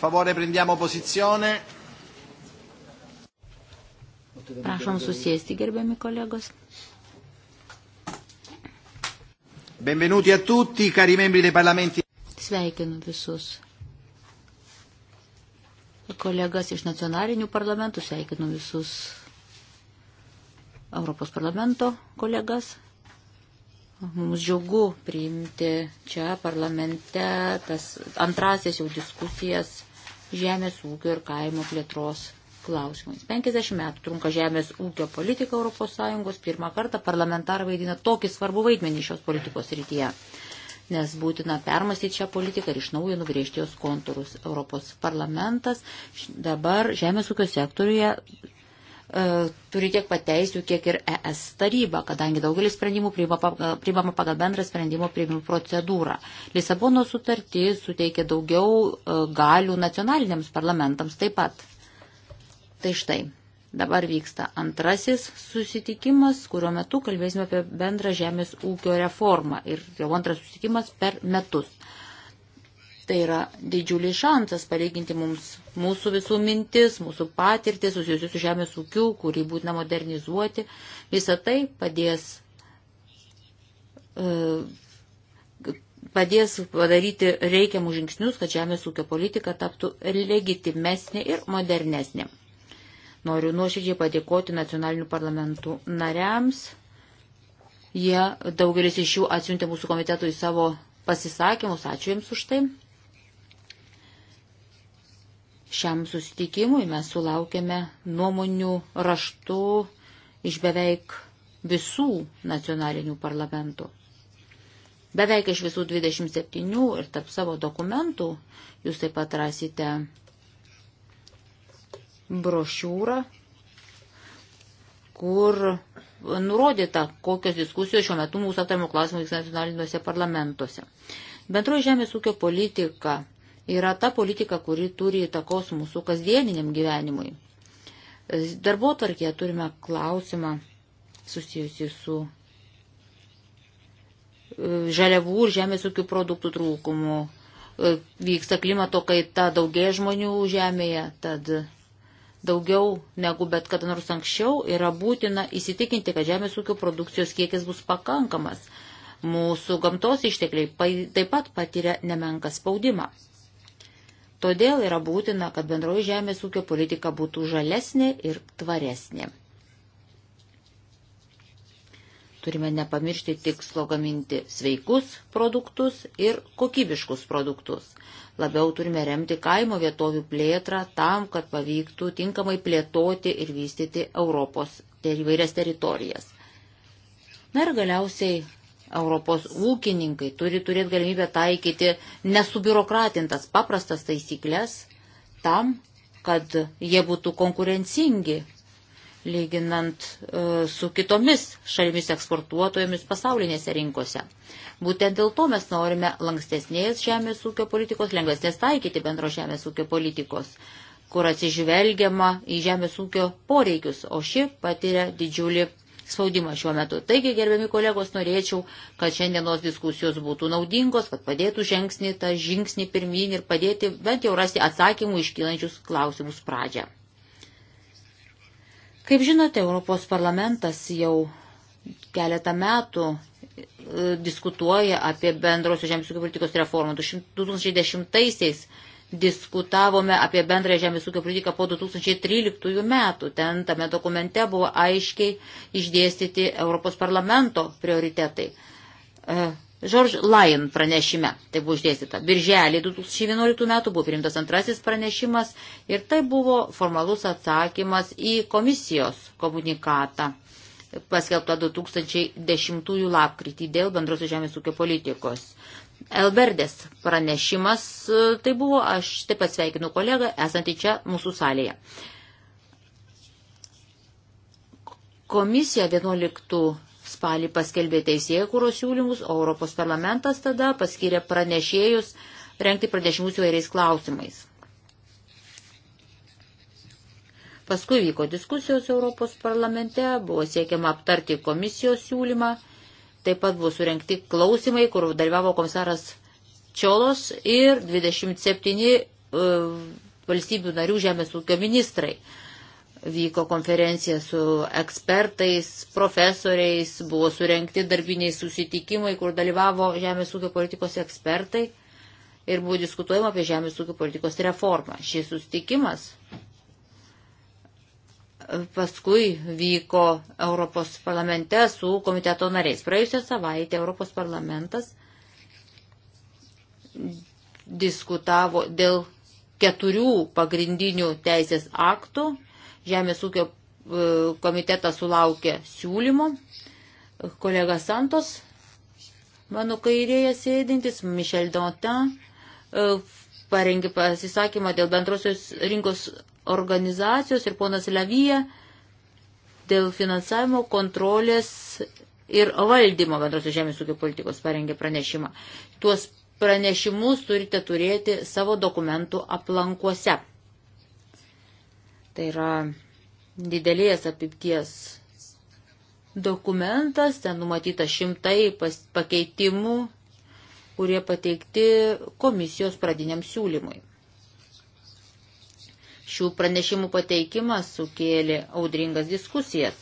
favore prendiamo posizione. Prašom susėsti, gerbiami kolegos. Benvenuti a tutti, cari membri dei parlamenti. Sveikinu visus. Kolegas iš nacionalinių parlamentų, sveikinu visus Europos parlamento kolegas, Mums džiugu priimti čia parlamente tas antrasis jau diskusijas žemės ūkio ir kaimo plėtros klausimais. 50 metų trunka žemės ūkio politika ES, pirmą kartą parlamentarai vaidina tokį svarbų vaidmenį šios politikos rytyje, nes būtina permastyti šią politiką ir iš naujo nugriežti jos kontūrus. Europos parlamentas dabar žemės ūkio sektoriuje E, turi tiek pateisių, kiek ir ES taryba, kadangi daugelis sprendimų priimama pagal bendrą sprendimo priimimų procedūrą. Lisabono sutartis suteikia daugiau e, galių nacionaliniams parlamentams taip pat. Tai štai, dabar vyksta antrasis susitikimas, kurio metu kalbėsime apie bendrą žemės ūkio reformą ir jau antras susitikimas per metus. Uh, Tai yra didžiulis šansas palyginti mums mūsų visų mintis, mūsų patirtis susijusius su žemės ūkiu, kurį būtina modernizuoti. Visą tai padės, e, padės padaryti reikiamus žingsnius, kad žemės ūkio politika taptų legitimesnė ir modernesnė. Noriu nuoširdžiai padėkoti nacionalinių parlamentų nariams. Jie daugelis iš jų atsiuntė mūsų komitetui savo pasisakymus. Ačiū Jums už tai šiam susitikimui. Mes sulaukėme nuomonių raštų iš beveik visų nacionalinių parlamentų. Beveik iš visų 27 ir tarp savo dokumentų jūs taip pat rasite brošiūrą, kur nurodyta, kokios diskusijos šiuo metu mūsų aptariamų klausimų vyksta nacionaliniuose parlamentuose. Bendroji žemės ūkio politika yra ta politika, kuri turi įtakos mūsų kasdieniniam gyvenimui. E, darbo tarkėje turime klausimą susijusi su e, žaliavų ir žemės ūkių produktų trūkumu. E, vyksta klimato kaita, daugie žmonių žemėje, tad daugiau negu bet kada nors anksčiau yra būtina įsitikinti, kad žemės ūkio produkcijos kiekis bus pakankamas. Mūsų gamtos ištekliai taip pat patiria nemenką spaudimą. Todėl yra būtina, kad bendroji žemės ūkio politika būtų žalesnė ir tvaresnė. Turime nepamiršti tikslo gaminti sveikus produktus ir kokybiškus produktus. Labiau turime remti kaimo vietovių plėtrą tam, kad pavyktų tinkamai plėtoti ir vystyti Europos įvairias teritorijas. Na ir galiausiai Europos ūkininkai turi turėti galimybę taikyti nesubiurokratintas paprastas taisyklės tam, kad jie būtų konkurencingi, lyginant e, su kitomis šalimis eksportuotojomis pasaulinėse rinkose. Būtent dėl to mes norime lankstesnės žemės ūkio politikos, lengvesnės taikyti bendro žemės ūkio politikos, kur atsižvelgiama į žemės ūkio poreikius, o ši patiria didžiulį spaudimą šiuo metu. Taigi, gerbiami kolegos, norėčiau, kad šiandienos diskusijos būtų naudingos, kad padėtų žingsnį tą žingsnį pirmin ir padėti bent jau rasti atsakymų iškylančius klausimus pradžią. Kaip žinote, Europos parlamentas jau keletą metų e, diskutuoja apie bendrosios žemės ūkio politikos reformą. 2010-aisiais diskutavome apie bendrąją žemės ūkio politiką po 2013 metų. Ten tame dokumente buvo aiškiai išdėstyti Europos parlamento prioritetai. E, George Lyon pranešime tai buvo išdėstyta. Birželį 2011 metų buvo priimtas antrasis pranešimas ir tai buvo formalus atsakymas į komisijos komunikatą paskelbta 2010 lapkritį dėl bendrosios žemės ūkio politikos. Elberdės pranešimas e, tai buvo, aš taip pat sveikinu kolegą, esantį čia mūsų salėje. Komisija 11 spalį paskelbė teisėjų kūros siūlymus, o Europos parlamentas tada paskyrė pranešėjus renkti pranešimus įvairiais klausimais. Paskui vyko diskusijos Europos parlamente, buvo siekiama aptarti komisijos siūlymą Taip pat buvo surenkti klausimai, kur dalyvavo komisaras Čiolos ir 27 e, valstybių narių žemės ūkio ministrai. Vyko konferencija su ekspertais, profesoriais, buvo surenkti darbiniai susitikimai, kur dalyvavo žemės ūkio politikos ekspertai ir buvo diskutuojama apie žemės ūkio politikos reformą. Šis susitikimas paskui vyko Europos parlamente su komiteto nariais. Praėjusią savaitę Europos parlamentas diskutavo dėl keturių pagrindinių teisės aktų. Žemės ūkio e, komitetas sulaukė siūlymo. Kolega Santos, mano kairėje sėdintis, Michel Dantin, e, parengė pasisakymą dėl bendrosios rinkos organizacijos ir ponas Levyje dėl finansavimo kontrolės ir valdymo bendrosios žemės ūkio politikos parengė pranešimą. Tuos pranešimus turite turėti savo dokumentų aplankuose. Tai yra didelės apipties dokumentas, ten numatyta šimtai pas, pakeitimų, kurie pateikti komisijos pradiniam siūlymui. Šių pranešimų pateikimas sukėlė audringas diskusijas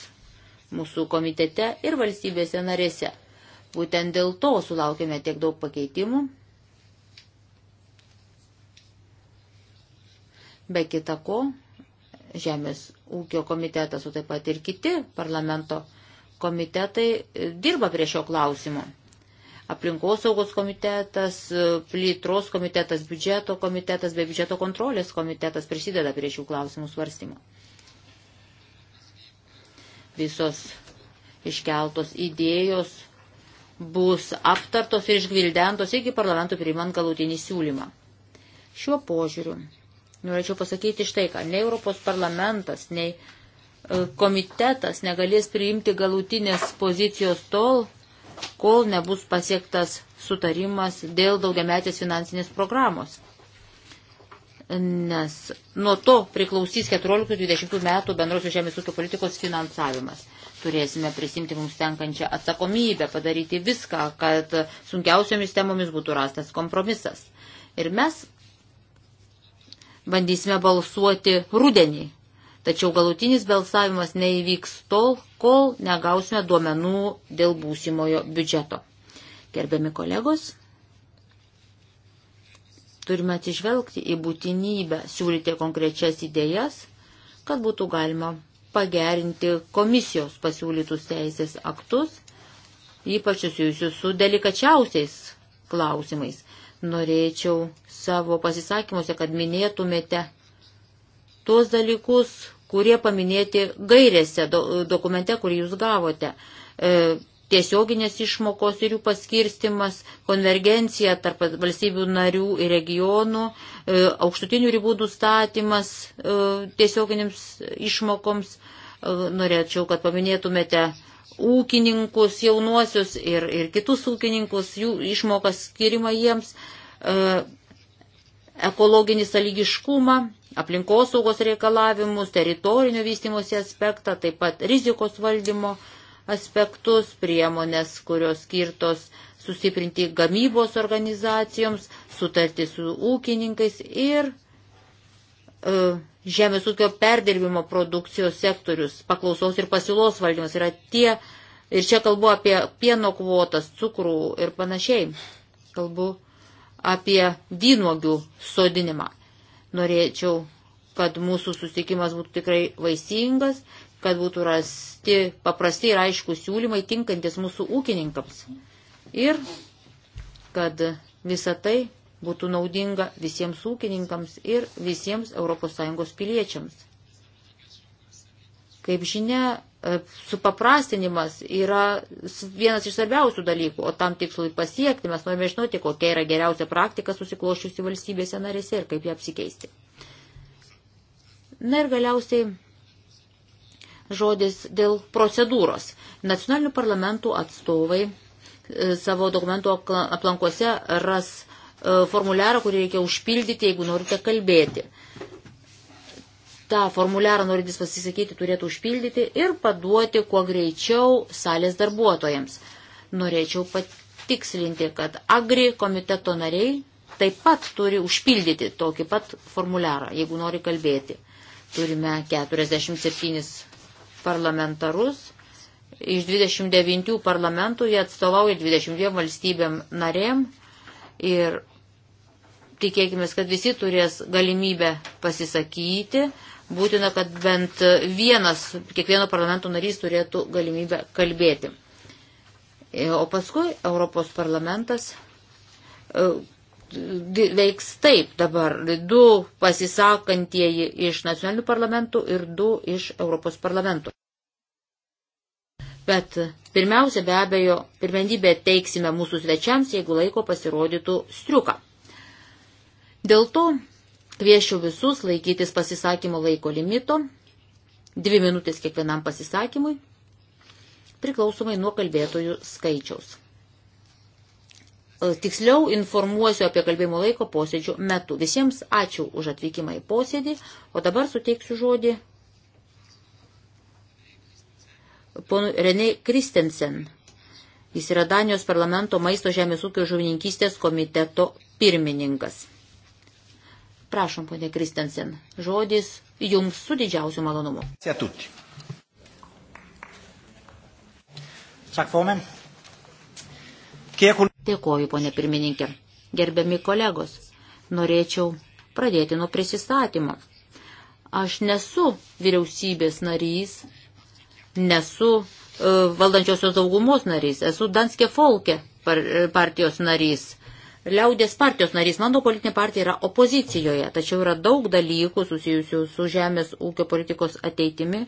mūsų komitete ir valstybėse narėse. Būtent dėl to sulaukėme tiek daug pakeitimų. Be kita ko, Žemės ūkio komitetas, o taip pat ir kiti parlamento komitetai dirba prie šio klausimo aplinkosaugos komitetas, plėtros komitetas, biudžeto komitetas bei biudžeto kontrolės komitetas prisideda prie šių klausimų svarstymo. Visos iškeltos idėjos bus aptartos ir išgvildentos iki parlamentų priimant galutinį siūlymą. Šiuo požiūriu norėčiau pasakyti štai ką, nei Europos parlamentas, nei e, komitetas negalės priimti galutinės pozicijos tol, kol nebus pasiektas sutarimas dėl daugiametės finansinės programos. Nes nuo to priklausys 14-20 metų bendrosios žemės ūkio politikos finansavimas. Turėsime prisimti mums tenkančią atsakomybę, padaryti viską, kad sunkiausiomis temomis būtų rastas kompromisas. Ir mes bandysime balsuoti rudenį Tačiau galutinis balsavimas neįvyks tol, kol negausime duomenų dėl būsimojo biudžeto. Gerbiami kolegos, turime atsižvelgti į būtinybę siūlyti konkrečias idėjas, kad būtų galima pagerinti komisijos pasiūlytus teisės aktus, ypač susijusius su delikačiausiais klausimais. Norėčiau savo pasisakymuose, kad minėtumėte tuos dalykus, kurie paminėti gairėse do, dokumente, kurį jūs gavote. E, tiesioginės išmokos ir jų paskirstimas, konvergencija tarp valstybių narių ir regionų, e, aukštutinių ribų nustatymas e, tiesioginėms išmokoms. E, norėčiau, kad paminėtumėte ūkininkus jaunuosius ir, ir kitus ūkininkus, jų išmokas skirimą jiems, e, ekologinį saligiškumą aplinkosaugos reikalavimus, teritorinio vystimosi aspektą, taip pat rizikos valdymo aspektus, priemonės, kurios skirtos sustiprinti gamybos organizacijoms, sutartį su ūkininkais ir e, žemės ūkio perdirbimo produkcijos sektorius, paklausos ir pasiūlos valdymas yra tie, ir čia kalbu apie pieno kvotas, cukrų ir panašiai, kalbu apie vynuogių sodinimą. Norėčiau, kad mūsų susitikimas būtų tikrai vaisingas, kad būtų rasti paprasti ir aiškus siūlymai tinkantis mūsų ūkininkams. Ir kad visa tai būtų naudinga visiems ūkininkams ir visiems ES piliečiams. Kaip žinia, E, supaprastinimas yra vienas iš svarbiausių dalykų, o tam tikslui pasiekti mes norime žinoti, kokia yra geriausia praktika susiklošiusi valstybėse narėse ir kaip ją apsikeisti. Na ir galiausiai žodis dėl procedūros. Nacionalinių parlamentų atstovai e, savo dokumentų aplankose ras e, formuliarą, kurį reikia užpildyti, jeigu norite kalbėti tą formuliarą norintys pasisakyti turėtų užpildyti ir paduoti kuo greičiau salės darbuotojams. Norėčiau patikslinti, kad agri komiteto nariai taip pat turi užpildyti tokį pat formuliarą, jeigu nori kalbėti. Turime 47 parlamentarus. Iš 29 parlamentų jie atstovauja 22 valstybėm narėm ir tikėkime, kad visi turės galimybę pasisakyti būtina, kad bent vienas kiekvieno parlamento narys turėtų galimybę kalbėti. E, o paskui Europos parlamentas e, veiks taip dabar. Du pasisakantieji iš nacionalinių parlamentų ir du iš Europos parlamentų. Bet pirmiausia, be abejo, pirmenybę teiksime mūsų svečiams, jeigu laiko pasirodytų striuką. Dėl to Kviešiu visus laikytis pasisakymo laiko limito. Dvi minutės kiekvienam pasisakymui. Priklausomai nuo kalbėtojų skaičiaus. E, tiksliau informuosiu apie kalbėjimo laiko posėdžių metu. Visiems ačiū už atvykimą į posėdį, o dabar suteiksiu žodį ponu Renei Kristensen. Jis yra Danijos parlamento maisto žemės ūkio žuvininkystės komiteto pirmininkas. Prašom, ponė Kristensen, žodis jums su didžiausiu malonumu. Sėtuti. Sakfomen. Kiek... Dėkoju, ponė pirmininkė. Gerbiami kolegos, norėčiau pradėti nuo prisistatymo. Aš nesu vyriausybės narys, nesu uh, valdančiosios daugumos narys, esu Danske Folke partijos narys liaudės partijos narys. Mano politinė partija yra opozicijoje, tačiau yra daug dalykų susijusių su žemės ūkio politikos ateitimi,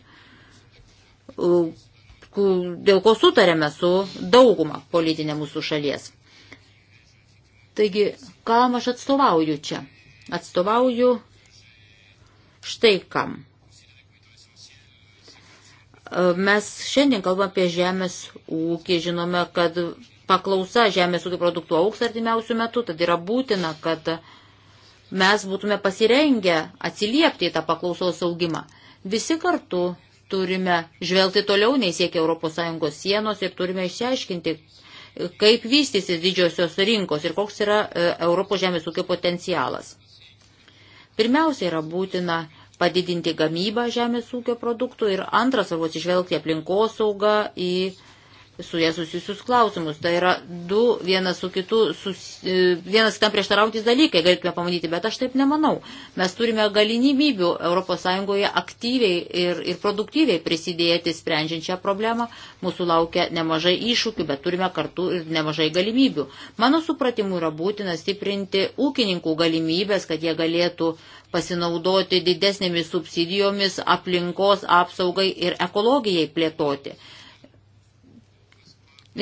dėl ko sutarėme su dauguma politinė mūsų šalies. Taigi, kam aš atstovauju čia? Atstovauju štai kam. Mes šiandien kalbame apie žemės ūkį, žinome, kad paklausa žemės ūkio produktų auks artimiausių metų, tad yra būtina, kad mes būtume pasirengę atsiliepti į tą paklausos augimą. Visi kartu turime žvelgti toliau, nei siekia ES sienos ir turime išsiaiškinti, kaip vystysis didžiosios rinkos ir koks yra e, Europos žemės ūkio potencialas. Pirmiausia yra būtina padidinti gamybą žemės ūkio produktų ir antras svarbu atsižvelgti aplinkosaugą į su jie susijusius klausimus. Tai yra du vienas su kitu, sus, e, vienas kitam prieštarautis dalykai, galėtume pamatyti, bet aš taip nemanau. Mes turime galimybių ES aktyviai ir, ir produktyviai prisidėti sprendžiant šią problemą. Mūsų laukia nemažai iššūkių, bet turime kartu ir nemažai galimybių. Mano supratimu yra būtina stiprinti ūkininkų galimybės, kad jie galėtų pasinaudoti didesnėmis subsidijomis aplinkos apsaugai ir ekologijai plėtoti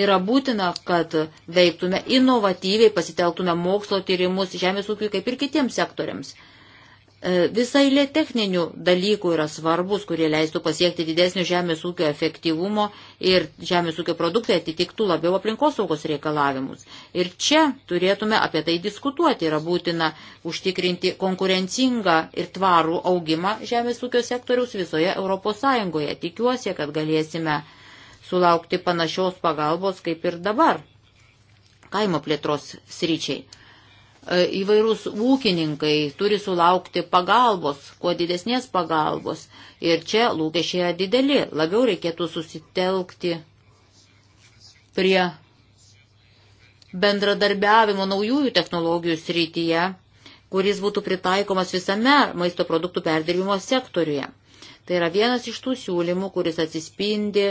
yra būtina, kad veiktume inovatyviai, pasitelktume mokslo tyrimus žemės ūkiui kaip ir kitiems sektoriams. E, Visai lė techninių dalykų yra svarbus, kurie leistų pasiekti didesnio žemės ūkio efektyvumo ir žemės ūkio produktai atitiktų labiau aplinkosaugos reikalavimus. Ir čia turėtume apie tai diskutuoti. Yra būtina užtikrinti konkurencingą ir tvarų augimą žemės ūkio sektoriaus visoje Europos Sąjungoje. Tikiuosi, kad galėsime uh, sulaukti panašios pagalbos kaip ir dabar kaimo plėtros sryčiai. E, įvairūs ūkininkai turi sulaukti pagalbos, kuo didesnės pagalbos. Ir čia lūkesčiai yra dideli. Labiau reikėtų susitelkti prie bendradarbiavimo naujųjų technologijų srityje, kuris būtų pritaikomas visame maisto produktų perdirbimo sektoriuje. Tai yra vienas iš tų siūlymų, kuris atsispindi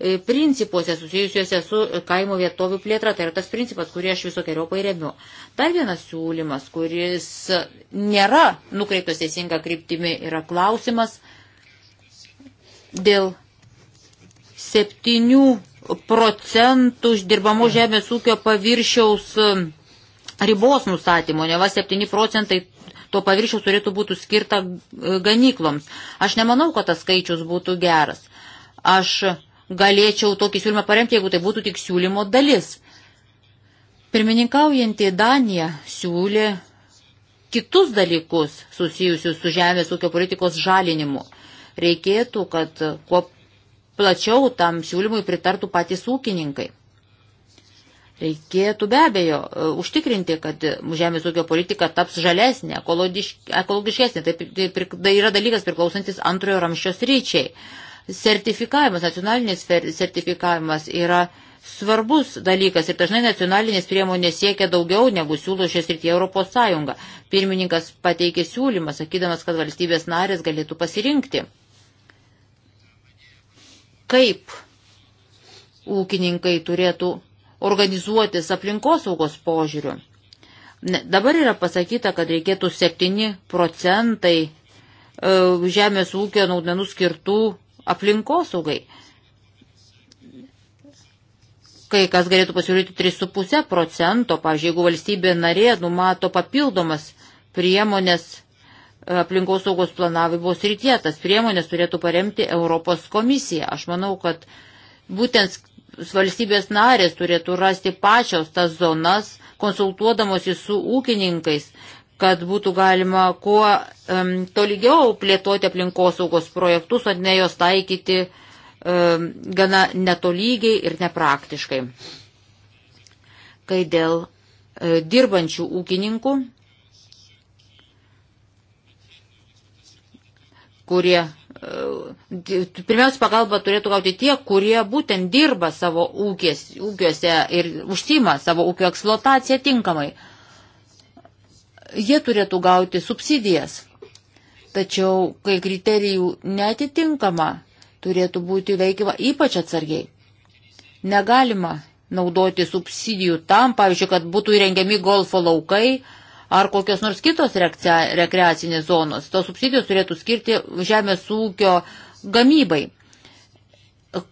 E, principuose susijusiuose su kaimo vietovių plėtra. Tai yra tas principas, kurį aš visokiojo pairemiu. Dar vienas siūlymas, kuris nėra nukreiptas teisinga kryptimi, yra klausimas dėl 7 procentų uždirbamų žemės ūkio paviršiaus e, ribos nustatymo, ne va 7 procentai to paviršiaus turėtų būti skirta e, ganykloms. Aš nemanau, kad tas skaičius būtų geras. Aš galėčiau tokį siūlymą paremti, jeigu tai būtų tik siūlymo dalis. Pirmininkaujantį Daniją siūlė kitus dalykus susijusius su žemės ūkio politikos žalinimu. Reikėtų, kad kuo plačiau tam siūlymui pritartų patys ūkininkai. Reikėtų be abejo e, užtikrinti, kad žemės ūkio politika taps žalesnė, ekologiškesnė. Tai, tai, tai yra dalykas priklausantis antrojo ramščios ryčiai. Sertifikavimas, nacionalinis sertifikavimas yra svarbus dalykas ir dažnai nacionalinės priemonės siekia daugiau negu siūlo šias rytyje Europos Sąjunga. Pirmininkas pateikė siūlymą, sakydamas, kad valstybės narės galėtų pasirinkti, kaip ūkininkai turėtų organizuotis aplinkosaugos požiūriu. Dabar yra pasakyta, kad reikėtų 7 procentai e, žemės ūkio naudmenų skirtų aplinkosaugai. Kai kas galėtų pasiūlyti 3,5 procento, pavyzdžiui, jeigu valstybė narė numato papildomas priemonės e, aplinkosaugos planavimo srityje, tas priemonės turėtų paremti Europos komisija. Aš manau, kad būtent valstybės narės turėtų rasti pačios tas zonas, konsultuodamosi su ūkininkais, kad būtų galima kuo um, tolygiau plėtoti aplinkosaugos projektus, o ne jos taikyti um, gana netolygiai ir nepraktiškai. Kai dėl uh, e, dirbančių ūkininkų, kurie, uh, e, pirmiausia pagalba turėtų gauti tie, kurie būtent dirba savo ūkės, ūkiuose ir užsima savo ūkio eksploataciją tinkamai. Uh, jie turėtų gauti subsidijas. Tačiau, kai kriterijų netitinkama, turėtų būti veikima ypač atsargiai. Negalima naudoti subsidijų tam, pavyzdžiui, kad būtų įrengiami golfo laukai ar kokios nors kitos rekreacinės zonos. Tos subsidijos turėtų skirti žemės ūkio gamybai.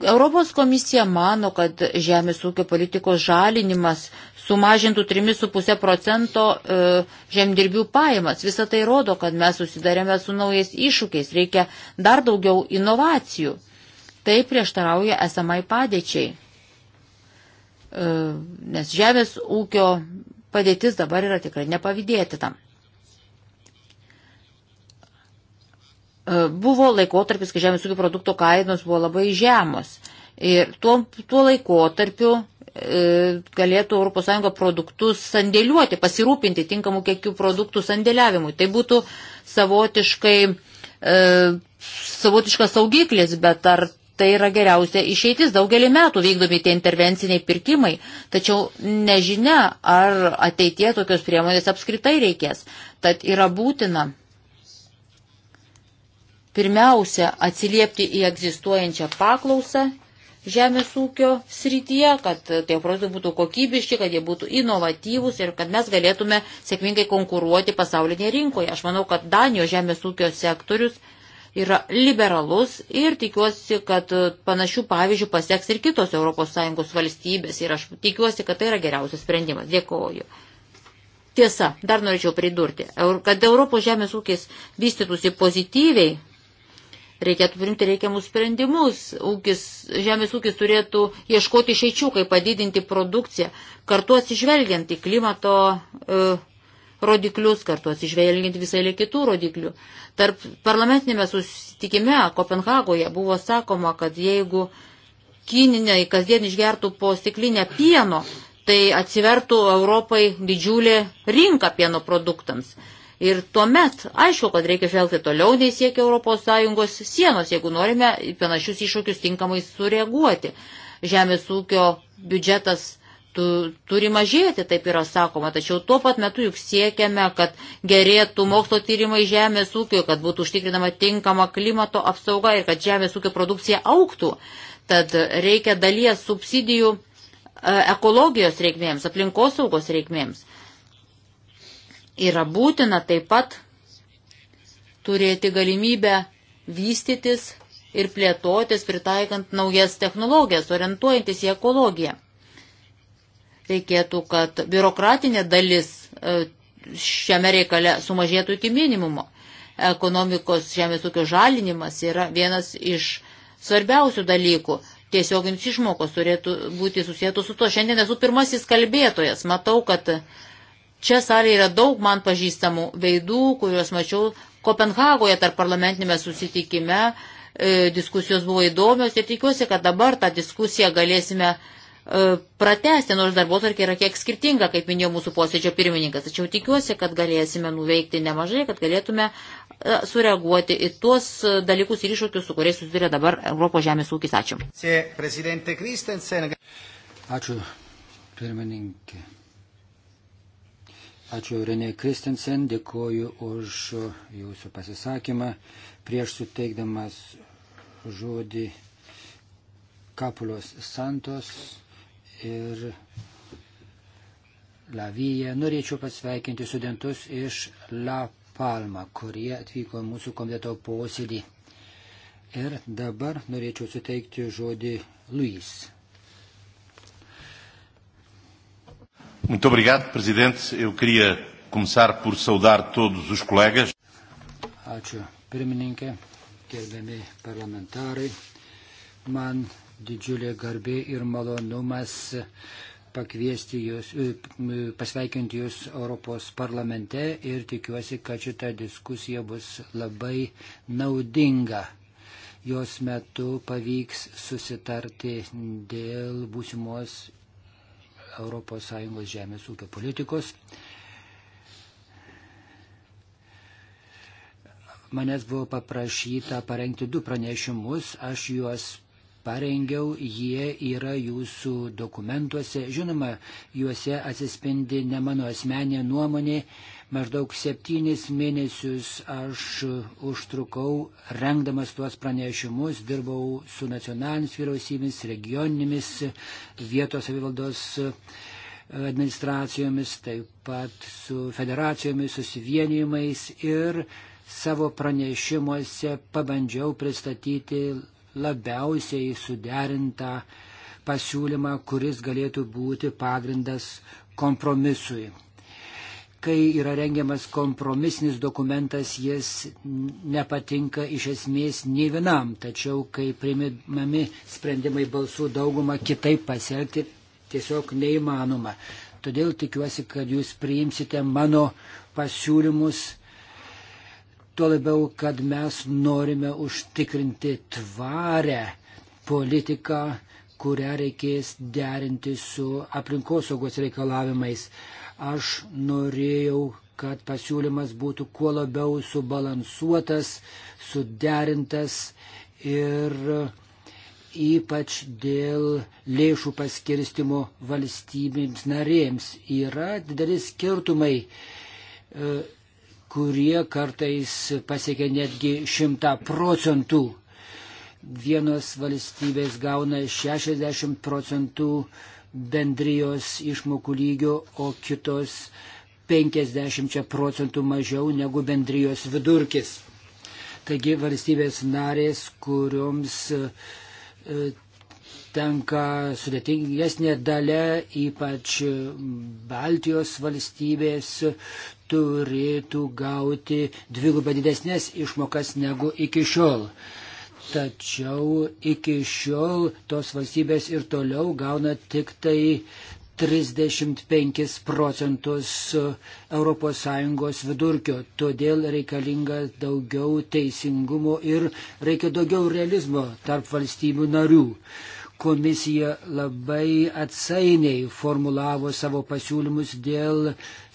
Europos komisija mano, kad žemės ūkio politikos žalinimas sumažintų 3,5 procento e, žemdirbių pajamas. Visą tai rodo, kad mes susidarėme su naujais iššūkiais, reikia dar daugiau inovacijų. Tai prieštarauja esamai padėčiai, e, nes žemės ūkio padėtis dabar yra tikrai nepavydėtina. E, buvo laikotarpis, kai žemės ūkio produkto kainos buvo labai žemos. Ir tuo, tuo laikotarpiu E, galėtų ES produktus sandėliuoti, pasirūpinti tinkamų kiekių produktų sandėliavimui. Tai būtų savotiškai, e, savotiškas saugiklis, bet ar tai yra geriausia išeitis. Daugelį metų vykdomi tie intervenciniai pirkimai, tačiau nežinia, ar ateitie tokios priemonės apskritai reikės. Tad yra būtina pirmiausia atsiliepti į egzistuojančią paklausą žemės ūkio srityje, kad tie produktai būtų kokybiški, kad jie būtų inovatyvūs ir kad mes galėtume sėkmingai konkuruoti pasaulinėje rinkoje. Aš manau, kad Danijos žemės ūkio sektorius yra liberalus ir tikiuosi, kad panašių pavyzdžių pasieks ir kitos ES valstybės ir aš tikiuosi, kad tai yra geriausias sprendimas. Dėkuoju. Tiesa, dar norėčiau pridurti, kad Europos žemės ūkis vystytųsi pozityviai, reikėtų priimti reikiamus sprendimus. Ūkis, žemės ūkis turėtų ieškoti išeičių, kaip padidinti produkciją, kartu atsižvelgiant į klimato e, rodiklius, kartu atsižvelgiant visai lė kitų rodiklių. Tarp parlamentinėme susitikime Kopenhagoje buvo sakoma, kad jeigu kininiai kasdien išgertų po stiklinę pieno, tai atsivertų Europai didžiulė rinka pieno produktams. Ir tuomet, aišku, kad reikia žvelgti toliau, nei siekia ES sienos, jeigu norime panašius iššūkius tinkamai sureaguoti. Žemės ūkio biudžetas tu, turi mažėti, taip yra sakoma, tačiau tuo pat metu juk siekiame, kad gerėtų mokslo tyrimai žemės ūkio, kad būtų užtikrinama tinkama klimato apsauga ir kad žemės ūkio produkcija auktų. Tad reikia dalies subsidijų e, ekologijos reikmėms, aplinkosaugos reikmėms. Yra būtina taip pat turėti galimybę vystytis ir plėtotis, pritaikant naujas technologijas, orientuojantis į ekologiją. Reikėtų, kad biurokratinė dalis e, šiame reikale sumažėtų iki minimumo. Ekonomikos žemės ūkio žalinimas yra vienas iš svarbiausių dalykų. Tiesioginis išmokos turėtų būti susijęto su to. Šiandien esu pirmasis kalbėtojas. Matau, kad uh, Čia salėje yra daug man pažįstamų veidų, kuriuos mačiau Kopenhagoje tarp parlamentinėme susitikime. E, diskusijos buvo įdomios ir tikiuosi, kad dabar tą diskusiją galėsime e, pratesti, nors darbo tarkiai yra kiek skirtinga, kaip minėjo mūsų posėdžio pirmininkas. Tačiau tikiuosi, kad galėsime nuveikti nemažai, kad galėtume e, sureaguoti į tuos e, dalykus ir iššūkius, su kuriais susiduria dabar Europos žemės ūkis. Ačiū. Ačiū, pirmininkė. Ačiū Renė Kristensen, dėkoju už jūsų pasisakymą. Prieš suteikdamas žodį Kapulios Santos ir Lavyje norėčiau pasveikinti studentus iš La Palma, kurie atvyko į mūsų komiteto posėdį. Ir dabar norėčiau suteikti žodį Luis. Muito obrigado, Presidente. Eu queria começar por saudar todos os colegas. Ačiū, pirmininkė, gerbiami parlamentarai. Man didžiulė garbė ir malonumas pakviesti jūs, e, pasveikinti jūs Europos parlamente ir tikiuosi, kad šita diskusija bus labai naudinga. Jos metu pavyks susitarti dėl būsimos ES žemės ūkio politikos. Manęs buvo paprašyta parengti du pranešimus, aš juos parengiau, jie yra jūsų dokumentuose. Žinoma, juose atsispindi ne mano asmenė nuomonė. Maždaug septynis mėnesius aš užtrukau, rengdamas tuos pranešimus, dirbau su nacionalinis vyriausybėmis, regioninėmis, vietos savivaldos administracijomis, taip pat su federacijomis, susivienijimais ir savo pranešimuose pabandžiau pristatyti labiausiai suderintą pasiūlymą, kuris galėtų būti pagrindas kompromisui. Kai yra rengiamas kompromisinis dokumentas, jis nepatinka iš esmės nei vienam, tačiau kai primimami sprendimai balsų daugumą, kitaip pasielgti tiesiog neįmanoma. Todėl tikiuosi, kad jūs priimsite mano pasiūlymus Tuo labiau, kad mes norime užtikrinti tvarę politiką, kurią reikės derinti su aplinkosaugos reikalavimais. Aš norėjau, kad pasiūlymas būtų kuo labiau subalansuotas, suderintas ir ypač dėl lėšų paskirstimo valstybėms narėms. Yra dideli skirtumai e, kurie kartais pasiekia netgi 100 procentų. Vienos valstybės gauna 60 procentų bendrijos išmokų lygio, o kitos 50 procentų mažiau negu bendrijos vidurkis. Taigi valstybės narės, kurioms e, tenka sudėtingesnė dalė, ypač Baltijos valstybės turėtų gauti dvigubai didesnės išmokas negu iki šiol. Tačiau iki šiol tos valstybės ir toliau gauna tik tai 35 procentus ES vidurkio. Todėl reikalinga daugiau teisingumo ir reikia daugiau realizmo tarp valstybių narių komisija labai atsainiai formulavo savo pasiūlymus dėl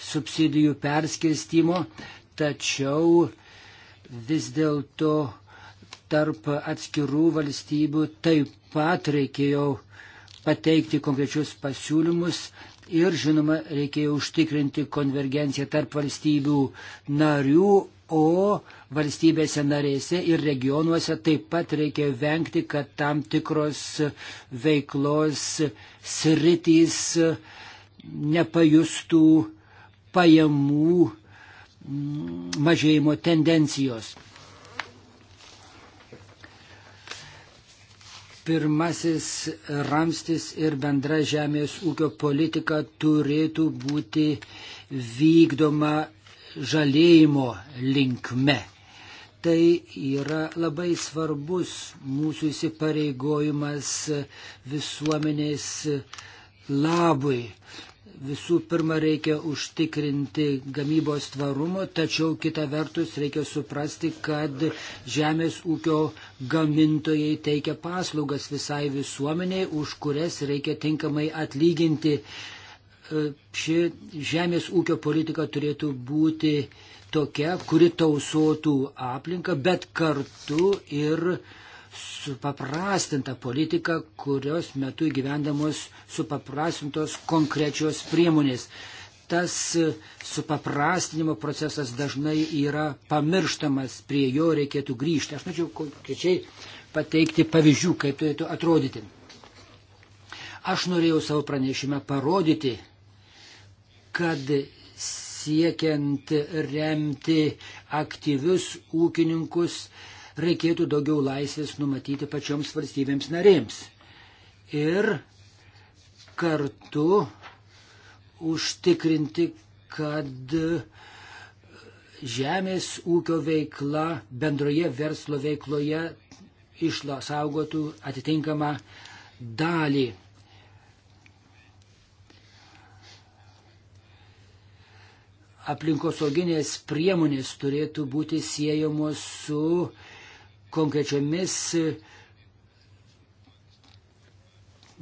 subsidijų perskirstimo, tačiau vis dėlto tarp atskirų valstybių taip pat reikėjo pateikti konkrečius pasiūlymus ir, žinoma, reikėjo užtikrinti konvergenciją tarp valstybių narių, o valstybėse narėse ir regionuose taip pat reikia vengti, kad tam tikros veiklos sritys nepajustų pajamų mm, mažėjimo tendencijos. Pirmasis ramstis ir bendra žemės ūkio politika turėtų būti vykdoma žalėjimo linkme tai yra labai svarbus mūsų įsipareigojimas visuomenės labui. Visų pirma, reikia užtikrinti gamybos tvarumo, tačiau kita vertus reikia suprasti, kad žemės ūkio gamintojai teikia paslaugas visai visuomeniai, už kurias reikia tinkamai atlyginti. Ši žemės ūkio politika turėtų būti uh, tokia, kuri tausotų aplinką, bet kartu ir supaprastinta politika, kurios metu įgyvendamos supaprastintos konkrečios priemonės. Tas supaprastinimo procesas dažnai yra pamirštamas, prie jo reikėtų grįžti. Aš norėčiau konkrečiai pateikti pavyzdžių, kaip turėtų atrodyti. Aš norėjau savo pranešime parodyti, kad siekiant remti aktyvius ūkininkus, reikėtų daugiau laisvės numatyti pačioms valstybėms narėms. Ir kartu užtikrinti, kad žemės ūkio veikla bendroje verslo veikloje išla saugotų atitinkamą dalį aplinkosauginės priemonės turėtų būti siejamos su konkrečiomis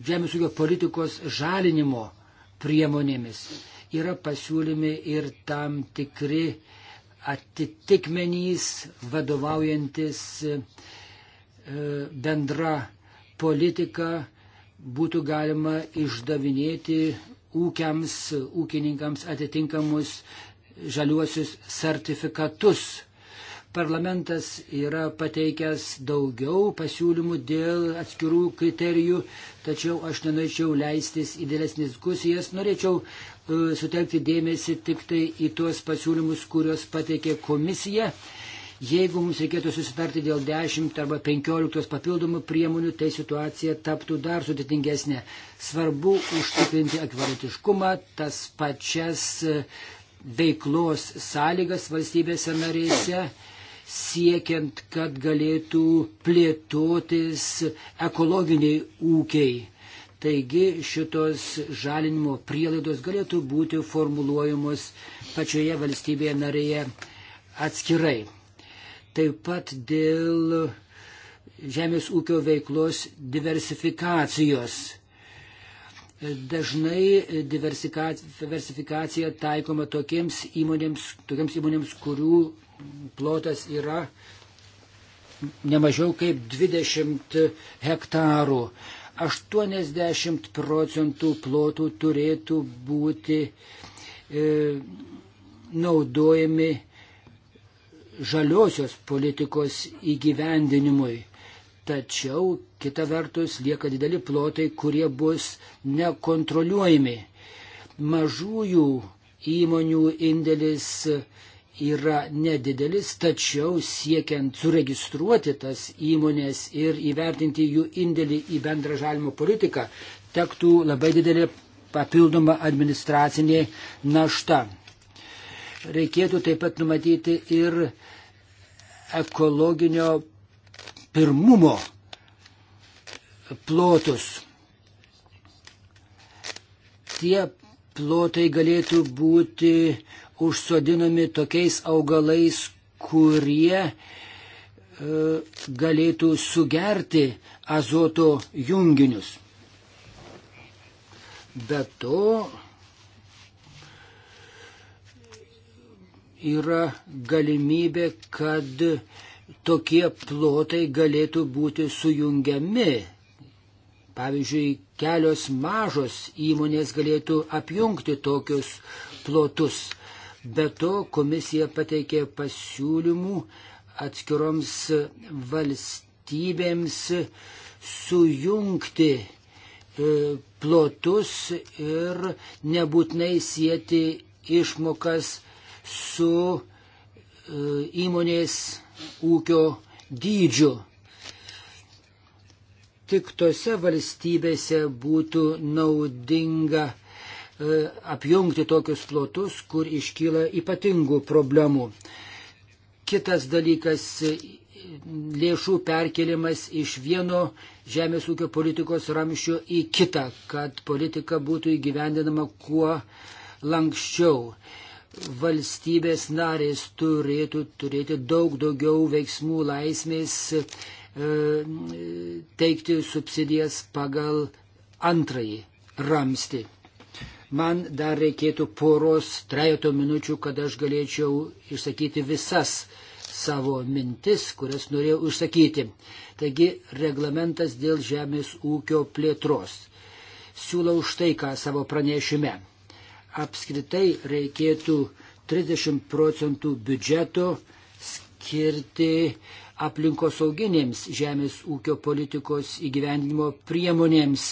žemės ūkio politikos žalinimo priemonėmis. Yra pasiūlymi ir tam tikri atitikmenys vadovaujantis e, bendra politika būtų galima išdavinėti ūkiams, ūkininkams atitinkamus žaliuosius sertifikatus. Parlamentas yra pateikęs daugiau pasiūlymų dėl atskirų kriterijų, tačiau aš nenorėčiau leistis į dėlesnės diskusijas, norėčiau uh, sutelkti dėmesį tik tai į tuos pasiūlymus, kuriuos pateikė komisija. Jeigu mums reikėtų susitarti dėl 10 arba 15 papildomų priemonių, tai situacija taptų dar sudėtingesnė. Svarbu užtikrinti ekvalitiškumą, tas pačias veiklos sąlygas valstybėse narėse, siekiant, kad galėtų plėtotis ekologiniai ūkiai. Taigi šitos žalinimo prielaidos galėtų būti formuluojamos pačioje valstybėje narėje atskirai. Taip pat dėl žemės ūkio veiklos diversifikacijos Dažnai diversifikacija taikoma tokiems įmonėms, tokiams įmonėms, kurių plotas yra nemažiau kaip 20 hektarų. 80 procentų plotų turėtų būti e, naudojami žaliosios politikos įgyvendinimui tačiau kita vertus lieka dideli plotai, kurie bus nekontroliuojami. Mažųjų įmonių indėlis yra nedidelis, tačiau siekiant suregistruoti tas įmonės ir įvertinti jų indėlį į bendrą žalimo politiką, tektų labai didelė papildoma administracinė našta. Reikėtų taip pat numatyti ir ekologinio pirmumo plotus. Tie plotai galėtų būti užsodinami tokiais augalais, kurie e, galėtų sugerti azoto junginius. Be to yra galimybė, kad tokie plotai galėtų būti sujungiami. Pavyzdžiui, kelios mažos įmonės galėtų apjungti tokius plotus. Be to, komisija pateikė pasiūlymų atskiroms valstybėms sujungti e, plotus ir nebūtinai sieti išmokas su e, įmonės ūkio dydžiu. Tik tose valstybėse būtų naudinga e, apjungti tokius plotus, kur iškyla ypatingų problemų. Kitas dalykas - lėšų perkelimas iš vieno žemės ūkio politikos ramščio į kitą, kad politika būtų įgyvendinama kuo lankščiau valstybės narės turėtų turėti daug daugiau veiksmų laisvės e, teikti subsidijas pagal antrąjį ramstį. Man dar reikėtų poros, trejato minučių, kad aš galėčiau išsakyti visas savo mintis, kurias norėjau išsakyti. Taigi, reglamentas dėl žemės ūkio plėtros. Siūlau štai ką savo pranešime apskritai reikėtų 30 procentų biudžeto skirti aplinkosauginėms žemės ūkio politikos įgyvendinimo priemonėms.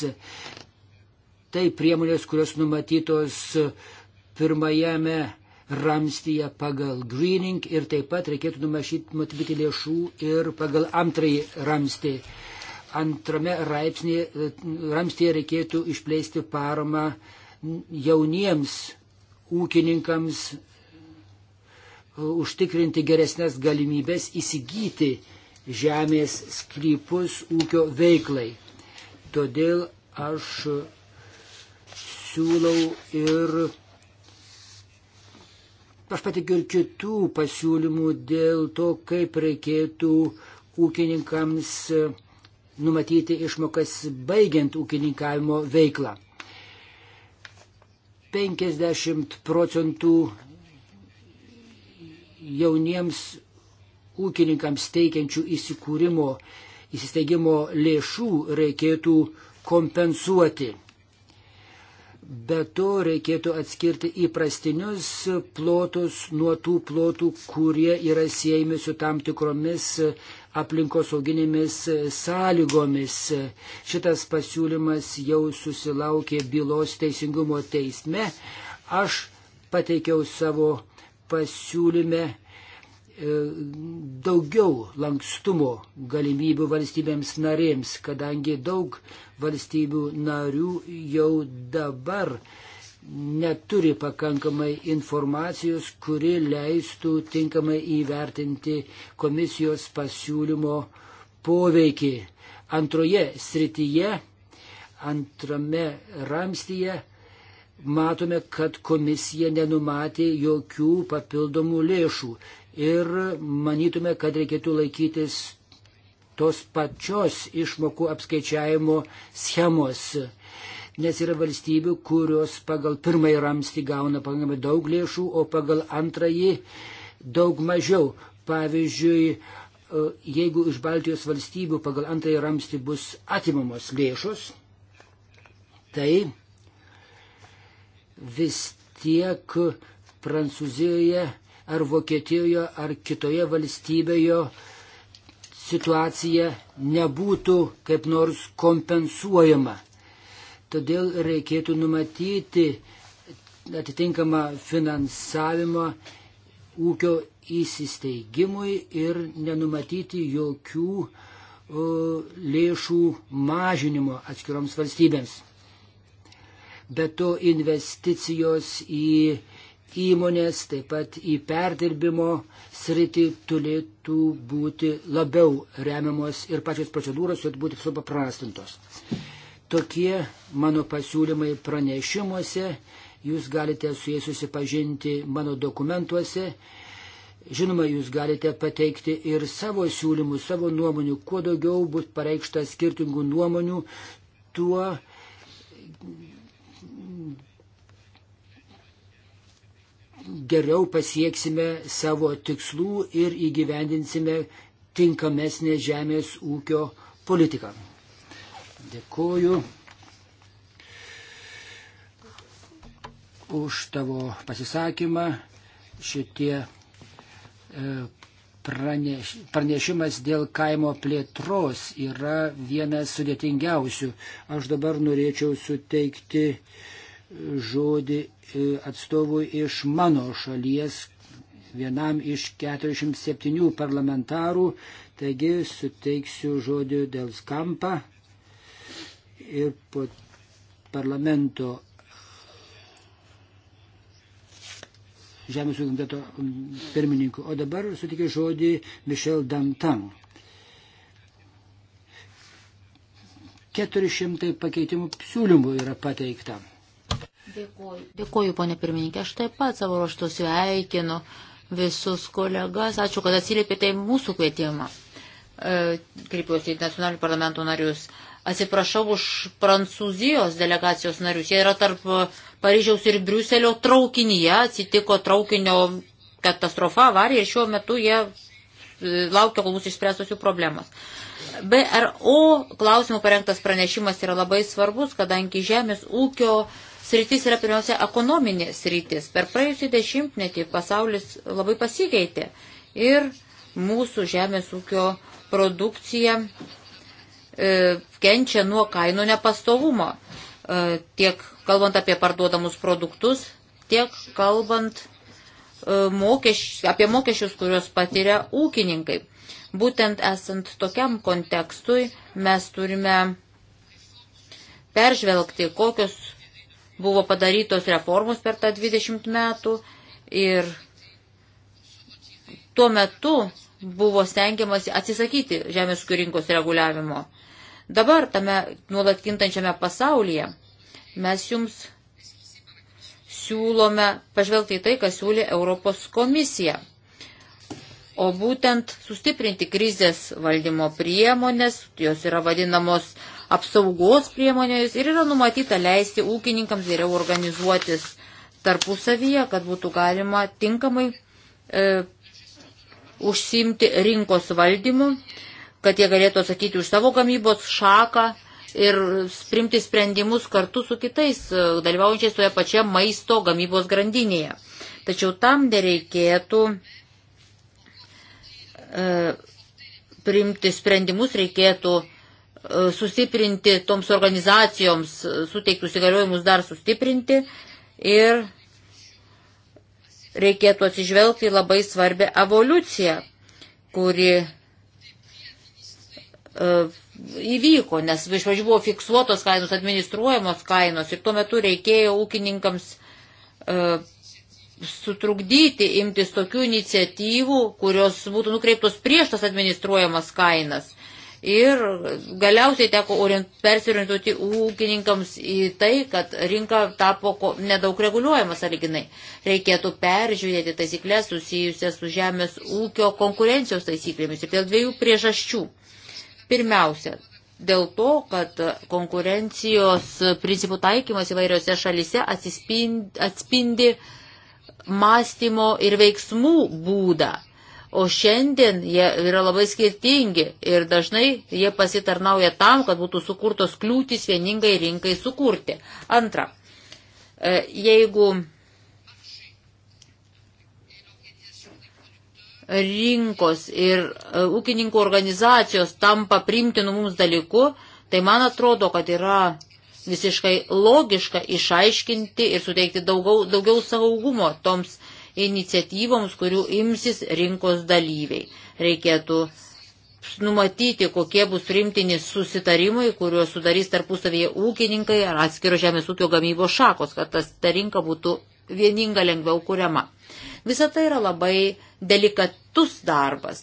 Tai priemonės, kurios numatytos pirmajame ramstyje pagal greening ir taip pat reikėtų numatyti lėšų ir pagal antrąjį ramstį. Antrame raipsnėje, ramstyje reikėtų išplėsti paramą uh, jauniems ūkininkams uh, užtikrinti geresnės galimybės įsigyti žemės sklypus ūkio veiklai. Todėl aš siūlau ir aš patikiu ir kitų pasiūlymų dėl to, kaip reikėtų ūkininkams numatyti išmokas baigiant ūkininkavimo veiklą. 50 procentų jauniems ūkininkams teikiančių įsikūrimo, įsisteigimo lėšų reikėtų kompensuoti. Be to reikėtų atskirti įprastinius plotus nuo tų plotų, kurie yra siejami su tam tikromis aplinkosauginėmis sąlygomis. Šitas pasiūlymas jau susilaukė bylos teisingumo teisme. Aš pateikiau savo pasiūlyme e, daugiau lankstumo galimybių valstybėms narėms, kadangi daug valstybių narių jau dabar uh, neturi pakankamai informacijos, kuri leistų tinkamai įvertinti komisijos pasiūlymo poveikį. Antroje srityje, antrame ramstyje matome, kad komisija nenumatė jokių papildomų lėšų ir manytume, kad reikėtų laikytis tos pačios išmokų apskaičiavimo schemos nes yra valstybių, kurios pagal pirmąjį ramstį gauna pakankamai daug lėšų, o pagal antrąjį daug mažiau. Pavyzdžiui, e, jeigu iš Baltijos valstybių pagal antrąjį ramstį bus atimamos lėšos, tai vis tiek Prancūzijoje ar Vokietijoje ar kitoje valstybėje situacija nebūtų kaip nors kompensuojama. Todėl reikėtų numatyti atitinkamą finansavimą ūkio įsisteigimui ir nenumatyti jokių e, lėšų mažinimo atskiroms valstybėms. Bet to investicijos į įmonės, taip pat į perdirbimo sritį turėtų būti labiau remiamos ir pačios procedūros turėtų būti supaprastintos. Tokie mano pasiūlymai pranešimuose, jūs galite su jais susipažinti mano dokumentuose. Žinoma, jūs galite pateikti ir savo siūlymų, savo nuomonių. Kuo daugiau bus pareikšta skirtingų nuomonių, tuo geriau pasieksime savo tikslų ir įgyvendinsime tinkamesnę žemės ūkio politiką. Dėkuoju už tavo pasisakymą. Šitie e, praneš, pranešimas dėl kaimo plėtros yra vienas sudėtingiausių. Aš dabar norėčiau suteikti žodį e, atstovui iš mano šalies, vienam iš 47 parlamentarų, taigi suteiksiu žodį dėl skampa, ir parlamento Žemės ūkio komiteto pirmininku. O dabar sutikiu žodį Mišel Dantan. 400 pakeitimų siūlymų yra pateikta. Dėkuoju, Dėkuoju ponė pirmininkė. Aš taip pat savo ruoštų sveikinu visus kolegas. Ačiū, kad atsiliepėte į mūsų kvietimą. E, Kreipiuosi į nacionalinių parlamentų narius. E, Atsiprašau už Prancūzijos delegacijos narius. Jie yra tarp e, Paryžiaus ir Briuselio traukinyje. Atsitiko traukinio katastrofa, avarija ir šiuo metu jie e, laukia, kol bus išspręstos jų problemas. BRO klausimų parengtas pranešimas yra labai svarbus, kadangi žemės ūkio sritis yra pirmiausia ekonominė sritis. Per praėjusį dešimtmetį pasaulis labai pasikeitė ir mūsų žemės ūkio produkcija E, kenčia nuo kainų nepastovumo, e, tiek kalbant apie parduodamus produktus, tiek kalbant e, mokeš, apie mokesčius, kuriuos patiria ūkininkai. Būtent esant tokiam kontekstui mes turime peržvelgti, kokios buvo padarytos reformos per tą 20 metų ir tuo metu buvo stengiamasi atsisakyti žemės ūkio rinkos reguliavimo. Dabar tame nuolat kintančiame pasaulyje mes jums siūlome pažvelgti į tai, ką siūlė Europos komisija. O būtent sustiprinti krizės valdymo priemonės, jos yra vadinamos apsaugos priemonės ir yra numatyta leisti ūkininkams geriau organizuotis tarpusavyje, kad būtų galima tinkamai e, užsimti rinkos valdymu kad jie galėtų atsakyti už savo gamybos šaką ir primti sprendimus kartu su kitais e, dalyvaujančiais toje pačioje maisto gamybos grandinėje. Tačiau tam nereikėtų e, primti sprendimus, reikėtų e, sustiprinti toms organizacijoms e, suteiktus įgaliojimus dar sustiprinti ir reikėtų atsižvelgti labai svarbę evoliuciją, kuri E, įvyko, nes iš pradžių buvo fiksuotos kainos, administruojamos kainos ir tuo metu reikėjo ūkininkams e, sutrukdyti imtis tokių iniciatyvų, kurios būtų nukreiptos prieš tas administruojamas kainas. Ir galiausiai teko persiorientuoti ūkininkams į tai, kad rinka tapo nedaug reguliuojama saliginai. Reikėtų peržiūrėti taisyklės susijusias su žemės ūkio konkurencijos taisyklėmis ir dėl dviejų priežasčių. Pirmiausia, dėl to, kad konkurencijos principų taikymas įvairiose šalise atsispindi, atspindi mąstymo ir veiksmų būdą. O šiandien jie yra labai skirtingi ir dažnai jie pasitarnauja tam, kad būtų sukurtos kliūtis vieningai rinkai sukurti. Antra, e, jeigu rinkos ir e, ūkininkų organizacijos tampa primtinu mums dalyku, tai man atrodo, kad yra visiškai logiška išaiškinti ir suteikti daugiau, daugiau saugumo toms iniciatyvoms, kurių imsis rinkos dalyviai. Reikėtų numatyti, kokie bus primtini susitarimai, kuriuos sudarys tarpusavėje ūkininkai ar atskiro žemės ūkio gamybos šakos, kad tas, ta rinka būtų vieninga lengviau kuriama. Visą tai yra labai delikatus darbas.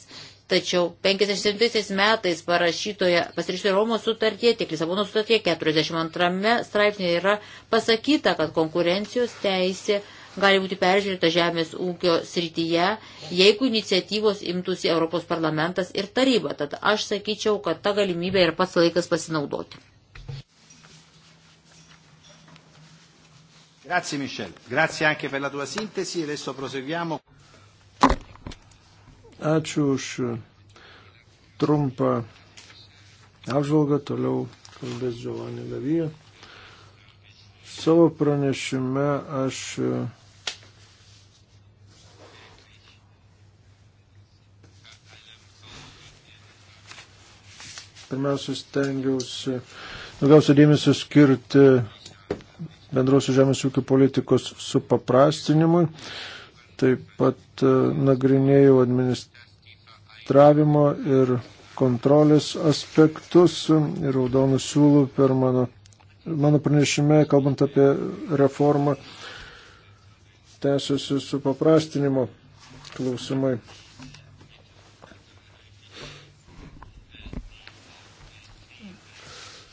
Tačiau 57 metais parašytoje, pasirašytoje Romos sutartie, tiek Lisabono sutartie, 42 straipsnėje yra pasakyta, kad konkurencijos teisė gali būti peržiūrėta žemės ūkio srityje, jeigu iniciatyvos imtųsi Europos parlamentas ir taryba. Tad aš sakyčiau, kad ta galimybė yra pats laikas pasinaudoti. Grazie Michel, grazie anche per la tua sintesi, adesso proseguiamo. Ačiū už trumpą apžvalgą, toliau kalbės Giovanni Lavija. Savo pranešime aš pirmiausia stengiausi daugiausia dėmesio skirti bendrosios žemės ūkio politikos supaprastinimui. Taip pat e, nagrinėjau administravimo ir kontrolės aspektus ir raudonų siūlų per mano, mano pranešime, kalbant apie reformą, tęsiasi supaprastinimo klausimai.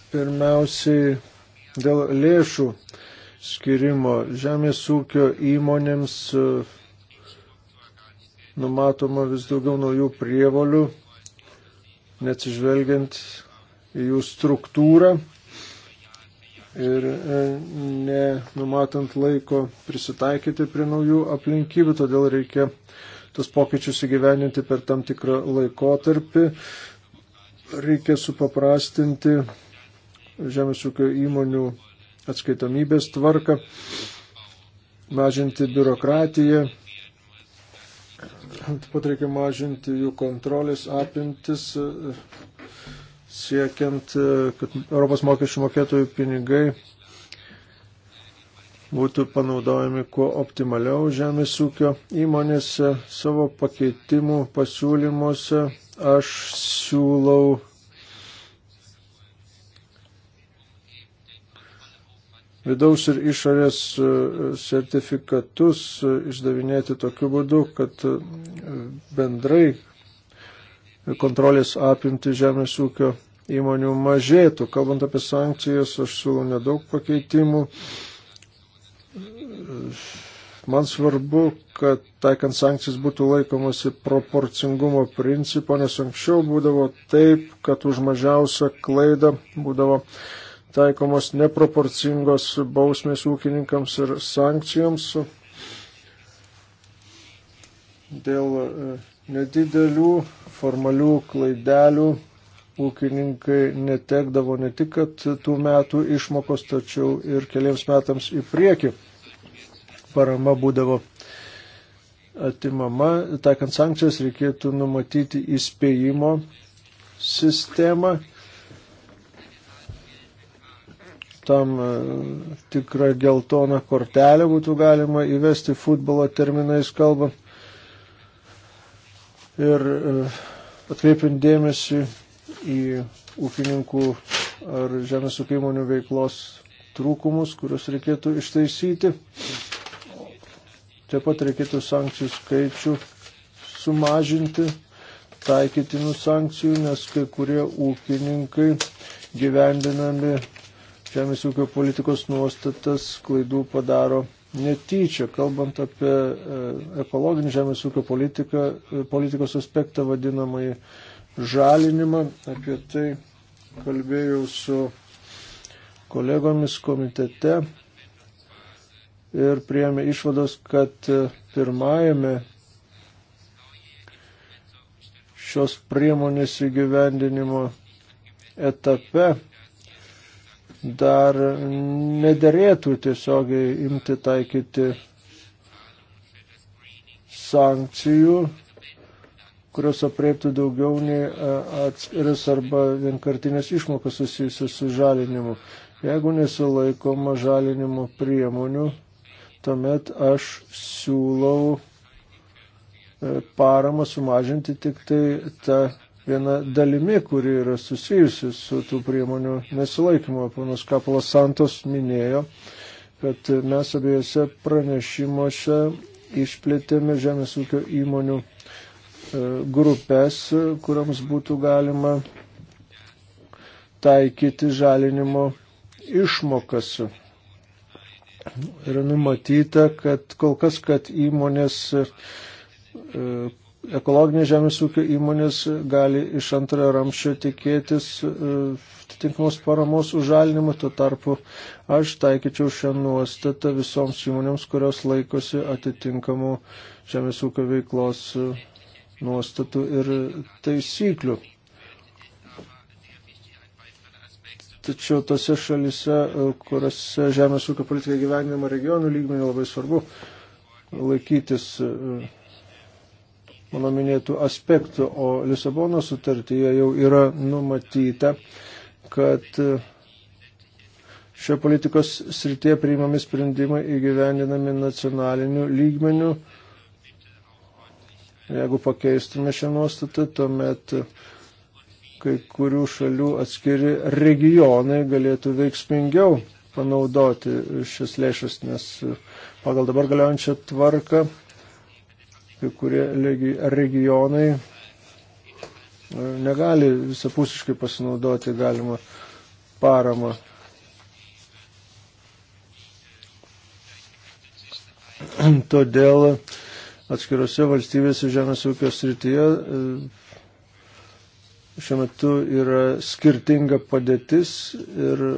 pirmiausiai dėl lėšų skirimo žemės ūkio įmonėms e, numatoma vis daugiau naujų prievolių, neatsižvelgiant į jų struktūrą ir e, nenumatant laiko prisitaikyti prie naujų aplinkybių, todėl reikia tos pokyčius įgyveninti per tam tikrą laikotarpį. Reikia supaprastinti žemės ūkio įmonių atskaitomybės tvarką, mažinti biurokratiją, taip pat reikia mažinti jų kontrolės apimtis, siekiant, kad Europos mokesčių mokėtojų pinigai būtų panaudojami kuo optimaliau žemės ūkio įmonėse. Savo pakeitimų pasiūlymuose aš siūlau vidaus ir išorės e, sertifikatus e, išdavinėti tokiu būdu, kad e, bendrai kontrolės apimti žemės ūkio įmonių mažėtų. Kalbant apie sankcijas, aš siūlau nedaug pakeitimų. Man svarbu, kad taikant sankcijas būtų laikomasi proporcingumo principo, nes anksčiau būdavo taip, kad už mažiausią klaidą būdavo taikomos neproporcingos bausmės ūkininkams ir sankcijoms dėl e, nedidelių formalių klaidelių ūkininkai netekdavo ne tik, kad tų metų išmokos, tačiau ir keliams metams į priekį parama būdavo atimama. Taikant sankcijas reikėtų numatyti įspėjimo sistemą tam e, tikrą geltoną kortelę būtų galima įvesti futbolo terminais kalbant. Ir e, atkreipiant dėmesį į ūkininkų ar žemės ūkio įmonių veiklos trūkumus, kuriuos reikėtų ištaisyti. Taip pat reikėtų sankcijų skaičių sumažinti, taikytinų sankcijų, nes kai kurie ūkininkai gyvendinami žemės ūkio politikos nuostatas klaidų padaro netyčia. Kalbant apie e, ekologinį žemės ūkio politiką, e, politikos aspektą vadinamai žalinimą, apie tai kalbėjau su kolegomis komitete ir prieėmė išvados, kad e, pirmajame šios priemonės įgyvendinimo etape dar nederėtų tiesiogiai imti taikyti sankcijų, kurios apreiptų daugiau nei e, atskiris arba vienkartinės išmokas susijusios su žalinimu. Jeigu nesilaikoma žalinimo priemonių, tuomet aš siūlau e, paramą sumažinti tik tai tą viena dalimi, kuri yra susijusi su tų priemonių nesilaikymu. Panas Kapalas Santos minėjo, kad mes abiejose pranešimuose išplėtėme žemės ūkio įmonių e, grupės, kuriams būtų galima taikyti žalinimo išmokas. Yra numatyta, kad kol kas, kad įmonės e, ekologinės žemės ūkio įmonės gali iš antrojo ramščio tikėtis e, atitinkamos paramos užalinimo, tuo tarpu aš taikyčiau šią nuostatą visoms įmonėms, kurios laikosi atitinkamų žemės ūkio veiklos e, nuostatų ir taisyklių. Tačiau tose šalise, e, kuriuose žemės ūkio politika gyvenimo regionų lygmenį labai svarbu laikytis mano minėtų aspektų, o Lisabono sutartyje jau yra numatyta, kad e, šio politikos srityje priimami sprendimai įgyvendinami nacionaliniu lygmeniu. Jeigu pakeistume šią nuostatą, tuomet kai kurių šalių atskiri regionai galėtų veiksmingiau panaudoti šias lėšas, nes pagal dabar galiojančią tvarką kai kurie regionai e, negali visapusiškai pasinaudoti galimą paramą. Todėl atskirose valstybėse žemės ūkio srityje e, šiuo metu yra skirtinga padėtis ir e,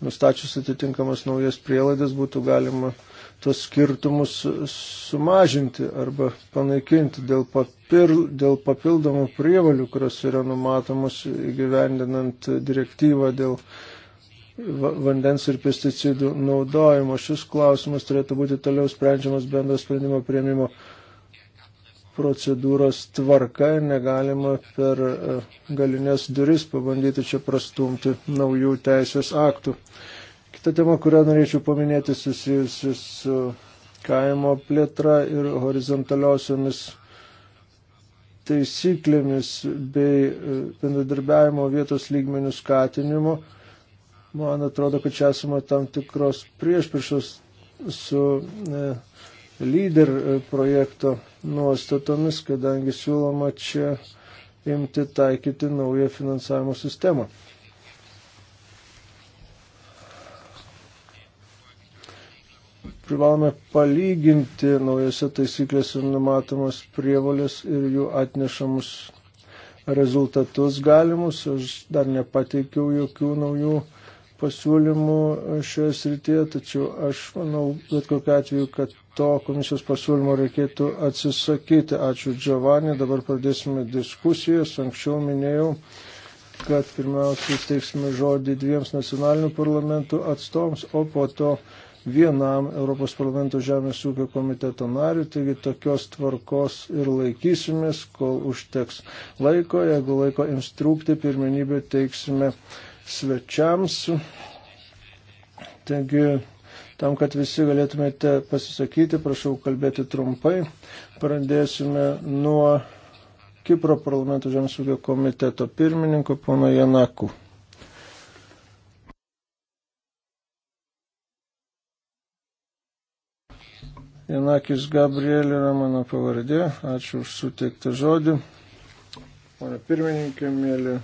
nustačius atitinkamas naujas prielaidas būtų galima uh, tos skirtumus sumažinti arba panaikinti dėl, papir, dėl papildomų prievalių, kurios yra numatomos įgyvendinant direktyvą dėl vandens ir pesticidų naudojimo. Šis klausimas turėtų būti toliau sprendžiamas bendro sprendimo prieimimo procedūros tvarka ir negalima per e, galinės duris pabandyti čia prastumti naujų teisės aktų. Kita tema, kurią norėčiau paminėti, susijusi su kaimo plėtra ir horizontaliosiomis taisyklėmis bei e, bendradarbiavimo vietos lygmenių skatinimu. Man atrodo, kad čia esame tam tikros priešpriešos su e, lyder e, projekto nuostatomis, kadangi siūloma čia imti taikyti naują finansavimo sistemą. privalome palyginti naujose taisyklėse numatomas prievolės ir jų atnešamus rezultatus galimus. Aš dar nepateikiau jokių naujų pasiūlymų šioje srityje, tačiau aš manau, bet kokiu atveju, kad to komisijos pasiūlymo reikėtų atsisakyti. Ačiū Džiovanį, dabar pradėsime diskusijas. Anksčiau minėjau, kad pirmiausia teiksime žodį dviems nacionalinių parlamentų atstovams, o po to vienam Europos parlamento žemės ūkio komiteto nariu, taigi tokios tvarkos ir laikysimės, kol užteks laiko. Jeigu laiko ims trūkti, pirmenybę teiksime svečiams. Taigi, tam, kad visi galėtumėte pasisakyti, prašau kalbėti trumpai. Pradėsime nuo Kipro parlamento žemės ūkio komiteto pirmininko, pono Janaku. Janakis Gabrielė yra mano pavardė. Ačiū už suteiktą žodį. Mano pirmininkė, mėly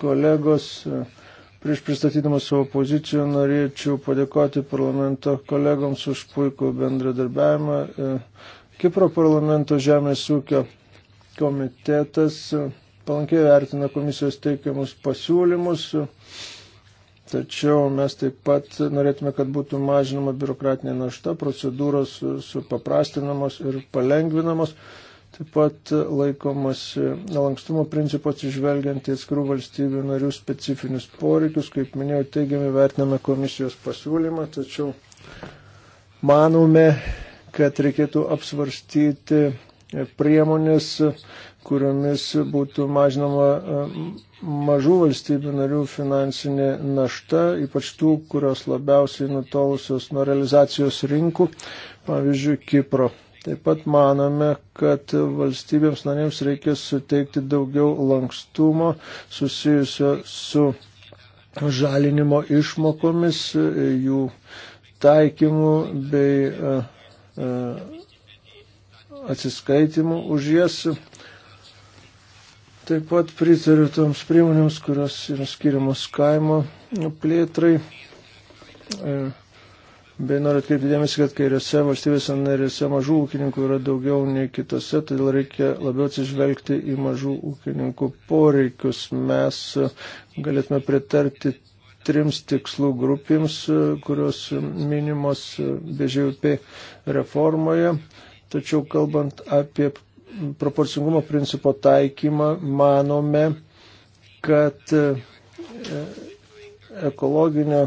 kolegos, prieš pristatydamas savo poziciją norėčiau padėkoti parlamento kolegoms už puikų bendradarbiavimą. Kipro parlamento žemės ūkio komitetas palankiai vertina komisijos teikiamus pasiūlymus. Tačiau mes taip pat norėtume, kad būtų mažinama biurokratinė našta, procedūros supaprastinamos ir palengvinamos. Taip pat laikomas lankstumo principo atsižvelgiant į atskirų valstybių narių specifinius poreikius. Kaip minėjau, teigiamai vertiname komisijos pasiūlymą, tačiau manome, kad reikėtų apsvarstyti priemonės kuriomis būtų mažinama e, mažų valstybių narių finansinė našta, ypač tų, kurios labiausiai nutolusios nuo realizacijos rinkų, pavyzdžiui, Kipro. Taip pat manome, kad valstybėms narėms reikia suteikti daugiau lankstumo susijusio su žalinimo išmokomis, jų taikymu bei e, e, atsiskaitimu už jas Taip pat pritariu toms priemonėms, kurios yra skiriamos kaimo plėtrai. E, Bei noriu atkreipti dėmesį, kad kairiose valstybėse narėse mažų ūkininkų yra daugiau nei kitose, todėl reikia labiau atsižvelgti į mažų ūkininkų poreikius. Mes galėtume pritarti trims tikslų grupėms, kurios minimos BŽUP reformoje. Tačiau kalbant apie proporcingumo principo taikymą, manome, kad e, ekologinio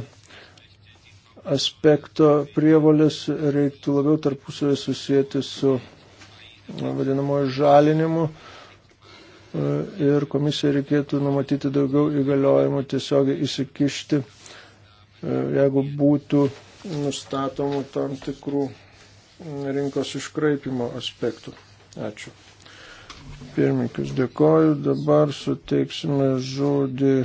aspekto prievolės reiktų labiau tarpusavį susijęti su e, vadinamoju žalinimu e, ir komisija reikėtų numatyti daugiau įgaliojimų tiesiogiai įsikišti, jeigu būtų nustatomų tam tikrų rinkos iškraipimo aspektų. Ačiū. Pirmininkas, dėkoju. Dabar suteiksime žodį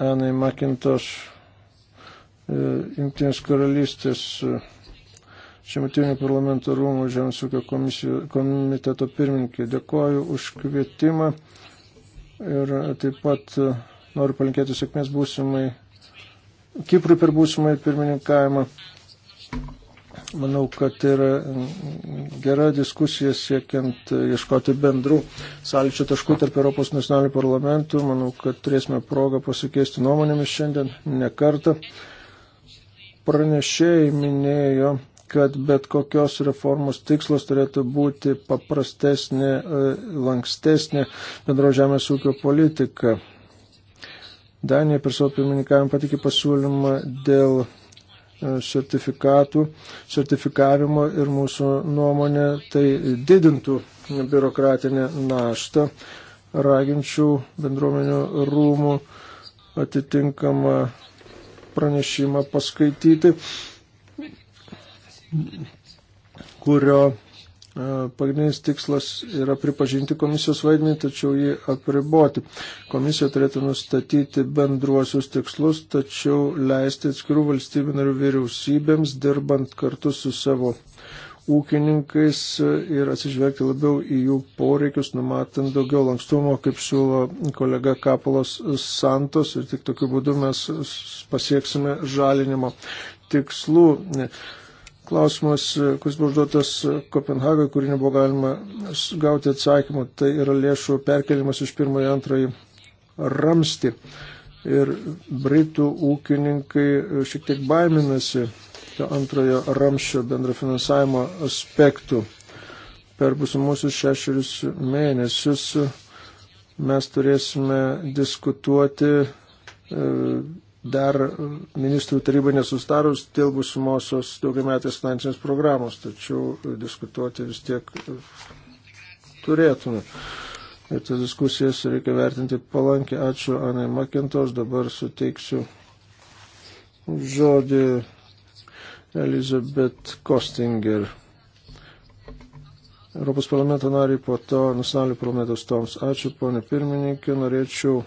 Anai Makintoš, e, Junktinės karalystės e, Šiamatinių parlamento rūmų Žemės ūkio komiteto pirmininkė. Dėkoju už kvietimą ir taip pat e, noriu palinkėti sėkmės būsimai Kiprui per būsimai pirmininkavimą. Manau, kad yra gera diskusija siekiant ieškoti bendrų sąlyčio taškų tarp Europos nacionalinių parlamentų. Manau, kad turėsime progą pasikeisti nuomonėmis šiandien ne kartą. Pranešėjai minėjo, kad bet kokios reformos tikslas turėtų būti paprastesnė, e, lankstesnė bendro žemės ūkio politika. Danija per savo pirmininkavimą patikė pasiūlymą dėl E, sertifikatų, sertifikavimo ir mūsų nuomonė tai didintų biurokratinę naštą. Raginčių bendruomenių rūmų atitinkamą pranešimą paskaityti, kurio E, pagrindinis tikslas yra pripažinti komisijos vaidmenį, tačiau jį apriboti. Komisija turėtų nustatyti bendruosius tikslus, tačiau leisti atskirų valstybių narių vyriausybėms, dirbant kartu su savo ūkininkais ir atsižvelgti labiau į jų poreikius, numatant daugiau lankstumo, kaip siūlo kolega Kapalos Santos ir tik tokiu būdu mes pasieksime žalinimo tikslų klausimas, e, kuris buvo užduotas e, Kopenhagai, kurį nebuvo galima gauti atsakymą, tai yra lėšų perkelimas iš pirmojo į antrąjį ramsti. Ir Britų ūkininkai e, šiek tiek baiminasi to antrojo ramščio bendrafinansavimo aspektų. Per busimusius šešerius mėnesius mes turėsime diskutuoti dar ministrų taryba nesustarus dėl būsimosios daugiametės finansinės programos, tačiau diskutuoti vis tiek e, turėtume. Ir tas diskusijas reikia vertinti palankiai. Ačiū Anai Makintos, dabar suteiksiu žodį Elizabeth Kostinger. Europos parlamento nariai po to nacionalinių parlamento stoms. Ačiū, ponė pirmininkė, norėčiau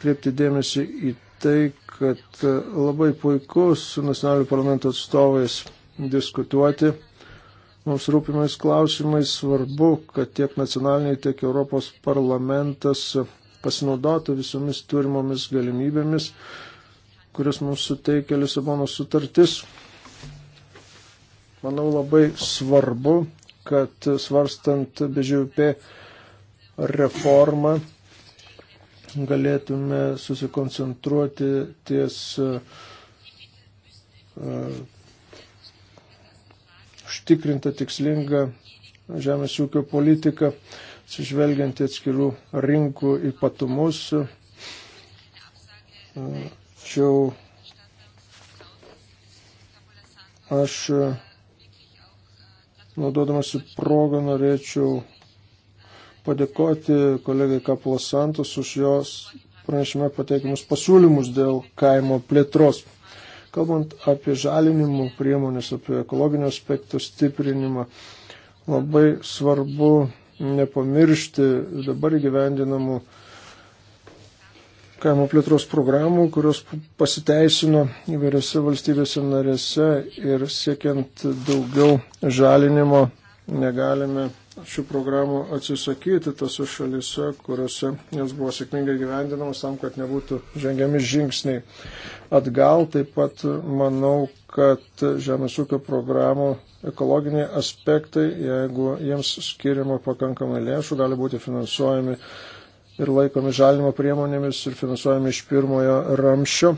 kreipti dėmesį į tai, kad labai puiku su nacionaliniu parlamento atstovais diskutuoti. Mums rūpimais klausimais svarbu, kad tiek nacionaliniai, tiek Europos parlamentas pasinaudotų visomis turimomis galimybėmis, kuris mums suteikia Lisabonos sutartis. Manau labai svarbu, kad svarstant BŽUP reformą galėtume susikoncentruoti ties e, užtikrinta tikslinga žemės ūkio politika, atsižvelgiant atskirų rinkų ypatumus. E, tačiau aš e, naudodamasi progą norėčiau padėkoti kolegai Kaplosantos už jos pranešime pateikimus pasiūlymus dėl kaimo plėtros. Kalbant apie žalinimo priemonės, apie ekologinio aspektų stiprinimą, labai svarbu nepamiršti dabar gyvendinamų kaimo plėtros programų, kurios pasiteisino įvairiose valstybėse narėse ir siekiant daugiau žalinimo negalime šių programų atsisakyti tose šalise, kuriuose jos buvo sėkmingai gyvendinamos tam, kad nebūtų žengiami žingsniai atgal. Taip pat manau, kad žemės ūkio programų ekologiniai aspektai, jeigu jiems skiriama pakankamai lėšų, gali būti finansuojami ir laikomi žalimo priemonėmis ir finansuojami iš pirmojo ramščio,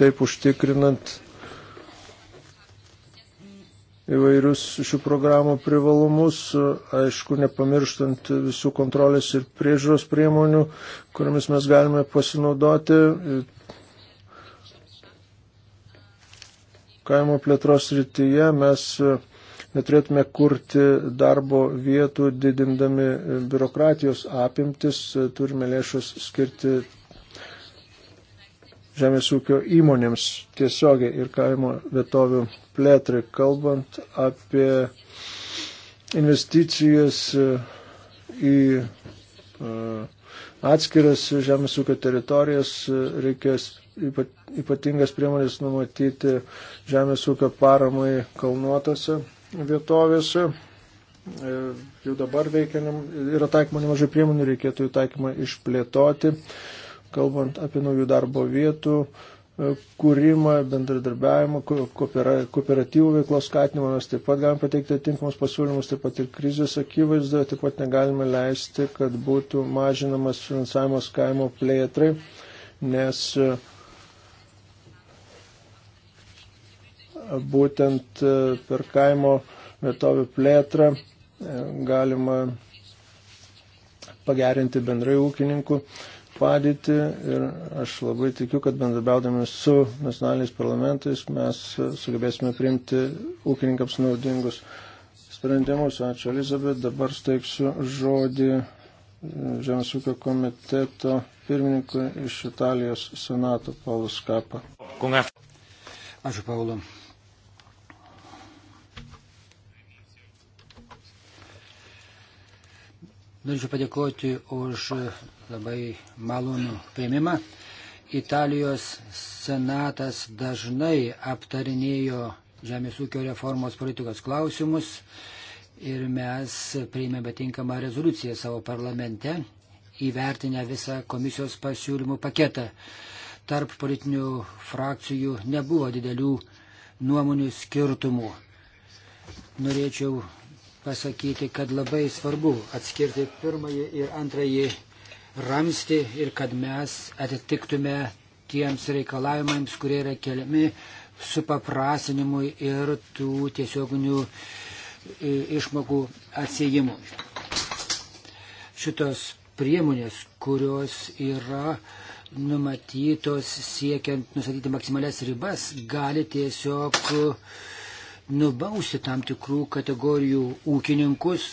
taip užtikrinant įvairius šių programų privalumus, aišku, nepamirštant visų kontrolės ir priežiūros priemonių, kuriamis mes galime pasinaudoti. Kaimo plėtros rytyje mes neturėtume kurti darbo vietų, didindami biurokratijos apimtis, turime lėšas skirti žemės ūkio įmonėms tiesiogiai ir kaimo vietovių plėtrai, kalbant apie investicijas e, į e, atskiras žemės ūkio teritorijas, e, reikės ypatingas priemonės numatyti žemės ūkio paramai kalnuotose vietovėse. Jau dabar veikia, yra taikoma nemažai priemonių, reikėtų jų taikymą išplėtoti kalbant apie naujų darbo vietų e, kūrimą, bendradarbiavimą, kooperatyvų veiklos skatinimą, mes taip pat galime pateikti atitinkamus pasiūlymus, taip pat ir krizės akivaizdoje, taip pat negalime leisti, kad būtų mažinamas finansavimas kaimo plėtrai, nes e, būtent e, per kaimo vietovių plėtrą galima pagerinti bendrai ūkininkų padėtį ir aš labai tikiu, kad bendrabiaudami su nacionaliniais parlamentais mes sugebėsime priimti ūkininkams naudingus sprendimus. Ačiū, Elizabet. Dabar steiksiu žodį Žemės ūkio komiteto pirmininkui iš Italijos senato Paulus Kapą. Ačiū, Paulo. Norėčiau padėkoti už labai malonų prieimimą. Italijos senatas dažnai aptarinėjo žemės ūkio reformos politikos klausimus ir mes priėmėme tinkamą rezoliuciją savo parlamente, įvertinę visą komisijos pasiūlymų paketą. Tarp politinių frakcijų nebuvo didelių nuomonių skirtumų. Norėčiau pasakyti, kad labai svarbu atskirti pirmąjį ir antrąjį ramsti ir kad mes atitiktume tiems reikalavimams, kurie yra keliami su paprasinimui ir tų tiesioginių e, išmokų atsijimui. Šitos priemonės, kurios yra numatytos siekiant nusatyti maksimalias ribas, gali tiesiog nubausti tam tikrų kategorijų ūkininkus,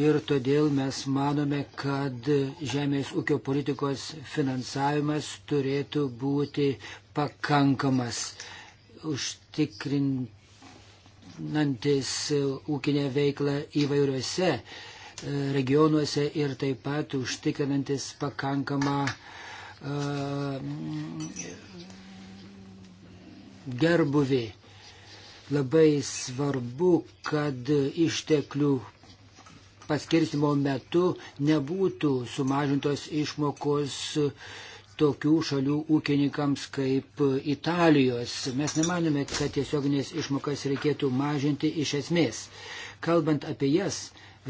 ir todėl mes manome, kad žemės ūkio politikos finansavimas turėtų būti pakankamas, užtikrinantis ūkinę veiklą įvairiuose e, regionuose ir taip pat užtikrinantis pakankamą uh, e, gerbuvį. Labai svarbu, kad išteklių paskirstimo metu nebūtų sumažintos išmokos tokių šalių ūkininkams kaip Italijos. Mes nemanome, kad tiesioginės išmokas reikėtų mažinti iš esmės. Kalbant apie jas,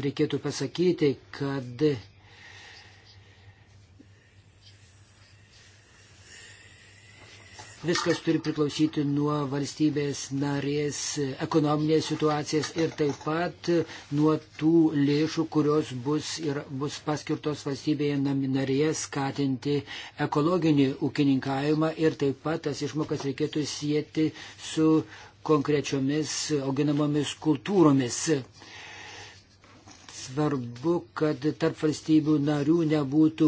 reikėtų pasakyti, kad Viskas turi priklausyti nuo valstybės narės ekonominės situacijas ir taip pat nuo tų lėšų, kurios bus, ir, bus paskirtos valstybėje narėje skatinti ekologinį ūkininkavimą ir taip pat tas išmokas reikėtų sieti su konkrečiomis auginamomis kultūromis svarbu, kad tarp valstybių narių nebūtų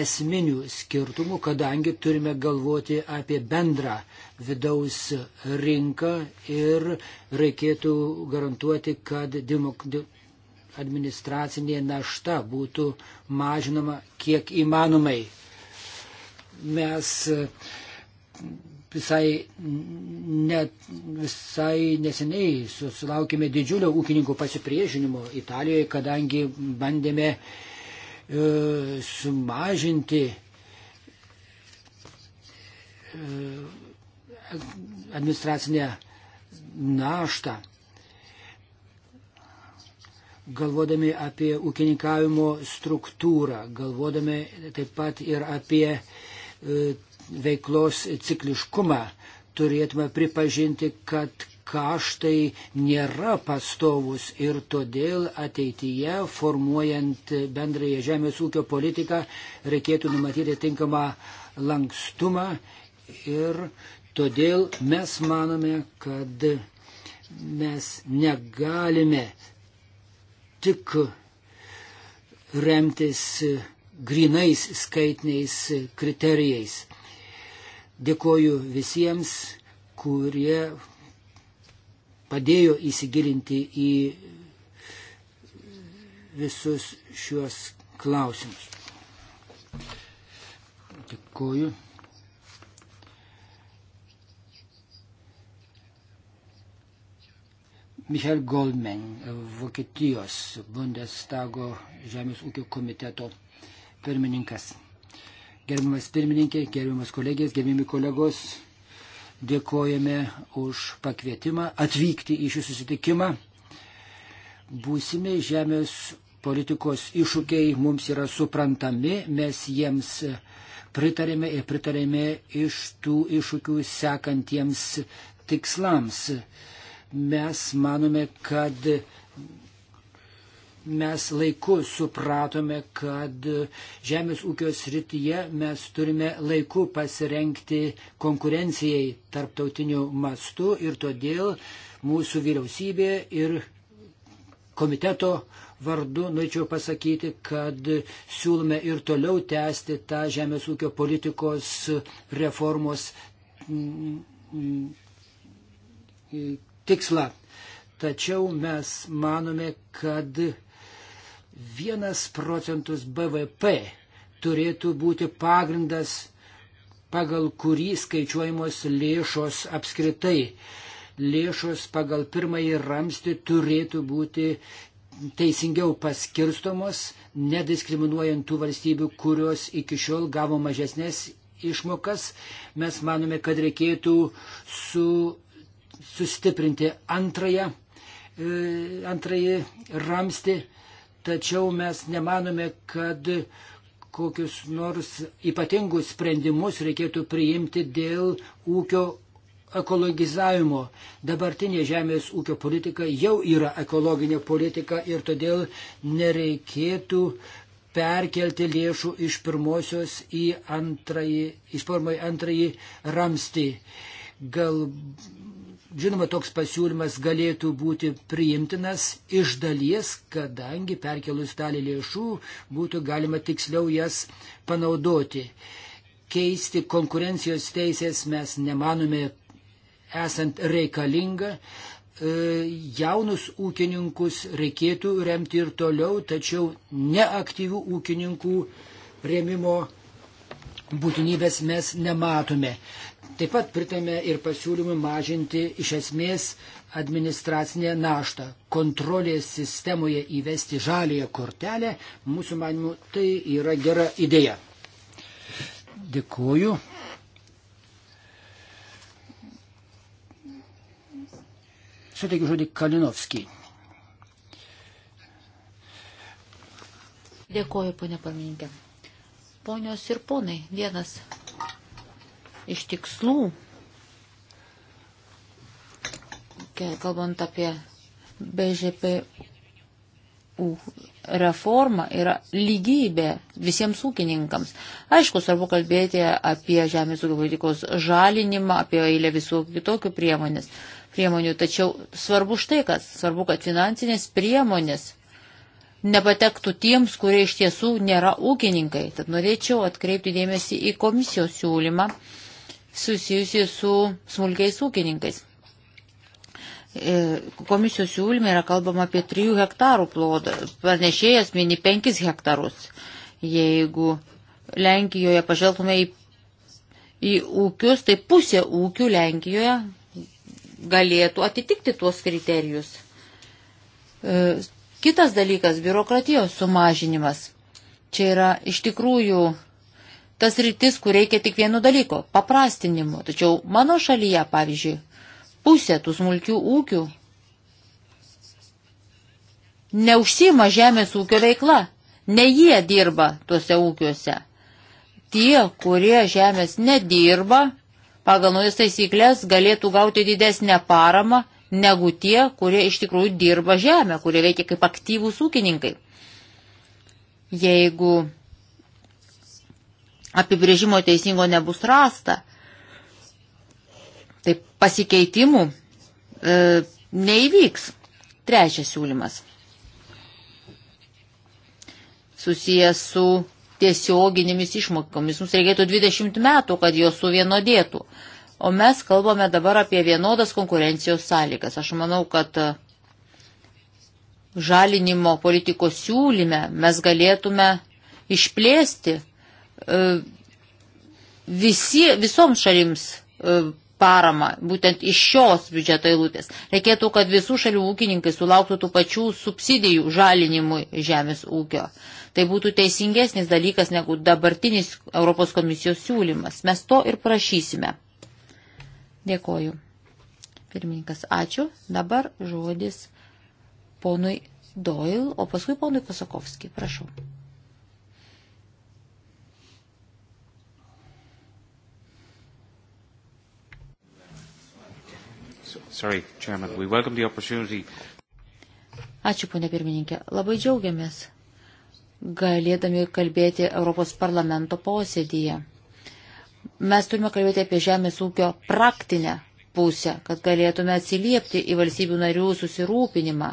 esminių skirtumų, kadangi turime galvoti apie bendrą vidaus rinką ir reikėtų garantuoti, kad administracinė našta būtų mažinama kiek įmanomai. Mes visai, net, visai neseniai susilaukėme didžiulio ūkininkų pasipriešinimo Italijoje, kadangi bandėme e, sumažinti e, administracinę naštą. Galvodami apie ūkininkavimo struktūrą, galvodami taip pat ir apie e, veiklos cikliškumą. Turėtume pripažinti, kad kaštai nėra pastovus ir todėl ateityje, formuojant bendrąją žemės ūkio politiką, reikėtų numatyti tinkamą lankstumą ir todėl mes manome, kad mes negalime tik remtis grinais skaitiniais kriterijais. Dėkoju visiems, kurie padėjo įsigilinti į visus šiuos klausimus. Dėkoju. Michel Goldman, Vokietijos Bundestago žemės ūkio komiteto pirmininkas. Gerbiamas pirmininkė, gerbiamas kolegės, gerbiami kolegos, dėkojame už pakvietimą atvykti į šį susitikimą. Būsimi žemės politikos iššūkiai mums yra suprantami, mes jiems pritarėme ir pritarėme iš tų iššūkių sekantiems tikslams. Mes manome, kad mes laiku supratome, kad žemės ūkio srityje mes turime laiku pasirenkti konkurencijai tarptautiniu mastu ir todėl mūsų vyriausybė ir komiteto vardu norėčiau pasakyti, kad siūlome ir toliau tęsti tą žemės ūkio politikos reformos mm, mm, tikslą. Tačiau mes manome, kad Vienas procentus BVP turėtų būti pagrindas, pagal kurį skaičiuojamos lėšos apskritai. Lėšos pagal pirmąjį ramstį turėtų būti teisingiau paskirstomos, nediskriminuojant tų valstybių, kurios iki šiol gavo mažesnės išmokas. Mes manome, kad reikėtų su, sustiprinti antrąją, e, antrąjį ramstį tačiau mes nemanome, kad kokius nors ypatingus sprendimus reikėtų priimti dėl ūkio ekologizavimo. Dabartinė žemės ūkio politika jau yra ekologinė politika ir todėl nereikėtų perkelti lėšų iš pirmosios į antrąjį, iš pirmąjį antrąjį ramstį. Gal Žinoma, toks pasiūlymas galėtų būti priimtinas iš dalies, kadangi perkelus dalį lėšų būtų galima tiksliau jas panaudoti. Keisti konkurencijos teisės mes nemanome esant reikalinga. E, jaunus ūkininkus reikėtų remti ir toliau, tačiau neaktyvių ūkininkų remimo būtinybės mes nematome. Taip pat pritame ir pasiūlymui mažinti iš esmės administracinę naštą. Kontrolės sistemoje įvesti žalėje kortelę, mūsų manimu, tai yra gera idėja. Dėkuoju. Suteikiu žodį Kalinovskį. Dėkuoju, ponė pirmininkė. Ponios ir ponai, vienas iš tikslų, kalbant apie BŽPU reforma yra lygybė visiems ūkininkams. Aišku, svarbu kalbėti apie žemės ūkio politikos žalinimą, apie eilę visų kitokių priemonės, priemonių, tačiau svarbu štai kas, svarbu, kad finansinės priemonės nepatektų tiems, kurie iš tiesų nėra ūkininkai. Tad norėčiau atkreipti dėmesį į komisijos siūlymą susijusi su smulkiais ūkininkais. E, komisijos siūlyme yra kalbama apie 3 hektarų plodą, panešėjas mini 5 hektarus. Jeigu Lenkijoje pažvelgtume į, į ūkius, tai pusė ūkių Lenkijoje galėtų atitikti tuos kriterijus. E, kitas dalykas - biurokratijos sumažinimas. Čia yra iš tikrųjų tas rytis, kur reikia tik vieno dalyko – paprastinimo. Tačiau mano šalyje, pavyzdžiui, pusė tų smulkių ūkių neužsima žemės ūkio veikla. Ne jie dirba tuose ūkiuose. Tie, kurie žemės nedirba, pagal naujas taisyklės galėtų gauti didesnę paramą negu tie, kurie iš tikrųjų dirba žemę, kurie veikia kaip aktyvūs ūkininkai. Jeigu apibrėžimo teisingo nebus rasta. Tai pasikeitimų e, neįvyks. Trečias siūlymas. Susijęs su tiesioginėmis išmokomis. Mums reikėtų 20 metų, kad jos suvienodėtų. O mes kalbame dabar apie vienodas konkurencijos sąlygas. Aš manau, kad e, žalinimo politikos siūlyme mes galėtume išplėsti E, visi, visoms šalims e, paramą, būtent iš šios biudžeto eilutės. Reikėtų, kad visų šalių ūkininkai sulauktų tų pačių subsidijų žalinimui žemės ūkio. Tai būtų teisingesnis dalykas negu dabartinis Europos komisijos siūlymas. Mes to ir prašysime. Dėkoju. Pirmininkas, ačiū. Dabar žodis ponui Doyle, o paskui ponui Kosakovskijai. Prašau. Sorry, Chairman. We welcome the opportunity. Ačiū, ponė pirmininkė. Labai džiaugiamės galėdami kalbėti Europos parlamento posėdyje. Mes turime kalbėti apie žemės ūkio praktinę pusę, kad galėtume atsiliepti į valstybių narių susirūpinimą.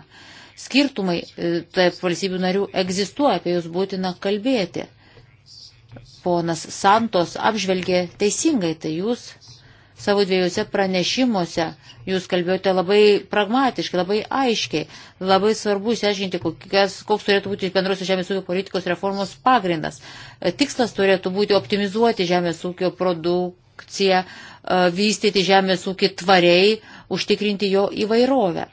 Skirtumai e, tarp valstybių narių egzistuoja, apie juos būtina kalbėti. Ponas Santos apžvelgė teisingai, tai jūs savo dviejose pranešimuose jūs kalbėjote labai pragmatiškai, labai aiškiai. Labai svarbu išsiaiškinti, koks turėtų būti bendrosios žemės ūkio politikos reformos pagrindas. E, tikslas turėtų būti optimizuoti žemės ūkio produkciją, e, vystyti žemės ūkį tvariai, užtikrinti jo įvairovę.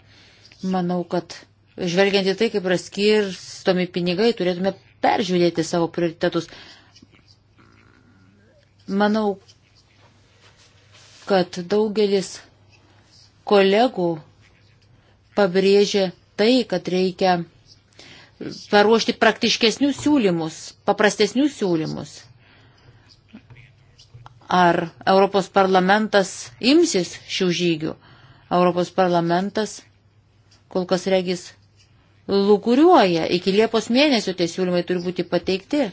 Manau, kad žvelgiant į tai, kaip yra skirstomi pinigai, turėtume peržiūrėti savo prioritetus. Manau, kad daugelis kolegų pabrėžė tai, kad reikia paruošti praktiškesnius siūlymus, paprastesnius siūlymus. Ar Europos parlamentas imsis šių žygių? Europos parlamentas kol kas regis lūkuriuoja. Iki Liepos mėnesio tie siūlymai turi būti pateikti.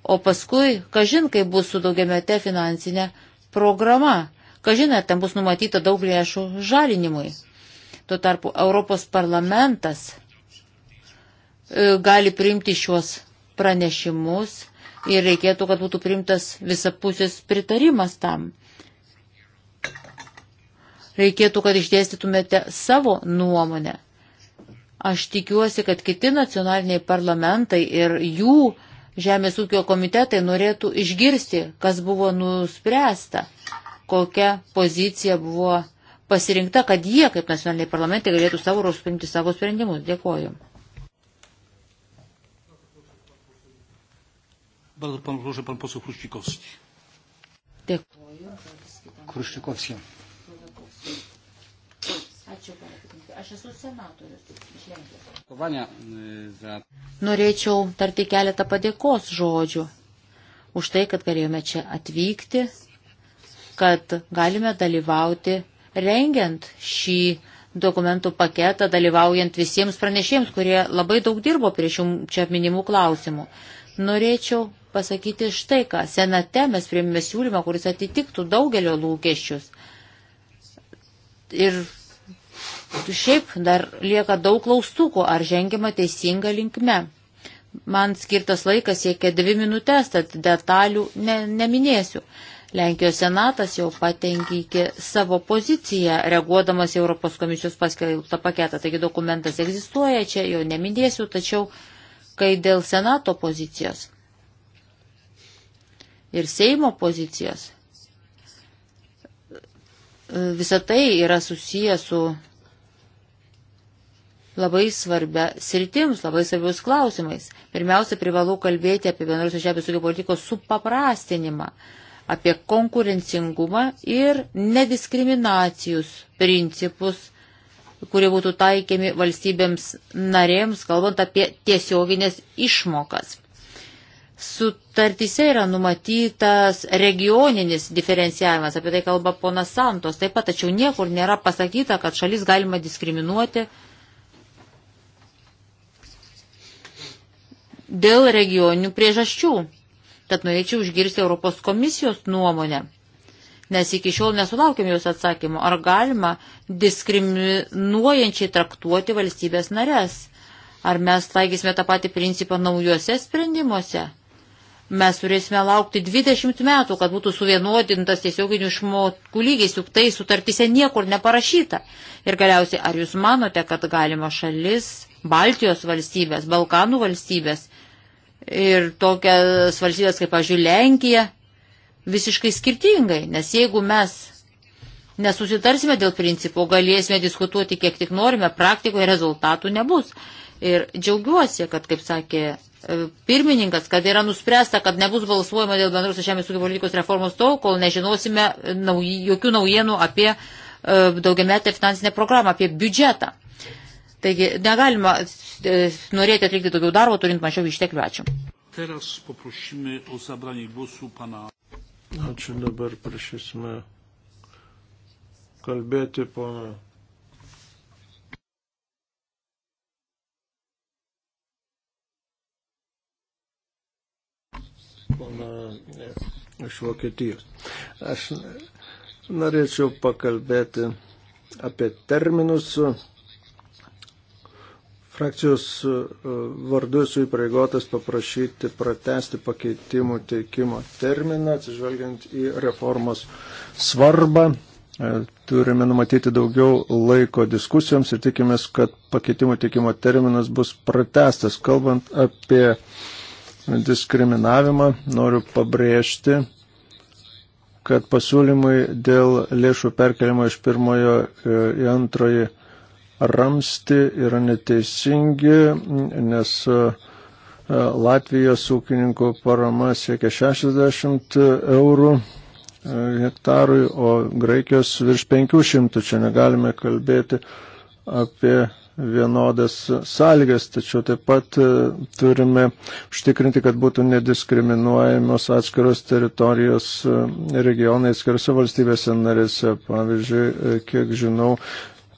O paskui, kažin, kai bus su daugiamete finansinė programa. Kažina, ten bus numatyta daug lėšų žalinimui. Tuo tarpu Europos parlamentas e, gali priimti šiuos pranešimus ir reikėtų, kad būtų priimtas visapusis pritarimas tam. Reikėtų, kad išdėstytumėte savo nuomonę. Aš tikiuosi, kad kiti nacionaliniai parlamentai ir jų Žemės ūkio komitetai norėtų išgirsti, kas buvo nuspręsta kokia pozicija buvo pasirinkta, kad jie, kaip nacionaliniai parlamentai, galėtų savo ruoštų priimti savo sprendimus. Dėkoju. Bardzo pan, proszę, pan poseł Chruścikowski. Dėkoju. Chruścikowski. Ačiū, aš esu senatorius. Norėčiau tarti keletą padėkos žodžių už tai, kad galėjome čia atvykti kad galime dalyvauti rengiant šį dokumentų paketą, dalyvaujant visiems pranešėjams, kurie labai daug dirbo prie šių čia minimų klausimų. Norėčiau pasakyti štai ką. Senate mes priėmėme siūlymą, kuris atitiktų daugelio lūkesčius. Ir šiaip dar lieka daug klaustukų, ar žengiama teisinga linkme. Man skirtas laikas siekia dvi minutės, tad detalių ne, neminėsiu. Lenkijos senatas jau patenkė savo poziciją, reaguodamas Europos komisijos paskelbtą paketą. Taigi dokumentas egzistuoja, čia jo nemindėsiu, tačiau kai dėl senato pozicijos ir Seimo pozicijos, visa tai yra susiję su labai svarbia sritims, labai svarbius klausimais. Pirmiausia, privalu kalbėti apie bendrosios žemės ūkio politikos supaprastinimą. Uh, apie konkurencingumą ir nediskriminacijus principus, kurie būtų taikiami valstybėms narėms, kalbant apie tiesioginės išmokas. Sutartyse yra numatytas regioninis diferencijavimas, apie tai kalba ponas Santos, taip pat, tačiau niekur nėra pasakyta, kad šalis galima diskriminuoti dėl regioninių priežasčių. Tad norėčiau užgirsti Europos komisijos nuomonę, nes iki šiol nesulaukėm jos atsakymo, ar galima diskriminuojančiai traktuoti valstybės narės. Ar mes taigysime tą patį principą naujuose sprendimuose? Mes turėsime laukti 20 metų, kad būtų suvienodintas tiesioginių išmokų lygiais, juk tai sutartise niekur neparašyta. Ir galiausiai, ar jūs manote, kad galima šalis, Baltijos valstybės, Balkanų valstybės ir tokias valstybės kaip, pažiūrėjau, Lenkija visiškai skirtingai, nes jeigu mes nesusitarsime dėl principų, galėsime diskutuoti kiek tik norime, praktikoje rezultatų nebus. Ir džiaugiuosi, kad, kaip sakė e, pirmininkas, kad yra nuspręsta, kad nebus balsuojama dėl bendros žemės ūkio politikos reformos tol, kol nežinosime nauj, jokių naujienų apie e, daugiametę finansinę programą, apie biudžetą. Taigi negalima e, norėti atlikti daugiau darbo, turint mažiau išteklių. Ačiū. Ačiū dabar prašysime kalbėti poną. Pana e, iš Vokietijos. Aš norėčiau pakalbėti apie terminus, Frakcijos e, e, vardu esu įpareigotas paprašyti pratesti pakeitimų teikimo terminą, atsižvelgiant į reformos svarbą. E, turime numatyti daugiau laiko diskusijoms ir tikimės, kad pakeitimų teikimo terminas bus pratestas. Kalbant apie diskriminavimą, noriu pabrėžti, kad pasiūlymai dėl lėšų perkelimo iš pirmojo į antroji ramsti yra neteisingi, nes e, Latvijos ūkininko parama siekia 60 eurų e, hektarui, o Graikijos virš 500. Čia negalime kalbėti apie vienodas sąlygas, tačiau taip pat e, turime užtikrinti, kad būtų nediskriminuojamos atskiros teritorijos regionai atskirose valstybėse narėse. Pavyzdžiui, kiek žinau,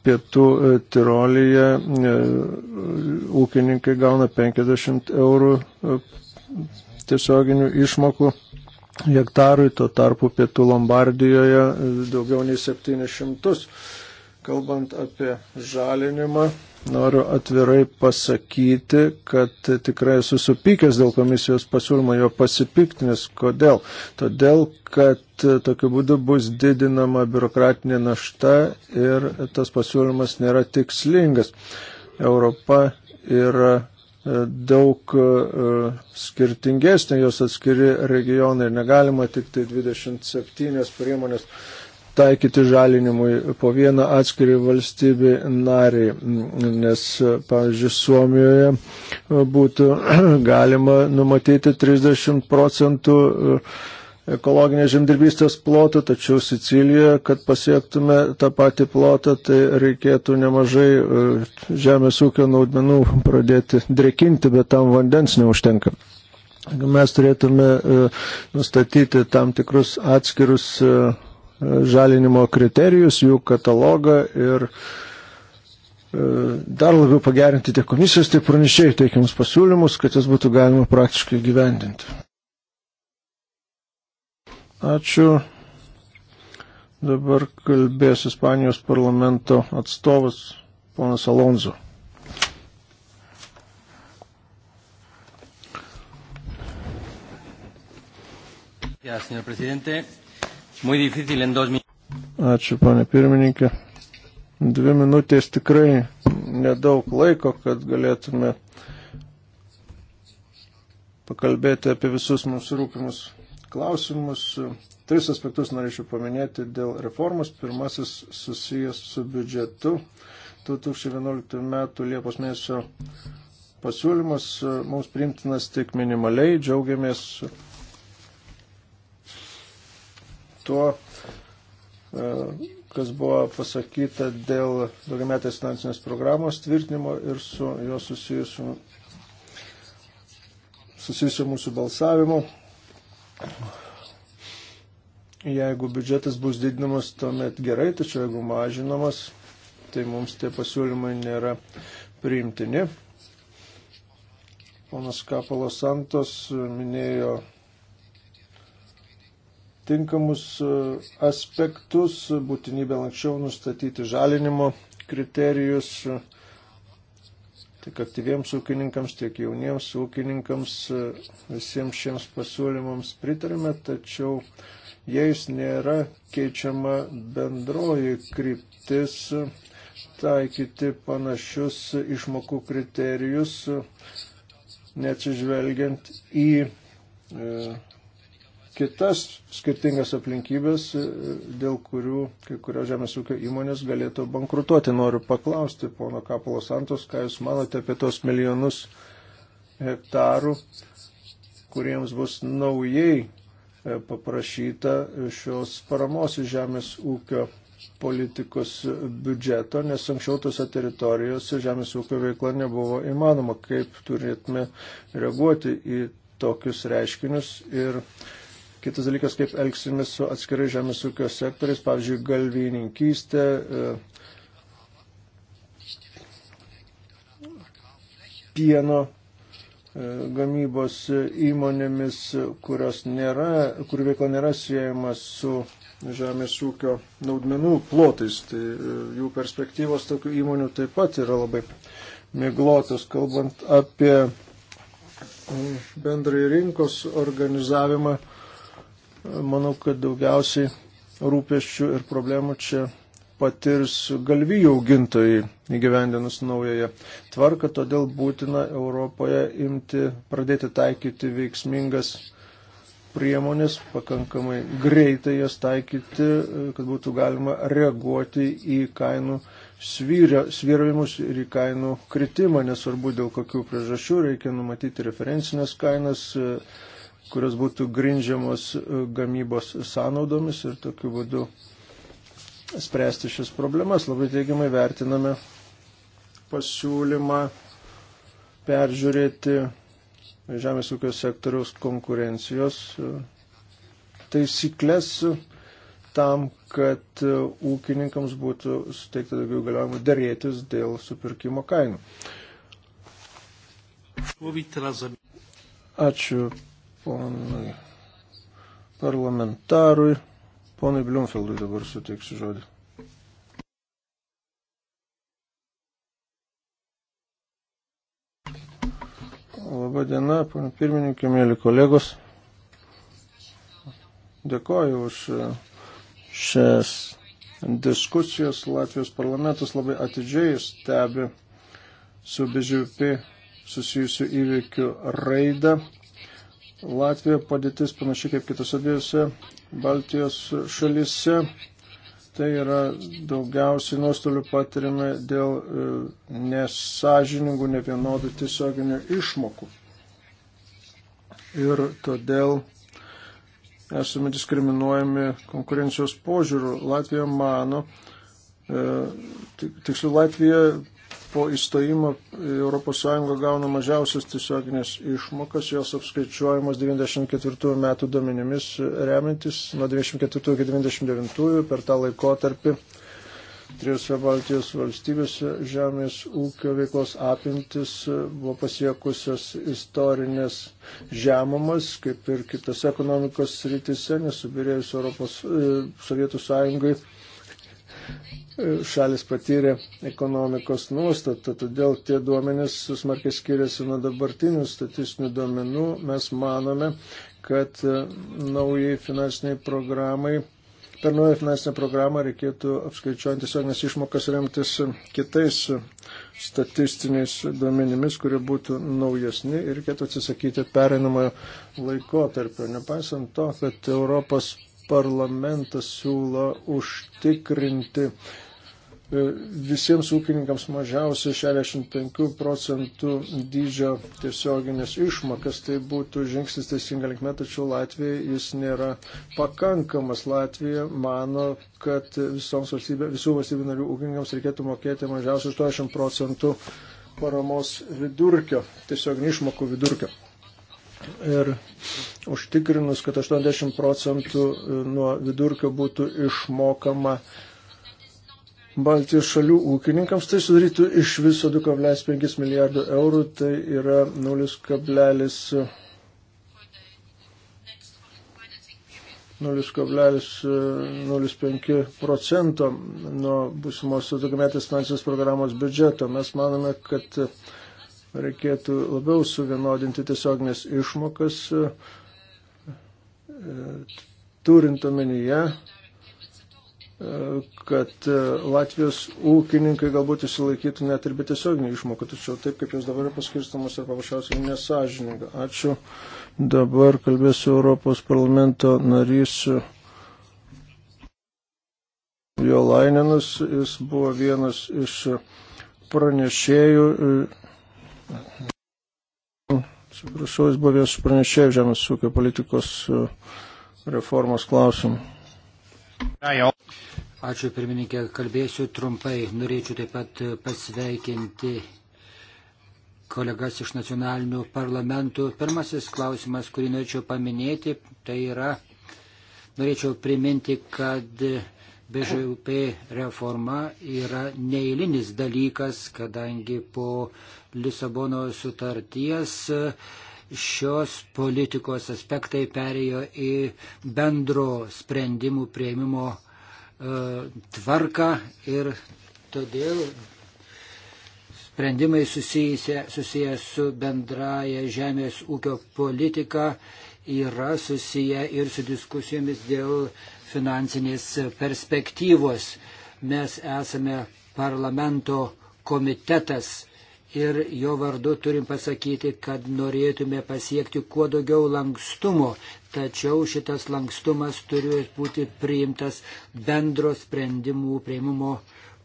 Pietų e, Tirolyje e, ūkininkai gauna 50 eurų e, tiesioginių išmokų hektarui, tuo tarpu Pietų Lombardijoje daugiau nei 700. Kalbant apie žalinimą, noriu atvirai pasakyti, kad tikrai susipykęs dėl komisijos pasiūlymo jo pasipiktinis. Kodėl? Todėl, kad tokiu būdu bus didinama biurokratinė našta ir tas pasiūlymas nėra tikslingas. Europa yra e, daug e, skirtingesnė, jos atskiri regionai ir negalima tik tai 27 priemonės taikyti žalinimui po vieną atskirį valstybį narį, nes, pavyzdžiui, Suomijoje e, būtų galima numatyti 30 procentų e, ekologinės žemdirbystės plotą, tačiau Sicilijoje, kad pasiektume tą patį plotą, tai reikėtų nemažai e, žemės ūkio naudmenų pradėti drekinti, bet tam vandens neužtenka. Mes turėtume nustatyti tam tikrus atskirus žalinimo kriterijus, jų katalogą ir e, dar labiau pagerinti tiek komisijos, tiek pranešėjų teikiamus pasiūlymus, kad jas būtų galima praktiškai gyvendinti. Ačiū. Dabar kalbės Ispanijos parlamento atstovas ponas Alonso. Gracias, señor presidente. Ačiū, panė pirmininkė. Dvi minutės tikrai nedaug laiko, kad galėtume pakalbėti apie visus mums rūpimus klausimus. Tris aspektus norėčiau paminėti dėl reformos. Pirmasis susijęs su biudžetu. 2011 m. Liepos mėnesio pasiūlymas mums priimtinas tik minimaliai. Džiaugiamės tuo, e, kas buvo pasakyta dėl daugiametės finansinės programos tvirtinimo ir su jo susijusiu, susijusiu mūsų balsavimu. Jeigu biudžetas bus didinamas, tuomet gerai, tačiau jeigu mažinamas, tai mums tie pasiūlymai nėra priimtini. Ponas Kapalo Santos minėjo tinkamus e, aspektus, būtinybę anksčiau nustatyti žalinimo kriterijus e, tiek aktyviems ūkininkams, tiek jauniems ūkininkams. E, visiems šiems pasiūlymams pritarime, tačiau jais nėra keičiama bendroji kryptis taikyti panašius išmokų kriterijus, neatsižvelgiant į e, kitas skirtingas aplinkybės, e, dėl kurių kai kurios žemės ūkio įmonės galėtų bankrutuoti. Noriu paklausti, pono Kapolo Santos, ką Jūs manote apie tos milijonus hektarų, kuriems bus naujai e, paprašyta šios paramos žemės ūkio politikos biudžeto, nes anksčiau tose teritorijose žemės ūkio veikla nebuvo įmanoma, kaip turėtume reaguoti į tokius reiškinius ir uh, Kitas dalykas, kaip elgsimės su atskirai žemės ūkio sektoriais, pavyzdžiui, galvininkystė. E, pieno e, gamybos įmonėmis, kurios nėra, kurių veikla nėra siejama su žemės ūkio naudmenų plotais. Tai e, jų perspektyvos tokių įmonių taip pat yra labai miglotos, kalbant apie mm, bendrai rinkos organizavimą. Manau, kad daugiausiai rūpeščių ir problemų čia patirs galvijų augintojai įgyvendinus naująją tvarką, todėl būtina Europoje imti, pradėti taikyti veiksmingas priemonės, pakankamai greitai jas taikyti, kad būtų galima reaguoti į kainų svyravimus ir į kainų kritimą, nesvarbu dėl kokių priežasčių, reikia numatyti referencinės kainas, kurios būtų grindžiamos e, gamybos sąnaudomis ir tokiu būdu spręsti šias problemas. Labai teigiamai vertiname pasiūlymą peržiūrėti žemės ūkio sektoriaus konkurencijos e, taisyklės e, tam, kad ūkininkams būtų suteikta daugiau galiojimų dėrėtis dėl supirkimo kainų. Ačiū ponui parlamentarui. Ponui Blumfeldui dabar suteiksiu žodį. Labą dieną, pana pirmininkė, mėly kolegos. Dėkoju už šias diskusijos. Latvijos parlamentas labai atidžiai stebi su BGP susijusių įvykių raidą. Latvijoje padėtis panašiai kaip kitose dviejose Baltijos šalise. Tai yra daugiausiai nuostolių patiriame dėl e, nesažiningų, nevienodų tiesioginių išmokų. Ir todėl esame diskriminuojami konkurencijos požiūrių. Latvija mano, e, tiksliau Latvija po įstojimo ES gauna mažiausias tiesioginės išmokas, jos apskaičiuojamos 94 metų duomenimis remintis nuo 94 iki 99 per tą laikotarpį. Trijose Baltijos valstybėse žemės ūkio veiklos apimtis buvo pasiekusios istorinės žemumas, kaip ir kitose ekonomikos rytise, nesubirėjus Europos e, Sovietų Sąjungai šalis patyrė ekonomikos nuostatą, todėl tie duomenys smarkiai skiriasi nuo dabartinių statistinių duomenų. Mes manome, kad e, naujai finansiniai programai, per naują finansinę programą reikėtų apskaičiuojant tiesioginės išmokas remtis kitais statistiniais duomenimis, kurie būtų naujesni ir reikėtų atsisakyti pereinamojo laikotarpio. Nepaisant to, kad Europos parlamentas siūlo užtikrinti e, visiems ūkininkams mažiausiai 65 procentų dydžio tiesioginės išmokas. Tai būtų žingsnis teisinga linkme, tačiau Latvijai jis nėra pakankamas. Latvija mano, kad valstybė, visų valstybių narių ūkininkams reikėtų mokėti mažiausiai 80 procentų paramos vidurkio, tiesioginių išmokų vidurkio ir užtikrinus, kad 80 procentų e, nuo vidurkio būtų išmokama Baltijos šalių ūkininkams, tai sudarytų iš viso 2,5 milijardų eurų, tai yra 0,05 e, e, procento nuo būsimos daugiametės finansinės programos biudžeto. Mes manome, kad reikėtų labiau suvienodinti tiesioginės išmokas, e, turint omenyje, e, kad e, Latvijos ūkininkai galbūt išsilaikytų net ir be tiesioginių išmokų, tačiau taip, kaip jos dabar yra paskirstamos, yra paprasčiausiai nesažininga. Ačiū. Dabar kalbėsiu Europos parlamento narys Jo Laininas. Jis buvo vienas iš pranešėjų Atsiprašau, jis buvo vienas pranešėjų žemės ūkio politikos e, reformos klausimų. Ačiū pirmininkė, kalbėsiu trumpai. Norėčiau taip pat pasveikinti kolegas iš nacionalinių parlamentų. Pirmasis klausimas, kurį norėčiau paminėti, tai yra, norėčiau priminti, kad BŽUP reforma yra neįlinis dalykas, kadangi po Lisabono sutarties šios politikos aspektai perėjo į bendro sprendimų prieimimo e, tvarką ir todėl sprendimai susiję su bendraja žemės ūkio politika yra susiję ir su diskusijomis dėl finansinės perspektyvos. Mes esame parlamento komitetas ir jo vardu turim pasakyti, kad norėtume pasiekti kuo daugiau lankstumo, tačiau šitas lankstumas turi būti priimtas bendro sprendimų prieimimo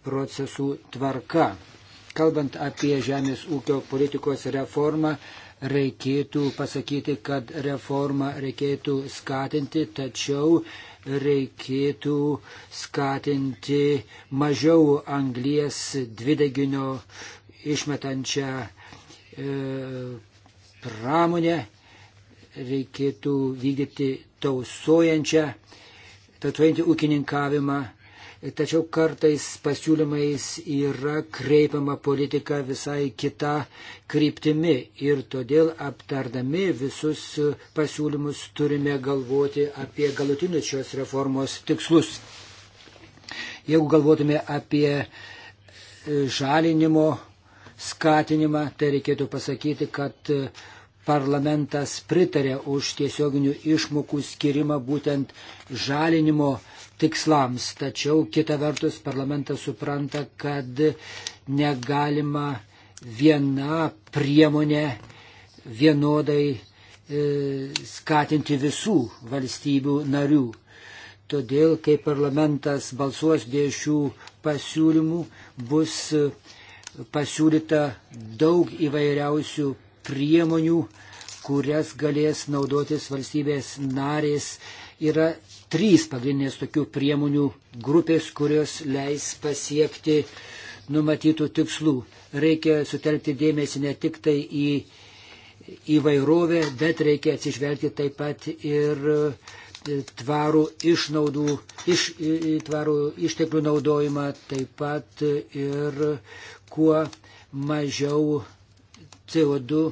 procesų tvarka. Kalbant apie žemės ūkio politikos reformą, reikėtų pasakyti, kad reformą reikėtų skatinti, tačiau reikėtų skatinti mažiau anglies dvideginio išmetančią e, pramonę, reikėtų vykdyti tausojančią, tausuojantį ūkininkavimą tačiau kartais pasiūlymais yra kreipiama politika visai kita kryptimi ir todėl aptardami visus pasiūlymus turime galvoti apie galutinius šios reformos tikslus. Jeigu galvotume apie e, žalinimo skatinimą, tai reikėtų pasakyti, kad e, parlamentas pritarė už tiesioginių išmokų skirimą būtent žalinimo tikslams. Tačiau kita vertus parlamentas supranta, kad negalima viena priemonė vienodai e, skatinti visų valstybių narių. Todėl, kai parlamentas balsuos dėl šių pasiūlymų, bus e, pasiūlyta daug įvairiausių priemonių, kurias galės naudotis valstybės narės. Yra trys pagrindinės tokių priemonių grupės, kurios leis pasiekti numatytų tikslų. Reikia sutelkti dėmesį ne tik tai į įvairovę, bet reikia atsižvelgti taip pat ir e, tvarų išnaudų, iš, e, e, tvarų išteklių naudojimą, taip pat ir kuo mažiau CO2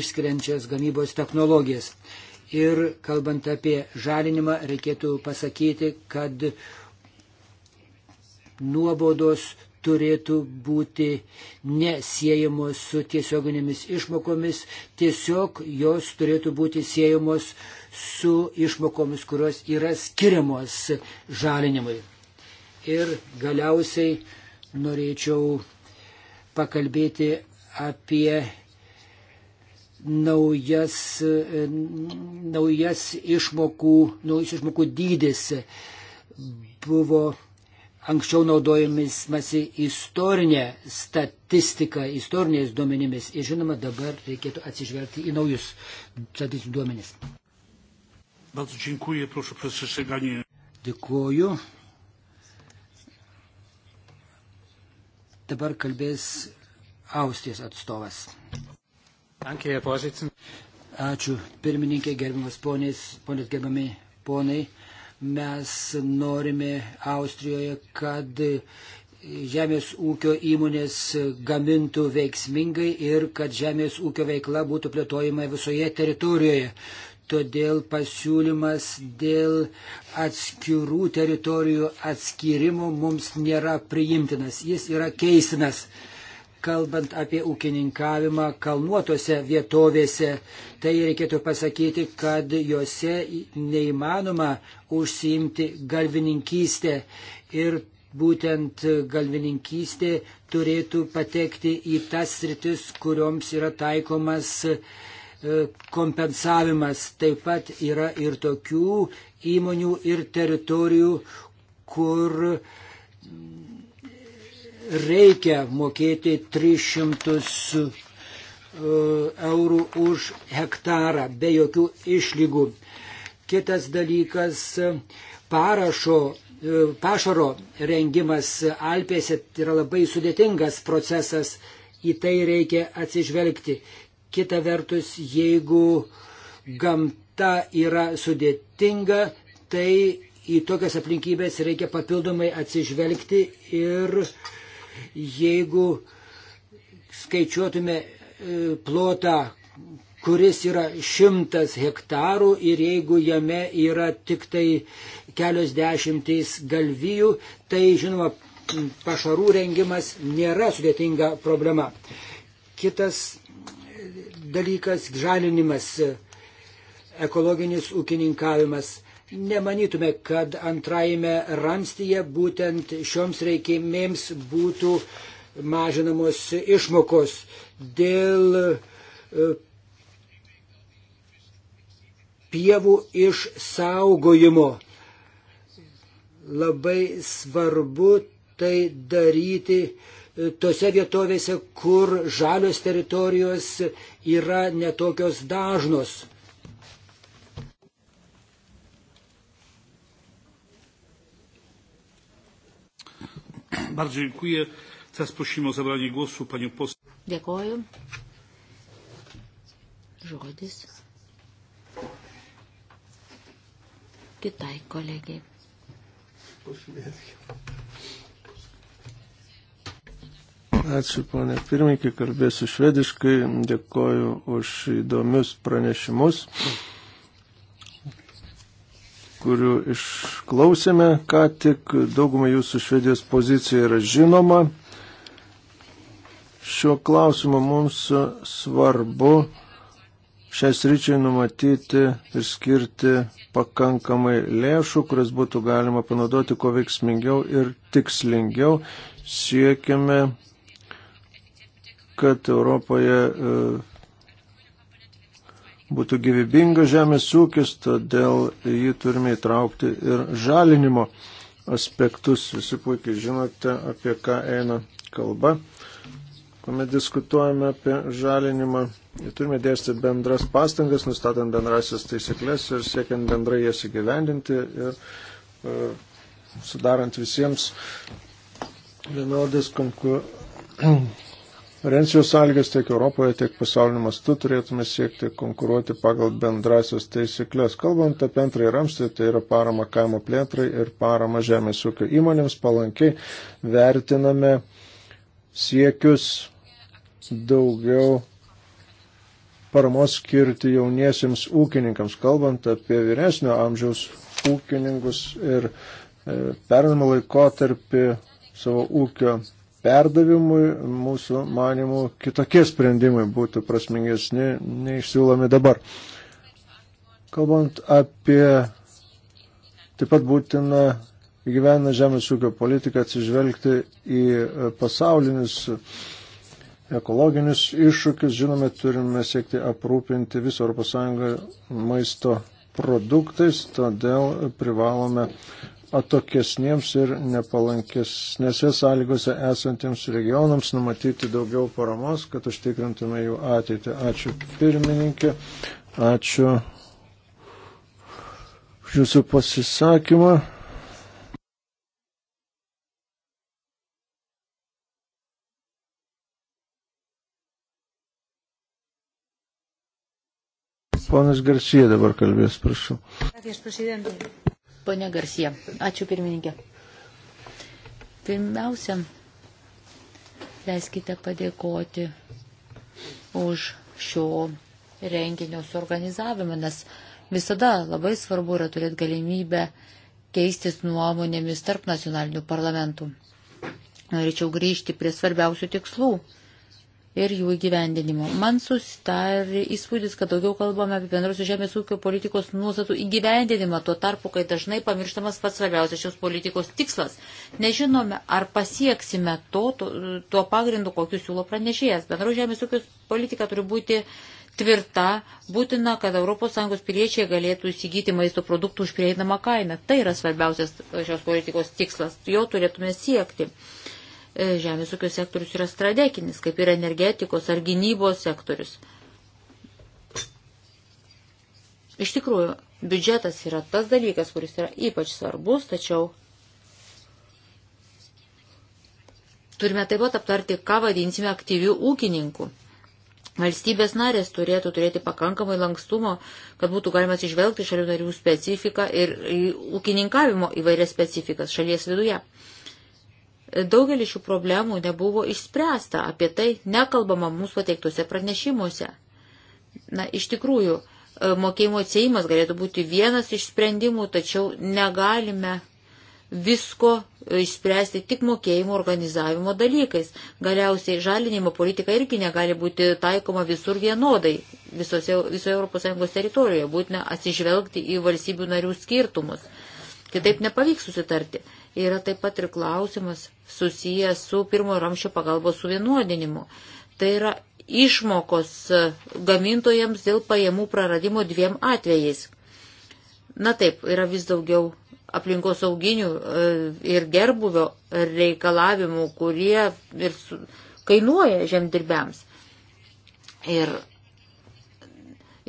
išskiriančias gamybos technologijas. Ir kalbant apie žalinimą, reikėtų pasakyti, kad nuobodos turėtų būti nesiejamos su tiesioginėmis išmokomis, tiesiog jos turėtų būti siejamos su išmokomis, kurios yra skiriamos žalinimui. Ir galiausiai norėčiau pakalbėti apie naujas, e, naujas išmokų, naujus išmokų dydis buvo anksčiau naudojomis masi istorinė statistika, istoriniais duomenimis. Ir žinoma, dabar reikėtų atsižvelgti į naujus statistinius duomenis. Bardzo dziękuję, proszę przestrzeganie. Dėkuoju. Dabar kalbės Austrijos atstovas. Ačiū, pirmininkė, gerbiamas ponės, ponės gerbiami ponai. Mes norime Austrijoje, kad žemės ūkio įmonės gamintų veiksmingai ir kad žemės ūkio veikla būtų plėtojama visoje teritorijoje. Todėl pasiūlymas dėl atskirų teritorijų atskirimo mums nėra priimtinas, jis yra keistinas kalbant apie ūkininkavimą kalnuotose vietovėse, tai reikėtų pasakyti, kad juose neįmanoma užsiimti galvininkystę ir būtent galvininkystė turėtų patekti į tas sritis, kurioms yra taikomas e, kompensavimas. Taip pat yra ir tokių įmonių ir teritorijų, kur reikia mokėti 300 e, eurų už hektarą be jokių išlygų. Kitas dalykas - parašo, e, pašaro rengimas Alpėse yra labai sudėtingas procesas, į tai reikia atsižvelgti. Kita vertus, jeigu gamta yra sudėtinga, tai į tokias aplinkybės reikia papildomai atsižvelgti ir uh, Jeigu skaičiuotume e, plotą, kuris yra šimtas hektarų ir jeigu jame yra tik tai kelios dešimtys galvijų, tai žinoma, pašarų rengimas nėra sudėtinga problema. Kitas dalykas - žalinimas, ekologinis ūkininkavimas. Nemanytume, kad antrajame ramstyje būtent šioms reikimėms būtų mažinamos išmokos dėl e, pievų išsaugojimo. Labai svarbu tai daryti e, tose vietovėse, kur žalios teritorijos yra netokios dažnos. Bardzo dziękuję. Teraz prosimy o zabranie głosu panią poseł. Dėkoju. Žodis. Kitai kolegiai. Ačiū, ponė pirmininkė, kalbėsiu švediškai. Dėkoju už įdomius pranešimus. Mm kurių išklausėme, ką tik daugumai jūsų švedijos pozicija yra žinoma. Šiuo klausimu mums svarbu šias ryčiai numatyti ir skirti pakankamai lėšų, kurias būtų galima panaudoti kuo veiksmingiau ir tikslingiau. Siekime, kad Europoje e, būtų gyvybingas žemės ūkis, todėl jį turime įtraukti ir žalinimo aspektus. Visi puikiai žinote, apie ką eina kalba. Kuomet diskutuojame apie žalinimą, turime dėsti bendras pastangas, nustatant bendrasias taisyklės ir siekiant bendrai jas įgyvendinti ir e, sudarant visiems vienodas konkur konkurencijos sąlygas tiek Europoje, tiek pasaulio mastu turėtume siekti konkuruoti pagal bendrasias taisyklės. Kalbant apie antrąjį ramstį, tai yra parama kaimo plėtrai ir parama žemės ūkio įmonėms palankiai vertiname siekius daugiau paramos skirti jauniesiems ūkininkams, kalbant apie vyresnio amžiaus ūkininkus ir e, pernamą laikotarpį savo ūkio perdavimui, mūsų manimų, kitokie sprendimai būtų prasmingesni nei išsiūlomi dabar. Kalbant apie taip pat būtina gyvena žemės ūkio politiką atsižvelgti į pasaulinius ekologinius iššūkius. Žinome, turime siekti aprūpinti visą ES maisto produktais, todėl privalome atokesniems ir nepalankesnėse sąlygose esantiems regionams numatyti daugiau paramos, kad užtikrintume jų ateitį. Ačiū pirmininkė, ačiū jūsų pasisakymą. Ponas Garcija dabar kalbės, prašau. Gracias, Pane Garsie, ačiū pirmininkė. Pirmiausia, leiskite padėkoti už šio renginio suorganizavimą, nes visada labai svarbu yra turėti galimybę keistis nuomonėmis tarp nacionalinių parlamentų. Norėčiau grįžti prie svarbiausių tikslų ir jų įgyvendinimo. Man susitarė įspūdis, kad daugiau kalbame apie bendrosios žemės ūkio politikos nuostatų įgyvendinimą, tuo tarpu, kai dažnai pamirštamas pats svarbiausias šios politikos tikslas. Nežinome, ar pasieksime to, to, to pagrindu, kokius siūlo pranešėjas. Bendros žemės ūkio politika turi būti tvirta, būtina, kad ES piliečiai galėtų įsigyti maisto produktų už prieinamą kainą. Tai yra svarbiausias šios politikos tikslas. Jo turėtume siekti. E, žemės ūkio sektorius yra strateginis, kaip ir energetikos ar gynybos sektorius. Iš tikrųjų, biudžetas yra tas dalykas, kuris yra ypač svarbus, tačiau turime taip pat aptarti, ką vadinsime aktyvių ūkininkų. Valstybės narės turėtų turėti pakankamai lankstumo, kad būtų galima atsižvelgti šalių narių specifiką ir ūkininkavimo įvairias specifikas šalies viduje. Daugelis šių problemų nebuvo išspręsta, apie tai nekalbama mūsų pateiktuose pranešimuose. Na, iš tikrųjų, e, mokėjimo atsėjimas galėtų būti vienas iš sprendimų, tačiau negalime visko e, išspręsti tik mokėjimo organizavimo dalykais. Galiausiai žalinimo politika irgi negali būti taikoma visur vienodai, visose, visoje ES teritorijoje. Būtina atsižvelgti į valstybių narių skirtumus. Kitaip nepavyks susitarti. Yra taip pat ir klausimas susijęs su pirmojo ramščio pagalbos suvienodinimu. Tai yra išmokos e, gamintojams dėl pajamų praradimo dviem atvejais. Na taip, yra vis daugiau aplinkos auginių e, ir gerbuvio reikalavimų, kurie ir kainuoja žemdirbiams. Ir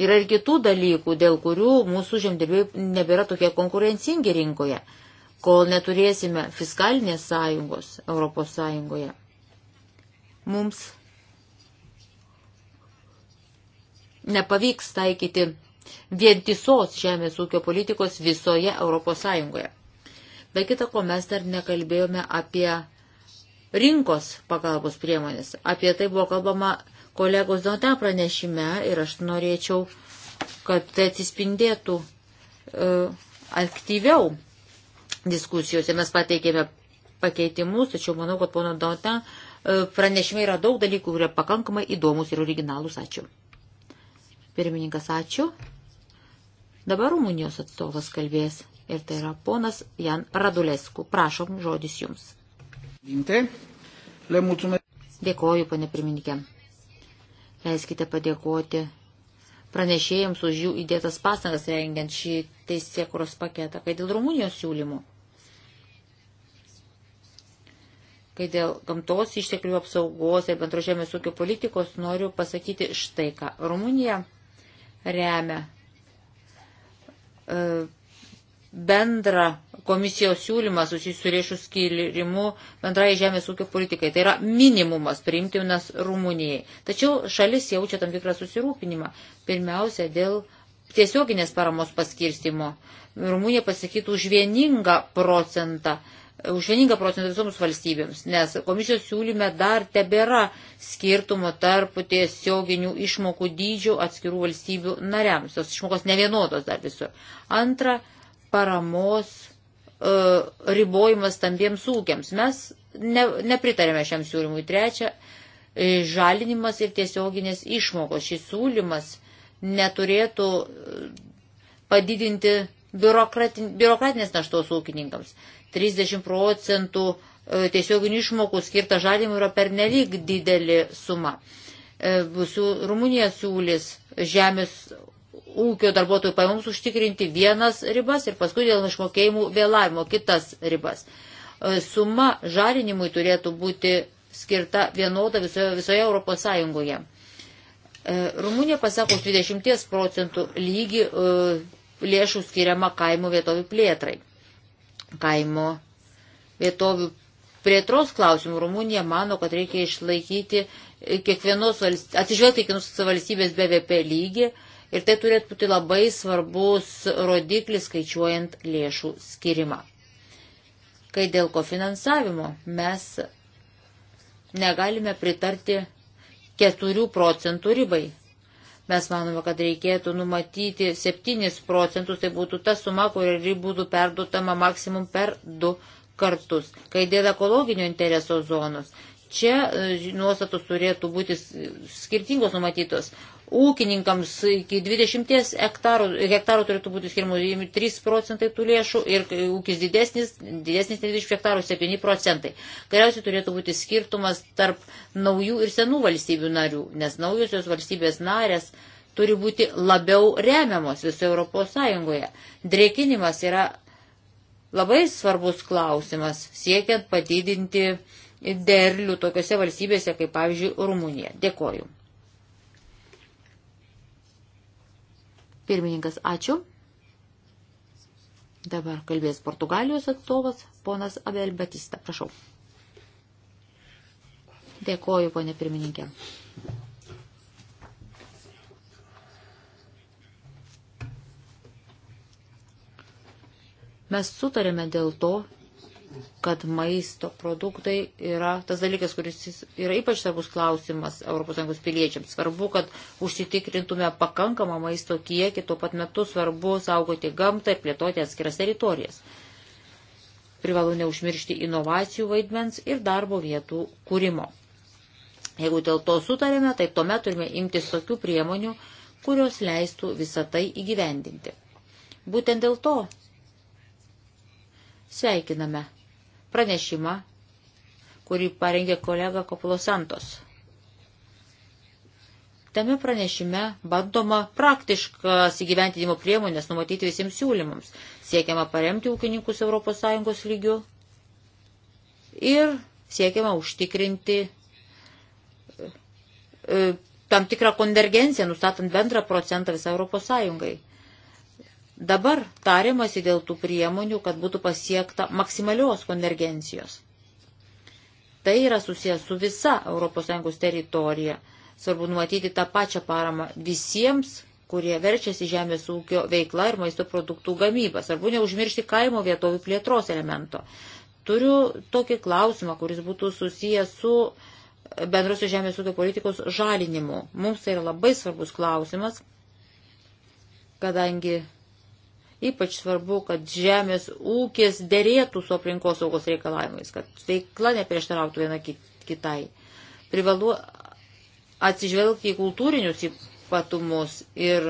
yra ir kitų dalykų, dėl kurių mūsų žemdirbiai nebėra tokie konkurencingi rinkoje kol neturėsime fiskalinės sąjungos Europos Sąjungoje, mums nepavyks taikyti vientisos žemės ūkio politikos visoje Europos Sąjungoje. Be kita ko, mes dar nekalbėjome apie rinkos pagalbos priemonės. Apie tai buvo kalbama kolegos Donta pranešime ir aš norėčiau, kad tai atsispindėtų e, aktyviau diskusijose. Mes pateikėme pakeitimus, tačiau manau, kad pono Dauta e, pranešime yra daug dalykų, kurie pakankamai įdomus ir originalūs. Ačiū. Pirmininkas, ačiū. Dabar Rumunijos atstovas kalbės ir tai yra ponas Jan Radulesku. Prašom, žodis jums. Dėkoju, pane pirmininkė. Leiskite padėkoti pranešėjams už jų įdėtas pastangas rengiant šį teisėkuros paketą, kai dėl Rumunijos siūlymų. Kai dėl gamtos išteklių apsaugos ir bendro žemės ūkio politikos noriu pasakyti štai ką. Rumunija remia e, bendrą komisijos siūlymą susijusiu lėšų skirimu bendrai žemės ūkio politikai. Tai yra minimumas priimtinas Rumunijai. Tačiau šalis jaučia tam tikrą susirūpinimą. Pirmiausia, dėl tiesioginės paramos paskirstimo. Rumunija pasakytų už vieningą procentą už vieningą procentą visoms valstybėms, nes komisijos siūlyme dar tebėra skirtumo tarp tiesioginių išmokų dydžių atskirų valstybių nariams. Tos išmokos nevienodos dar visur. Antra, paramos e, ribojimas stambiems ūkiams. Mes ne, nepritarėme šiam siūlymui. Trečia, e, žalinimas ir tiesioginės išmokos. Šis siūlymas neturėtų e, padidinti biurokratinės naštos ūkininkams. 30 procentų e, tiesioginių išmokų skirta žalimui yra pernelyg didelė suma. E, Rumunija siūlys žemės ūkio darbuotojų pajamoms užtikrinti vienas ribas ir paskui dėl išmokėjimų vėlavimo kitas ribas. E, suma žalinimui turėtų būti skirta vienoda visoje, visoje Europos Sąjungoje. Rumunija pasako 20 procentų lygį lėšų skiriama kaimo vietovių plėtrai kaimo vietovių plėtros klausimų Rumunija mano, kad reikia išlaikyti kiekvienos, atsižvelgti kiekvienos valstybės BVP lygį ir tai turėtų būti labai svarbus rodiklis skaičiuojant lėšų skirimą. Kai dėl kofinansavimo mes negalime pritarti 4 procentų ribai. Mes manome, kad reikėtų numatyti 7 procentus, tai būtų ta suma, kuri būtų perdutama maksimum per 2 kartus. Kai dėl ekologinio intereso zonos, čia e, nuostatos turėtų būti skirtingos numatytos ūkininkams iki 20 hektarų, hektarų turėtų būti skiriamos 3 procentai tų lėšų ir ūkis didesnis, didesnis 30 hektarų 7 procentai. Galiausiai turėtų būti skirtumas tarp naujų ir senų valstybių narių, nes naujosios valstybės narės turi būti labiau remiamos visoje Europos Sąjungoje. Drėkinimas yra labai svarbus klausimas, siekiant padidinti derlių tokiuose valstybėse kaip, pavyzdžiui, Rumunija. Dėkoju. Pirmininkas, ačiū. Dabar kalbės Portugalijos atstovas, ponas Abel Batista. Prašau. Dėkoju, ponė pirmininkė. Mes sutarėme dėl to, kad maisto produktai yra tas dalykas, kuris yra ypač svarbus klausimas ES piliečiams. Svarbu, kad užsitikrintume pakankamą maisto kiekį, tuo pat metu svarbu saugoti gamtą ir plėtoti atskiras teritorijas. Privalu neužmiršti inovacijų vaidmens ir darbo vietų kūrimo. Jeigu dėl to sutarėme, tai tuomet turime imtis tokių priemonių, kurios leistų visą tai įgyvendinti. Būtent dėl to sveikiname pranešimą, kurį parengė kolega Kopulosantos. Tame pranešime bandoma praktiškas įgyventinimo priemonės numatyti visiems siūlymams. Siekiama paremti ūkininkus ES lygių ir siekiama užtikrinti e, e, tam tikrą konvergenciją, nustatant bendrą procentą visą Europos Sąjungai. Dabar tariamasi dėl tų priemonių, kad būtų pasiekta maksimalios konvergencijos. Tai yra susijęs su visa ES teritorija. Svarbu numatyti tą pačią paramą visiems, kurie verčiasi žemės ūkio veikla ir maisto produktų gamyba. Svarbu neužmiršti kaimo vietovių plėtros elemento. Turiu tokį klausimą, kuris būtų susijęs su bendrosios žemės ūkio politikos žalinimu. Mums tai yra labai svarbus klausimas, kadangi Ypač svarbu, kad žemės ūkis dėrėtų su aplinkos saugos reikalavimais, kad veikla neprieštarautų viena kitai. Privalu atsižvelgti į kultūrinius ypatumus ir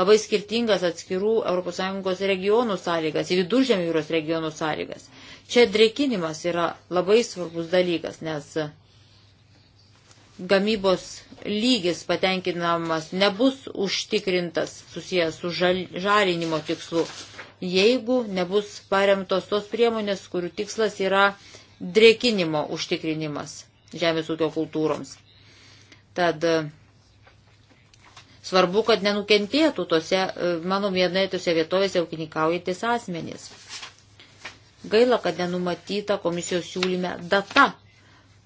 labai skirtingas atskirų ES regionų sąlygas, į viduržėmį jūros regionų sąlygas. Čia drėkinimas yra labai svarbus dalykas, nes gamybos lygis patenkinamas nebus užtikrintas susijęs su žalinimo tikslu, jeigu nebus paremtos tos priemonės, kurių tikslas yra drėkinimo užtikrinimas žemės ūkio kultūroms. Tad e, svarbu, kad nenukentėtų tose e, mano vienaitose vietovėse ūkininkaujantis asmenys. Gaila, kad nenumatyta komisijos siūlyme data,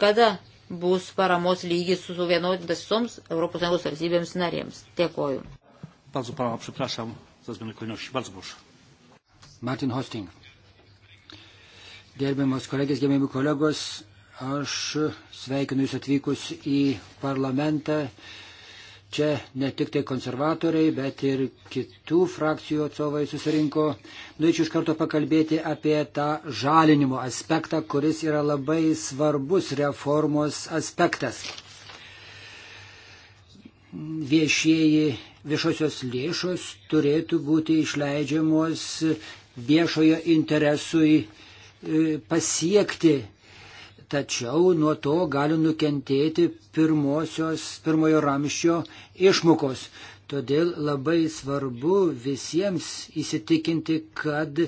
kada bus paramos lygis suvienodintas visoms ES valstybėms narėms. Dėkoju. Bardzo pana, przepraszam za zmianę kolejności. Bardzo proszę. Martin Hosting. Gerbiamas kolegės, gerbiami kolegos, aš sveikinu Jūs atvykus į parlamentą. Čia ne tik tai konservatoriai, bet ir kitų frakcijų atstovai susirinko. Norėčiau iš karto pakalbėti apie tą žalinimo aspektą, kuris yra labai svarbus reformos aspektas. Viešieji viešosios lėšos turėtų būti išleidžiamos viešojo interesui e, pasiekti tačiau nuo to gali nukentėti pirmosios, pirmojo ramščio išmokos. Todėl labai svarbu visiems įsitikinti, kad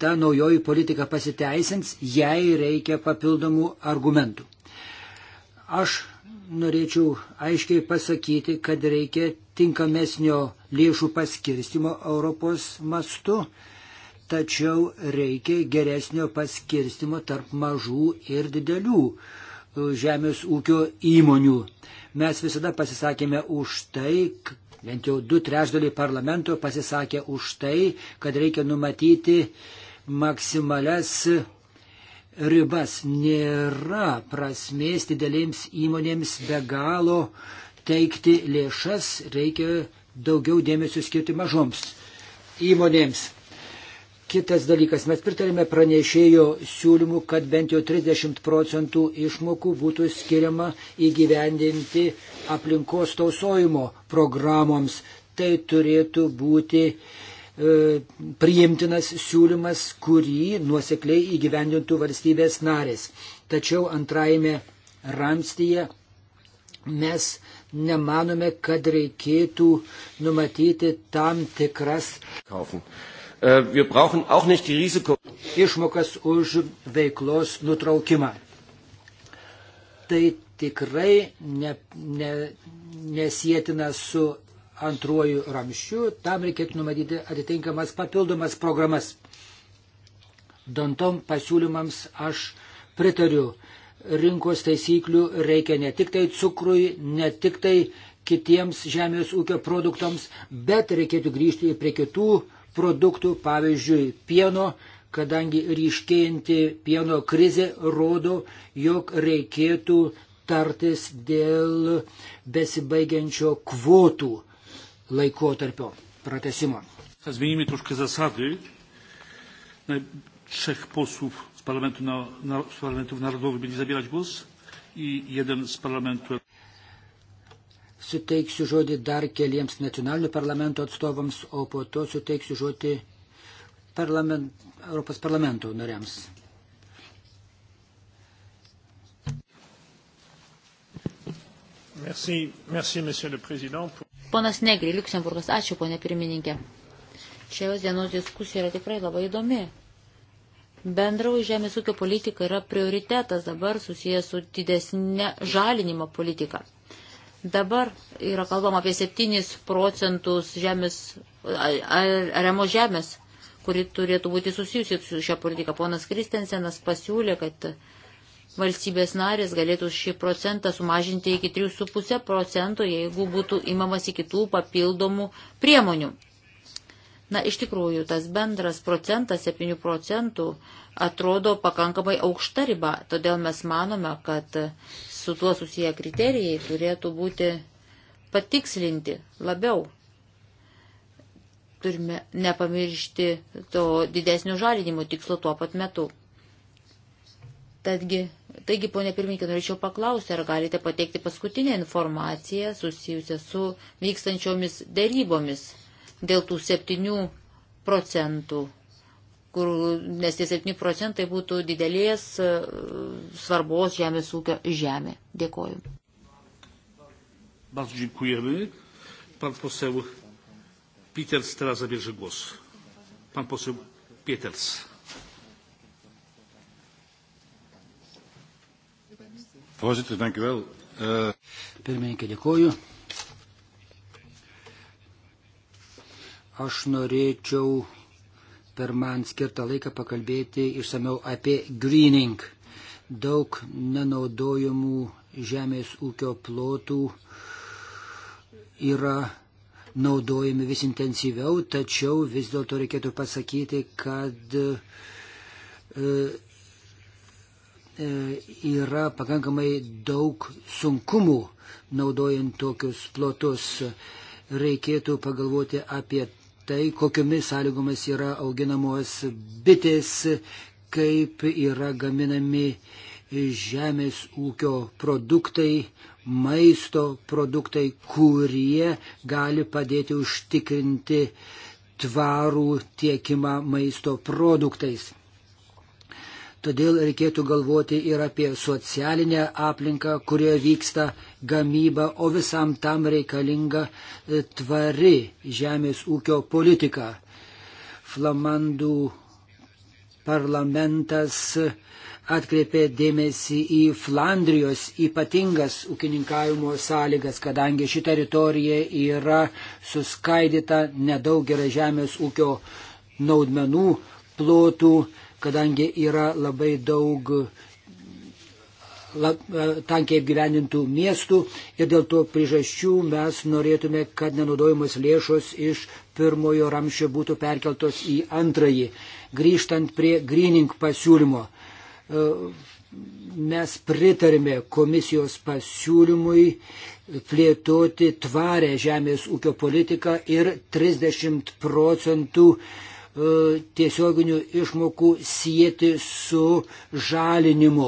ta naujoji politika pasiteisins, jei reikia papildomų argumentų. Aš norėčiau aiškiai pasakyti, kad reikia tinkamesnio lėšų paskirstimo Europos mastu tačiau reikia geresnio paskirstimo tarp mažų ir didelių e, žemės ūkio įmonių. Mes visada pasisakėme už tai, bent jau du trešdaliai parlamento pasisakė už tai, kad reikia numatyti maksimales ribas. Nėra prasmės didelėms įmonėms be galo teikti lėšas, reikia daugiau dėmesio skirti mažoms įmonėms. Kitas dalykas, mes pritarėme pranešėjo siūlymų, kad bent jau 30 procentų išmokų būtų skiriama įgyvendinti aplinkos tausojimo programoms. Tai turėtų būti e, priimtinas siūlymas, kurį nuosekliai įgyvendintų valstybės narės. Tačiau antrajame ramstyje mes nemanome, kad reikėtų numatyti tam tikras. Kaufen. Äh, wir brauchen auch nicht die Risiko. Išmokas už veiklos nutraukimą. Tai tikrai ne, ne, nesėtina su antruoju ramščiu, tam reikėtų numatyti atitinkamas papildomas programas. Dantom pasiūlymams aš pritariu. Rinkos taisyklių reikia ne tik tai cukrui, ne tik tai kitiems žemės ūkio produktams, bet reikėtų grįžti prie kitų uh, produktų, pavyzdžiui, pieno, kadangi ryškėjanti pieno krizė rodo, jog reikėtų tartis dėl besibaigiančio kvotų laikotarpio pratesimo. Zmienimy troszkę zasady. Trzech posłów z, parlamentu na, na, z parlamentów narodowych będzie zabierać głos i jeden z parlamentu suteiksiu žodį dar keliems nacionalinių parlamento atstovams, o po to suteiksiu žodį parlament, Europos parlamento nariams. Merci, merci, monsieur le président. Ponas Negri, Luxemburgas, ačiū, ponė pirmininkė. Šios dienos diskusija yra tikrai labai įdomi. Bendrauji žemės ūkio politika yra prioritetas dabar susijęs su didesnė žalinimo politika. Dabar yra kalbama apie 7 procentus žemės, remo žemės, kuri turėtų būti susijusi su šia politika. Ponas Kristensenas pasiūlė, kad valstybės narės galėtų šį procentą sumažinti iki 3,5 procento, jeigu būtų imamas į kitų papildomų priemonių. Na, iš tikrųjų, tas bendras procentas, 7 procentų, atrodo pakankamai aukšta riba, todėl mes manome, kad su tuo susiję kriterijai turėtų būti patikslinti labiau. Turime nepamiršti to didesnio žalinimo tikslo tuo pat metu. Tadgi, taigi, ponė pirmininkė, norėčiau paklausti, ar galite pateikti paskutinę informaciją susijusią su vykstančiomis dėrybomis dėl tų septynių procentų kur, nes tie 7 procentai būtų didelės e, svarbos žemės ūkio žemė. Dėkoju. Bardzo dziękujemy. Pan poseł Peters teraz zabierze głos. Pan poseł Peters. Voorzitter, dank u wel. Uh... Pirmininkė, dėkoju. Aš norėčiau per man skirtą laiką pakalbėti išsameu apie greening. Daug nenaudojamų žemės ūkio plotų yra naudojami vis intensyviau, tačiau vis dėlto reikėtų pasakyti, kad e, e, yra pakankamai daug sunkumų naudojant tokius plotus. Reikėtų pagalvoti apie tai, kokiomis sąlygomis yra auginamos bitės, kaip yra gaminami žemės ūkio produktai, maisto produktai, kurie gali padėti užtikrinti tvarų tiekimą maisto produktais. Todėl reikėtų galvoti ir apie socialinę aplinką, kurioje vyksta gamyba, o visam tam reikalinga e, tvari žemės ūkio politika. Flamandų parlamentas atkreipė dėmesį į Flandrijos ypatingas ūkininkavimo sąlygas, kadangi ši teritorija yra suskaidyta nedaug yra žemės ūkio naudmenų plotų kadangi yra labai daug lab, e, tankiai apgyvenintų miestų ir dėl to priežasčių mes norėtume, kad nenaudojamos lėšos iš pirmojo ramščio būtų perkeltos į antrąjį. Grįžtant prie greening pasiūlymo, e, mes pritarime komisijos pasiūlymui plėtoti tvarę žemės ūkio politiką ir 30 procentų uh, E, tiesioginių išmokų sieti su žalinimu.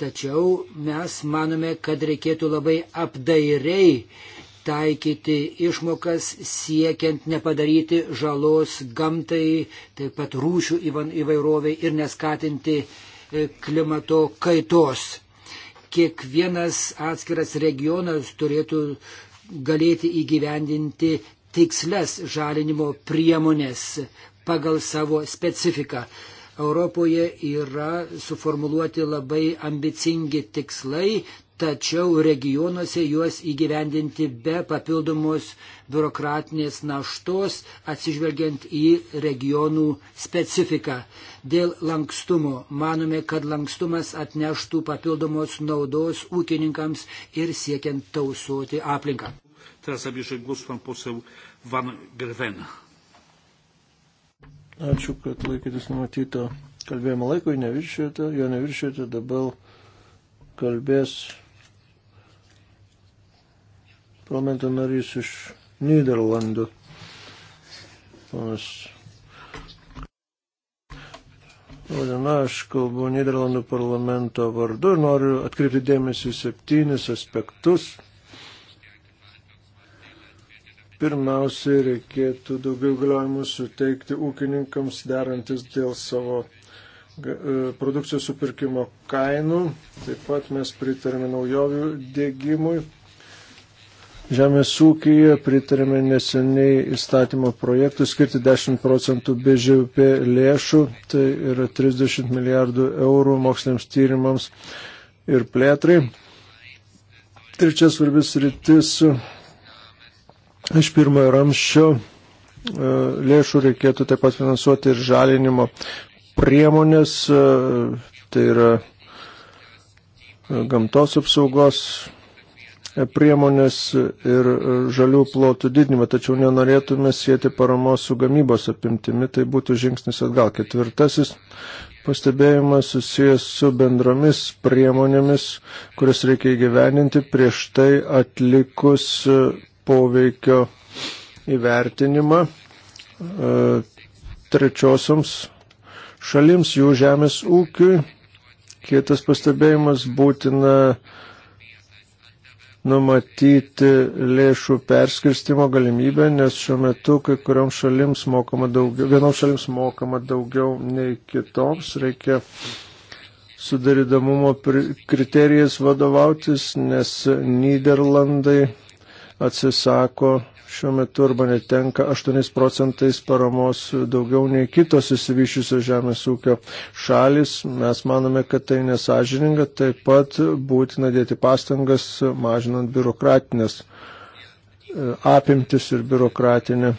Tačiau mes manome, kad reikėtų labai apdairiai taikyti išmokas siekiant nepadaryti žalos gamtai, taip pat rūšių įvairoviai ir neskatinti e, klimato kaitos. Kiekvienas atskiras regionas turėtų galėti įgyvendinti tikslias žalinimo priemonės, pagal savo specifiką. Europoje yra suformuluoti labai ambicingi tikslai, tačiau regionuose juos įgyvendinti be papildomos biurokratinės naštos, atsižvelgiant į regionų specifiką. Dėl lankstumo manome, kad lankstumas atneštų papildomos naudos ūkininkams ir siekiant tausoti aplinką. Teraz zabierze głos pan poseł Van Gerwena. Ačiū, kad laikytis numatyto kalbėjimo laiko, neviršėjote, jo neviršėjote, dabar kalbės parlamento narys iš Niderlandų. Panas. Vadina, aš kalbu Niderlandų parlamento vardu ir noriu atkreipti dėmesį į septynis aspektus Pirmiausiai reikėtų daugiau galiojimų suteikti ūkininkams derantis dėl savo e, produkcijos supirkimo kainų. Taip pat mes pritarėme naujovių dėgymui. Žemės ūkija pritarėme neseniai įstatymo projektų skirti 10 procentų BŽP lėšų, tai yra 30 milijardų eurų moksliniams tyrimams ir plėtrai. Trečia svarbis rytis Iš pirmojo ramščio e, lėšų reikėtų taip pat finansuoti ir žalinimo priemonės, e, tai yra e, gamtos apsaugos priemonės ir žalių plotų didinimą, tačiau nenorėtume sėti paramos su gamybos apimtimi, tai būtų žingsnis atgal. Ketvirtasis pastebėjimas susijęs su bendromis priemonėmis, kurias reikia įgyveninti prieš tai atlikus poveikio įvertinimą e, trečiosioms šalims, jų žemės ūkiui. Kitas pastebėjimas būtina numatyti lėšų perskirstimo galimybę, nes šiuo metu kai kurioms šalims mokama daugiau, vienoms šalims mokama daugiau nei kitoms, reikia sudarydamumo kriterijas vadovautis, nes Niderlandai atsisako šiuo metu arba netenka 8 procentais paramos daugiau nei kitos įsivyšiusios žemės ūkio šalis. Mes manome, kad tai nesažininga, taip pat būtina dėti pastangas mažinant biurokratinės e, apimtis ir biurokratinę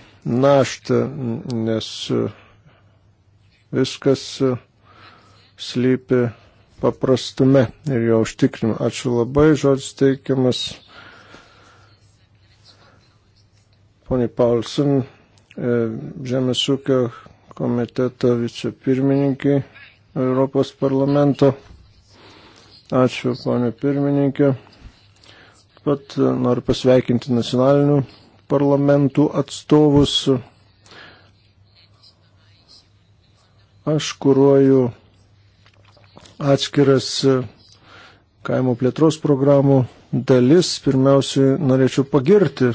naštą, nes viskas slypi paprastume ir jo užtikrimu. Ačiū labai, žodis teikiamas poniai Paulsen, e, Žemės ūkio komiteto vicepirmininkai Europos parlamento. Ačiū, ponė pirmininkė. Pat e, noriu pasveikinti nacionalinių parlamentų atstovus. Aš kūruoju atskiras kaimo plėtros programų dalis. Pirmiausiai norėčiau pagirti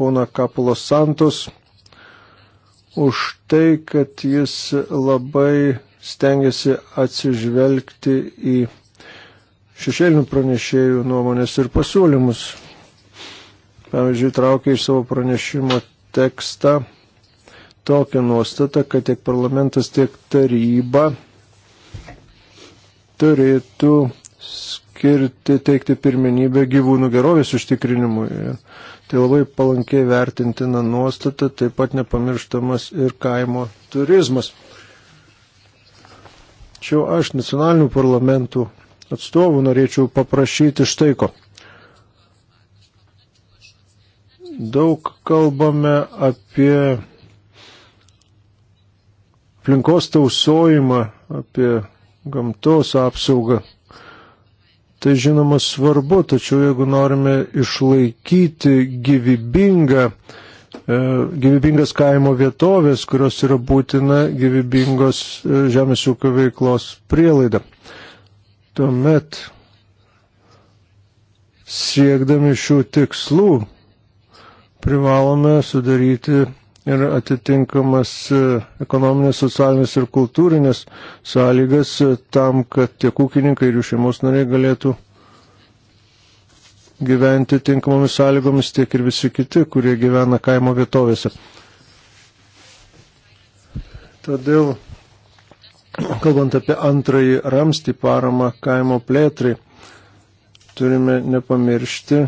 poną Kapulos Santos už tai, kad jis labai stengiasi atsižvelgti į šešėlinių pranešėjų nuomonės ir pasiūlymus. Pavyzdžiui, traukia iš savo pranešimo tekstą tokią nuostatą, kad tiek parlamentas, tiek taryba turėtų skirti, teikti pirmenybę gyvūnų gerovės užtikrinimui. Tai labai palankiai vertintina nuostata, taip pat nepamirštamas ir kaimo turizmas. Čia aš nacionalinių parlamentų atstovų norėčiau paprašyti štai ko. Daug kalbame apie aplinkos tausojimą, apie gamtos apsaugą. Tai žinoma svarbu, tačiau jeigu norime išlaikyti gyvybingą, e, gyvybingas kaimo vietovės, kurios yra būtina gyvybingos e, žemės ūkio veiklos prielaida, tuomet siekdami šių tikslų privalome sudaryti ir atitinkamas e, ekonominės, socialinės ir kultūrinės sąlygas e, tam, kad tiek ūkininkai ir jų šeimos nariai galėtų gyventi tinkamomis sąlygomis, tiek ir visi kiti, kurie gyvena kaimo vietovėse. Todėl, kalbant apie antrąjį ramstį paramą kaimo plėtrai, turime nepamiršti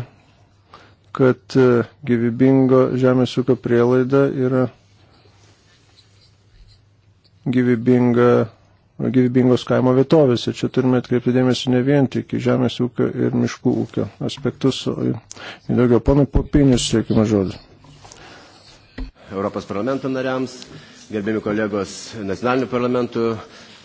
kad e, gyvybingo žemės ūkio prielaida yra gyvybinga, gyvybingos kaimo vietovės. Ir čia turime atkreipti dėmesį ne vien tik į žemės ūkio ir miškų ūkio aspektus, o į, į daugiau panų popinius siekimą žodį. Europos parlamento nariams, gerbėmi kolegos nacionalinių parlamentų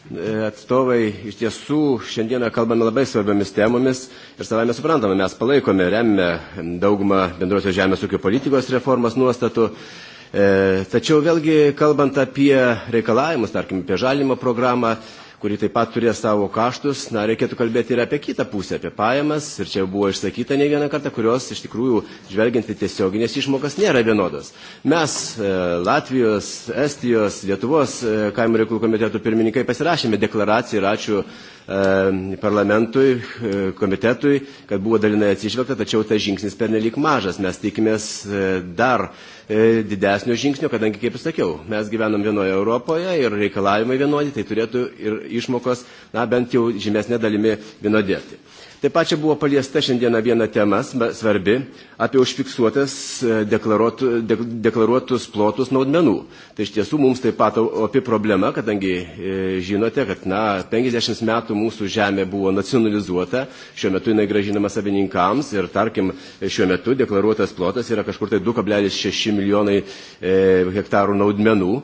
E, atstovai, iš tiesų šiandieną kalbame labai svarbiomis temomis ir savame suprantame, mes palaikome, remiame daugumą bendrosios žemės ūkio politikos reformos nuostatų. E, tačiau vėlgi, kalbant apie reikalavimus, tarkim, apie žalinimo programą, kuri taip pat turės savo kaštus, na, reikėtų kalbėti ir apie kitą pusę, apie pajamas, ir čia buvo išsakyta ne vieną kartą, kurios iš tikrųjų, žvelgiant į tiesioginės išmokas, nėra vienodos. Mes, e, Latvijos, Estijos, Lietuvos e, kaimo reikalų komitetų pirmininkai pasirašėme deklaraciją ir ačiū e, parlamentui, komitetui, kad buvo dalinai atsižvelgta, tačiau tas žingsnis pernelik mažas. Mes tikimės dar E, didesnio žingsnio, kadangi, kaip ir sakiau, mes gyvenam vienoje Europoje ir reikalavimai vienodi, tai turėtų ir išmokos, na, bent jau žymesnė dalimi vienodėti. Taip pat čia buvo paliesta šiandieną viena tema svarbi apie užfiksuotas e, deklaruotus, deklaruotus plotus naudmenų. Tai iš tiesų mums taip pat opi problema, kadangi e, žinote, kad na, 50 metų mūsų žemė buvo nacionalizuota, šiuo metu jinai gražinama savininkams ir tarkim šiuo metu deklaruotas plotas yra kažkur tai 2,6 milijonai e, hektarų naudmenų.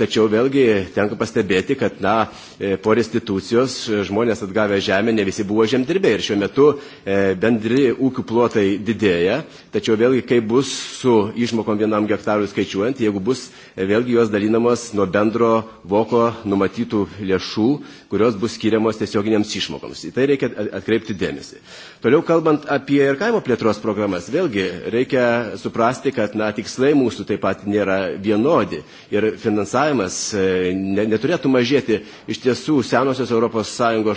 Tačiau vėlgi tenka pastebėti, kad na, po restitucijos žmonės atgavę žemę ne visi buvo žemdirbiai ir šiuo metu e, bendri ūkių plotai didėja, tačiau vėlgi kaip bus su išmokom vienam hektarui skaičiuojant, jeigu bus e, vėlgi jos dalinamos nuo bendro voko numatytų lėšų, kurios bus skiriamos tiesioginiams išmokoms. Į tai reikia atkreipti dėmesį. Toliau kalbant apie ir kaimo plėtros programas, vėlgi reikia suprasti, kad na, tikslai mūsų taip pat nėra vienodi ir finansavimas e, ne, neturėtų mažėti. Iš tiesų, senosios ES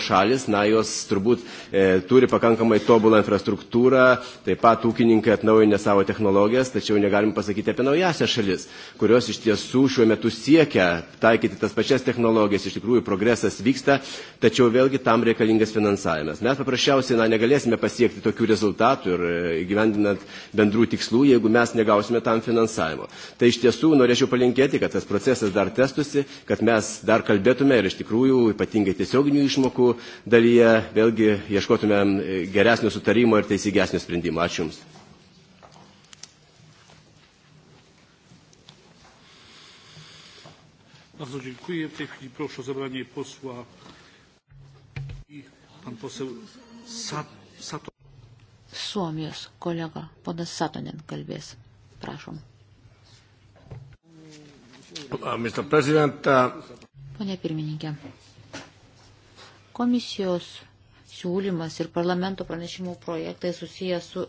šalis, na, jos turbūt e, turi pakankamai tobulą infrastruktūrą, taip pat ūkininkai atnaujinę savo technologijas, tačiau negalim pasakyti apie naujasią šalis, kurios iš tiesų šiuo metu siekia taikyti tas pačias technologijas, iš tikrųjų progresas vyksta vyksta, tačiau vėlgi tam reikalingas finansavimas. Mes paprasčiausiai na, negalėsime pasiekti tokių rezultatų ir e, gyvendinant bendrų tikslų, jeigu mes negausime tam finansavimo. Tai iš tiesų norėčiau palinkėti, kad tas procesas dar testusi, kad mes dar kalbėtume ir iš tikrųjų ypatingai tiesioginių išmokų dalyje vėlgi ieškotume geresnio sutarimo ir teisingesnio sprendimo. Ačiū Jums. Bardzo dziękuję. W tej chwili proszę o zabranie posła i pan poseł Sato. Suomijos kolega ponas Satonen kalbės. Prašom. Uh, Mr. President. Uh, Pone pirmininkė. Komisijos siūlymas ir parlamento pranešimų projektai susijęs su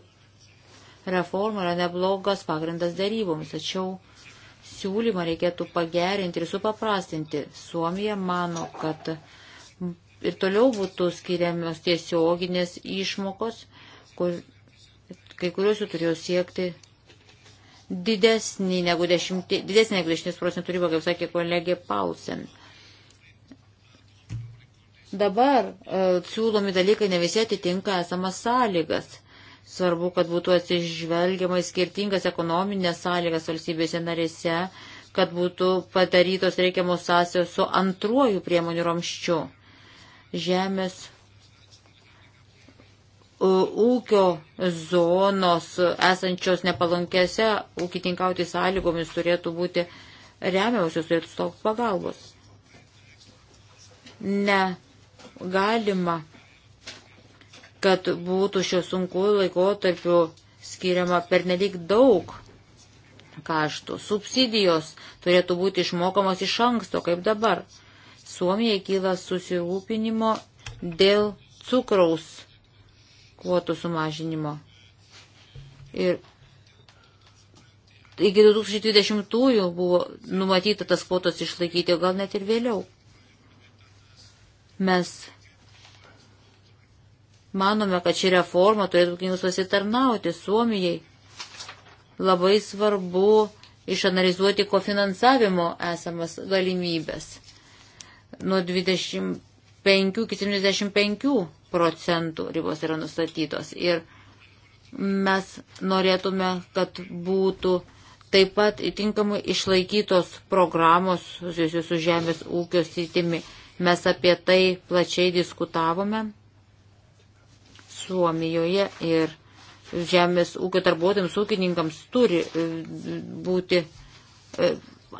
reforma yra neblogas pagrindas daryboms, tačiau siūlymą reikėtų pagerinti ir supaprastinti. Suomija mano, kad ir toliau būtų skiriamos tiesioginės išmokos, kur kai kurios jų turėjo siekti didesnį negu 10, didesnį negu 10 procentų ribą, kaip sakė kolegė Pausen. Dabar e, siūlomi dalykai ne visi atitinka esamas sąlygas. Svarbu, kad būtų atsižvelgiama į skirtingas ekonominės sąlygas valstybėse narėse, kad būtų padarytos reikiamos sąsios su antruoju priemonių ramščiu. Žemės ūkio zonos esančios nepalankiose ūkininkauti sąlygomis turėtų būti remiausios, turėtų stokti pagalbos. Ne galima kad būtų šio sunku laikotarpiu skiriama pernelik daug kaštų. Subsidijos turėtų būti išmokamos iš anksto, kaip dabar. Suomijai kyla susirūpinimo dėl cukraus kvotų sumažinimo. Ir iki 2020-ųjų buvo numatyta tas kvotos išlaikyti, gal net ir vėliau. Mes Manome, kad ši reforma turėtų susitarnauti Suomijai. Labai svarbu išanalizuoti kofinansavimo esamas galimybės. Nuo 25 iki 75 procentų ribos yra nustatytos. Ir mes norėtume, kad būtų taip pat įtinkamai išlaikytos programos susijusios su žemės ūkio sritimi. Mes apie tai plačiai diskutavome Suomijoje ir žemės ūkio darbuotojams, ūkininkams turi e, būti e,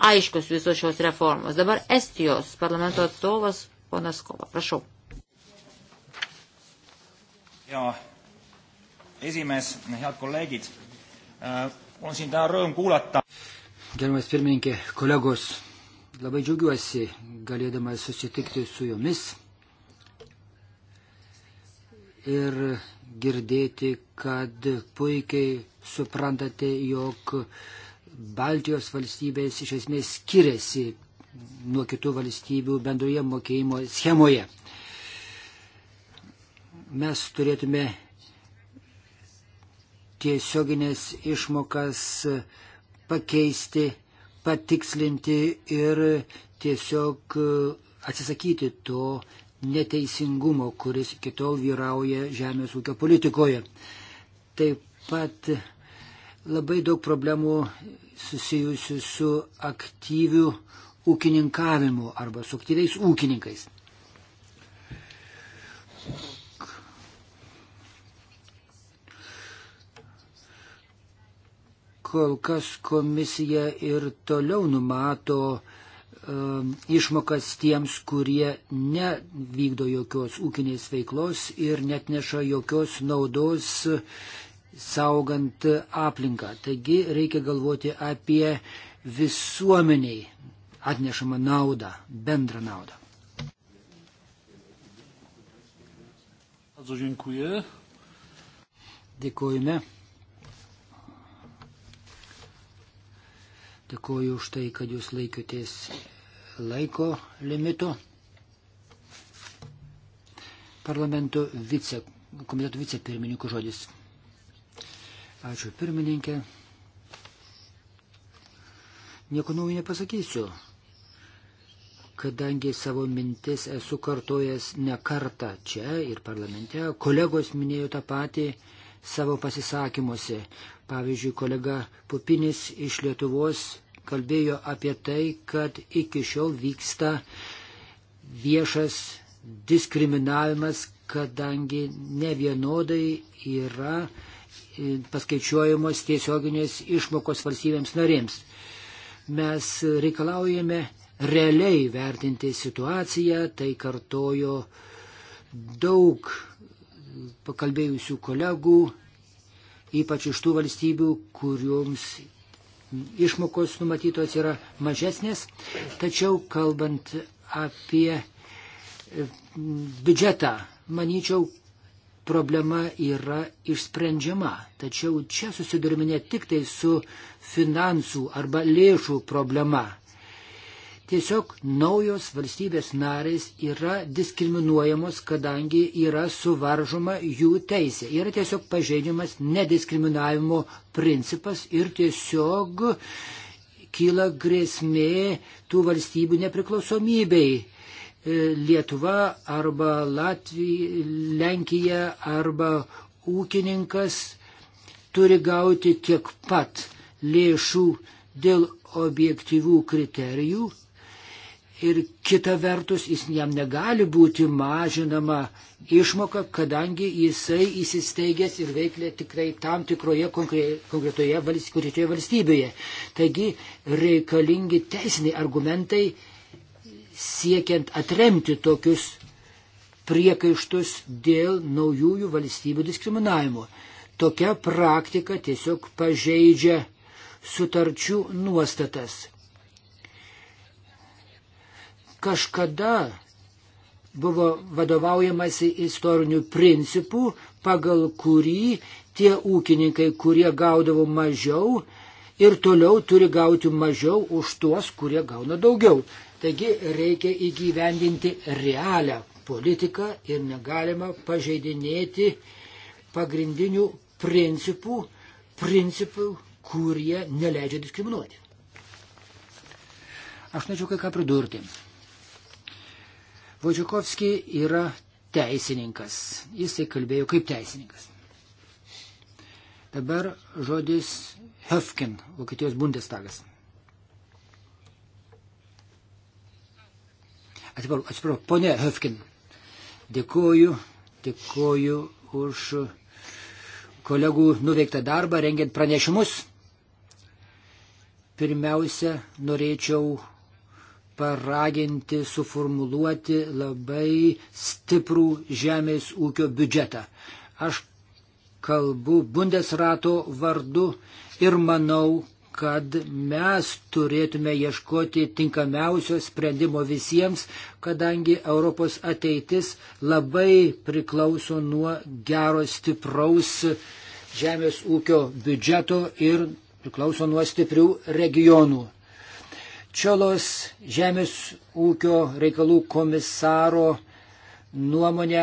aiškios visos šios reformos. Dabar Estijos parlamento atstovas ponas Kova. Prašau. Ja esimees, head kolleegid, äh, on siin täna rõõm kuulata. Gerbiamas pirmininkė, kolegos, labai džiaugiuosi galėdamas susitikti su jumis ir girdėti, kad puikiai suprantate, jog Baltijos valstybės iš esmės skiriasi nuo kitų valstybių bendroje mokėjimo schemoje. Mes turėtume tiesioginės išmokas pakeisti, patikslinti ir tiesiog e, atsisakyti to neteisingumo, kuris iki tol vyrauja žemės ūkio politikoje. Taip pat labai daug problemų susijusių su aktyviu ūkininkavimu arba su aktyviais ūkininkais. Kol kas komisija ir toliau numato Um, išmokas tiems, kurie nevykdo jokios ūkinės veiklos ir net neša jokios naudos saugant aplinką. Taigi reikia galvoti apie visuomeniai atnešamą naudą, bendrą naudą. Bardzo dziękuję. Dėkojame. Dėkoju už tai, kad jūs laikotės laiko limitu. Parlamento vice, komiteto vicepirmininkų žodis. Ačiū pirmininkė. Nieko naujo nepasakysiu, kadangi savo mintis esu kartojęs ne kartą čia ir parlamente. Kolegos minėjo tą patį savo pasisakymuose. Pavyzdžiui, kolega Pupinis iš Lietuvos kalbėjo apie tai, kad iki šiol vyksta viešas diskriminavimas, kadangi ne vienodai yra e, paskaičiuojamos tiesioginės išmokos valstybėms narėms. Mes reikalaujame realiai vertinti situaciją, tai kartojo daug pakalbėjusių kolegų, ypač iš tų valstybių, kuriuoms išmokos numatytos yra mažesnės, tačiau kalbant apie e, biudžetą, manyčiau, problema yra išsprendžiama. Tačiau čia susidurime ne tik tai su finansų arba lėšų problema. Tiesiog naujos valstybės narės yra diskriminuojamos, kadangi yra suvaržoma jų teisė. Yra tiesiog pažeidimas nediskriminavimo principas ir tiesiog kyla grėsmė tų valstybių nepriklausomybei. E, Lietuva arba Latvija, Lenkija arba ūkininkas turi gauti tiek pat lėšų dėl objektyvių kriterijų ir kita vertus jis jam negali būti mažinama išmoka, kadangi jisai įsisteigęs ir veiklė tikrai tam tikroje konkretoje valstybėje, valstybėje. Taigi reikalingi teisiniai argumentai siekiant atremti tokius priekaištus dėl naujųjų valstybių diskriminavimo. Tokia praktika tiesiog pažeidžia sutarčių nuostatas Kažkada buvo vadovaujamasi istorinių principų, pagal kurį tie ūkininkai, kurie gaudavo mažiau, ir toliau turi gauti mažiau už tuos, kurie gauna daugiau. Taigi reikia įgyvendinti realią politiką ir negalima pažeidinėti pagrindinių principų, principų, kurie neleidžia diskriminuoti. Aš norėčiau kai ką pridurti. Vodžikovski yra teisininkas. Jisai kalbėjo kaip teisininkas. Dabar žodis Höfken, Vokietijos Bundestagas. Atsiprašau, atsiprašau, ponė Höfken. Dėkuoju, dėkuoju už kolegų nuveiktą darbą, rengiant pranešimus. Pirmiausia, norėčiau paraginti suformuluoti labai stiprų žemės ūkio biudžetą. Aš kalbu Bundesrato vardu ir manau, kad mes turėtume ieškoti tinkamiausio sprendimo visiems, kadangi Europos ateitis labai priklauso nuo gero stipraus žemės ūkio biudžeto ir priklauso nuo stiprių regionų. Čiolos žemės ūkio reikalų komisaro nuomonę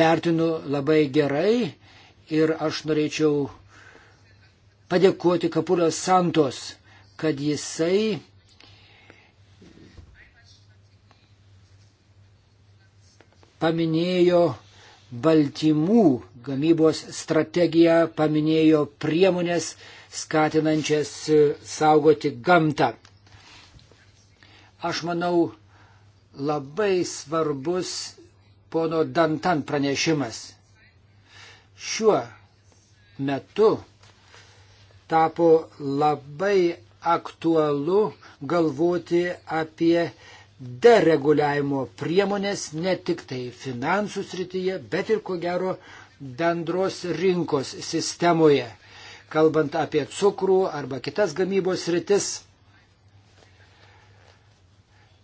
vertinu labai gerai ir aš norėčiau padėkoti Kapulio Santos, kad jisai paminėjo baltymų gamybos strategiją, paminėjo priemonės skatinančias e, saugoti gamtą. Aš manau, labai svarbus pono Dantan pranešimas. Šiuo metu tapo labai aktualu galvoti apie dereguliavimo priemonės ne tik tai finansų srityje, bet ir ko gero bendros rinkos sistemoje kalbant apie cukrų arba kitas gamybos rytis,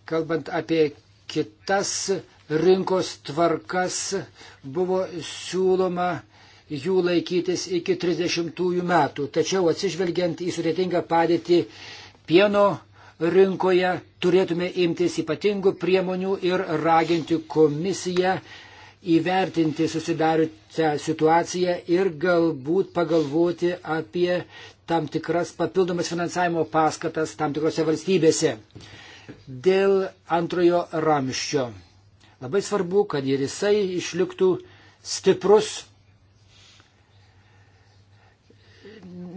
kalbant apie kitas rinkos tvarkas, buvo siūloma jų laikytis iki 30 metų. Tačiau atsižvelgiant į sudėtingą padėtį pieno rinkoje, turėtume imtis ypatingų priemonių ir raginti komisiją įvertinti susidariusią situaciją ir galbūt pagalvoti apie tam tikras papildomas finansavimo paskatas tam tikrose valstybėse. Dėl antrojo ramščio. Labai svarbu, kad ir jisai išliktų stiprus.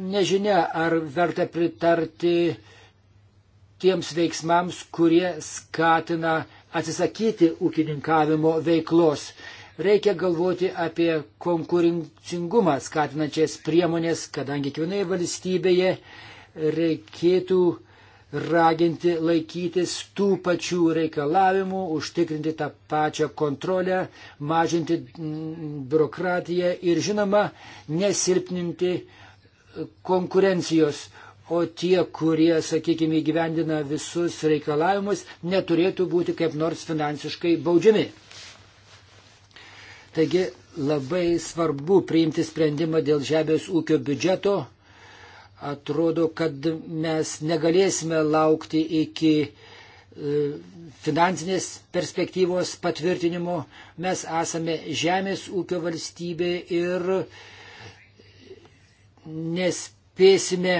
Nežinia, ar verta pritarti tiems veiksmams, kurie skatina atsisakyti ūkininkavimo veiklos. Reikia galvoti apie konkurencingumą skatinančias priemonės, kadangi kiekvienoje valstybėje reikėtų raginti laikytis tų pačių reikalavimų, užtikrinti tą pačią kontrolę, mažinti biurokratiją ir žinoma, nesilpninti konkurencijos. O tie, kurie, sakykime, įgyvendina visus reikalavimus, neturėtų būti kaip nors finansiškai baudžiami. Taigi labai svarbu priimti sprendimą dėl žemės ūkio biudžeto. Atrodo, kad mes negalėsime laukti iki e, finansinės perspektyvos patvirtinimo. Mes esame žemės ūkio valstybė ir nespėsime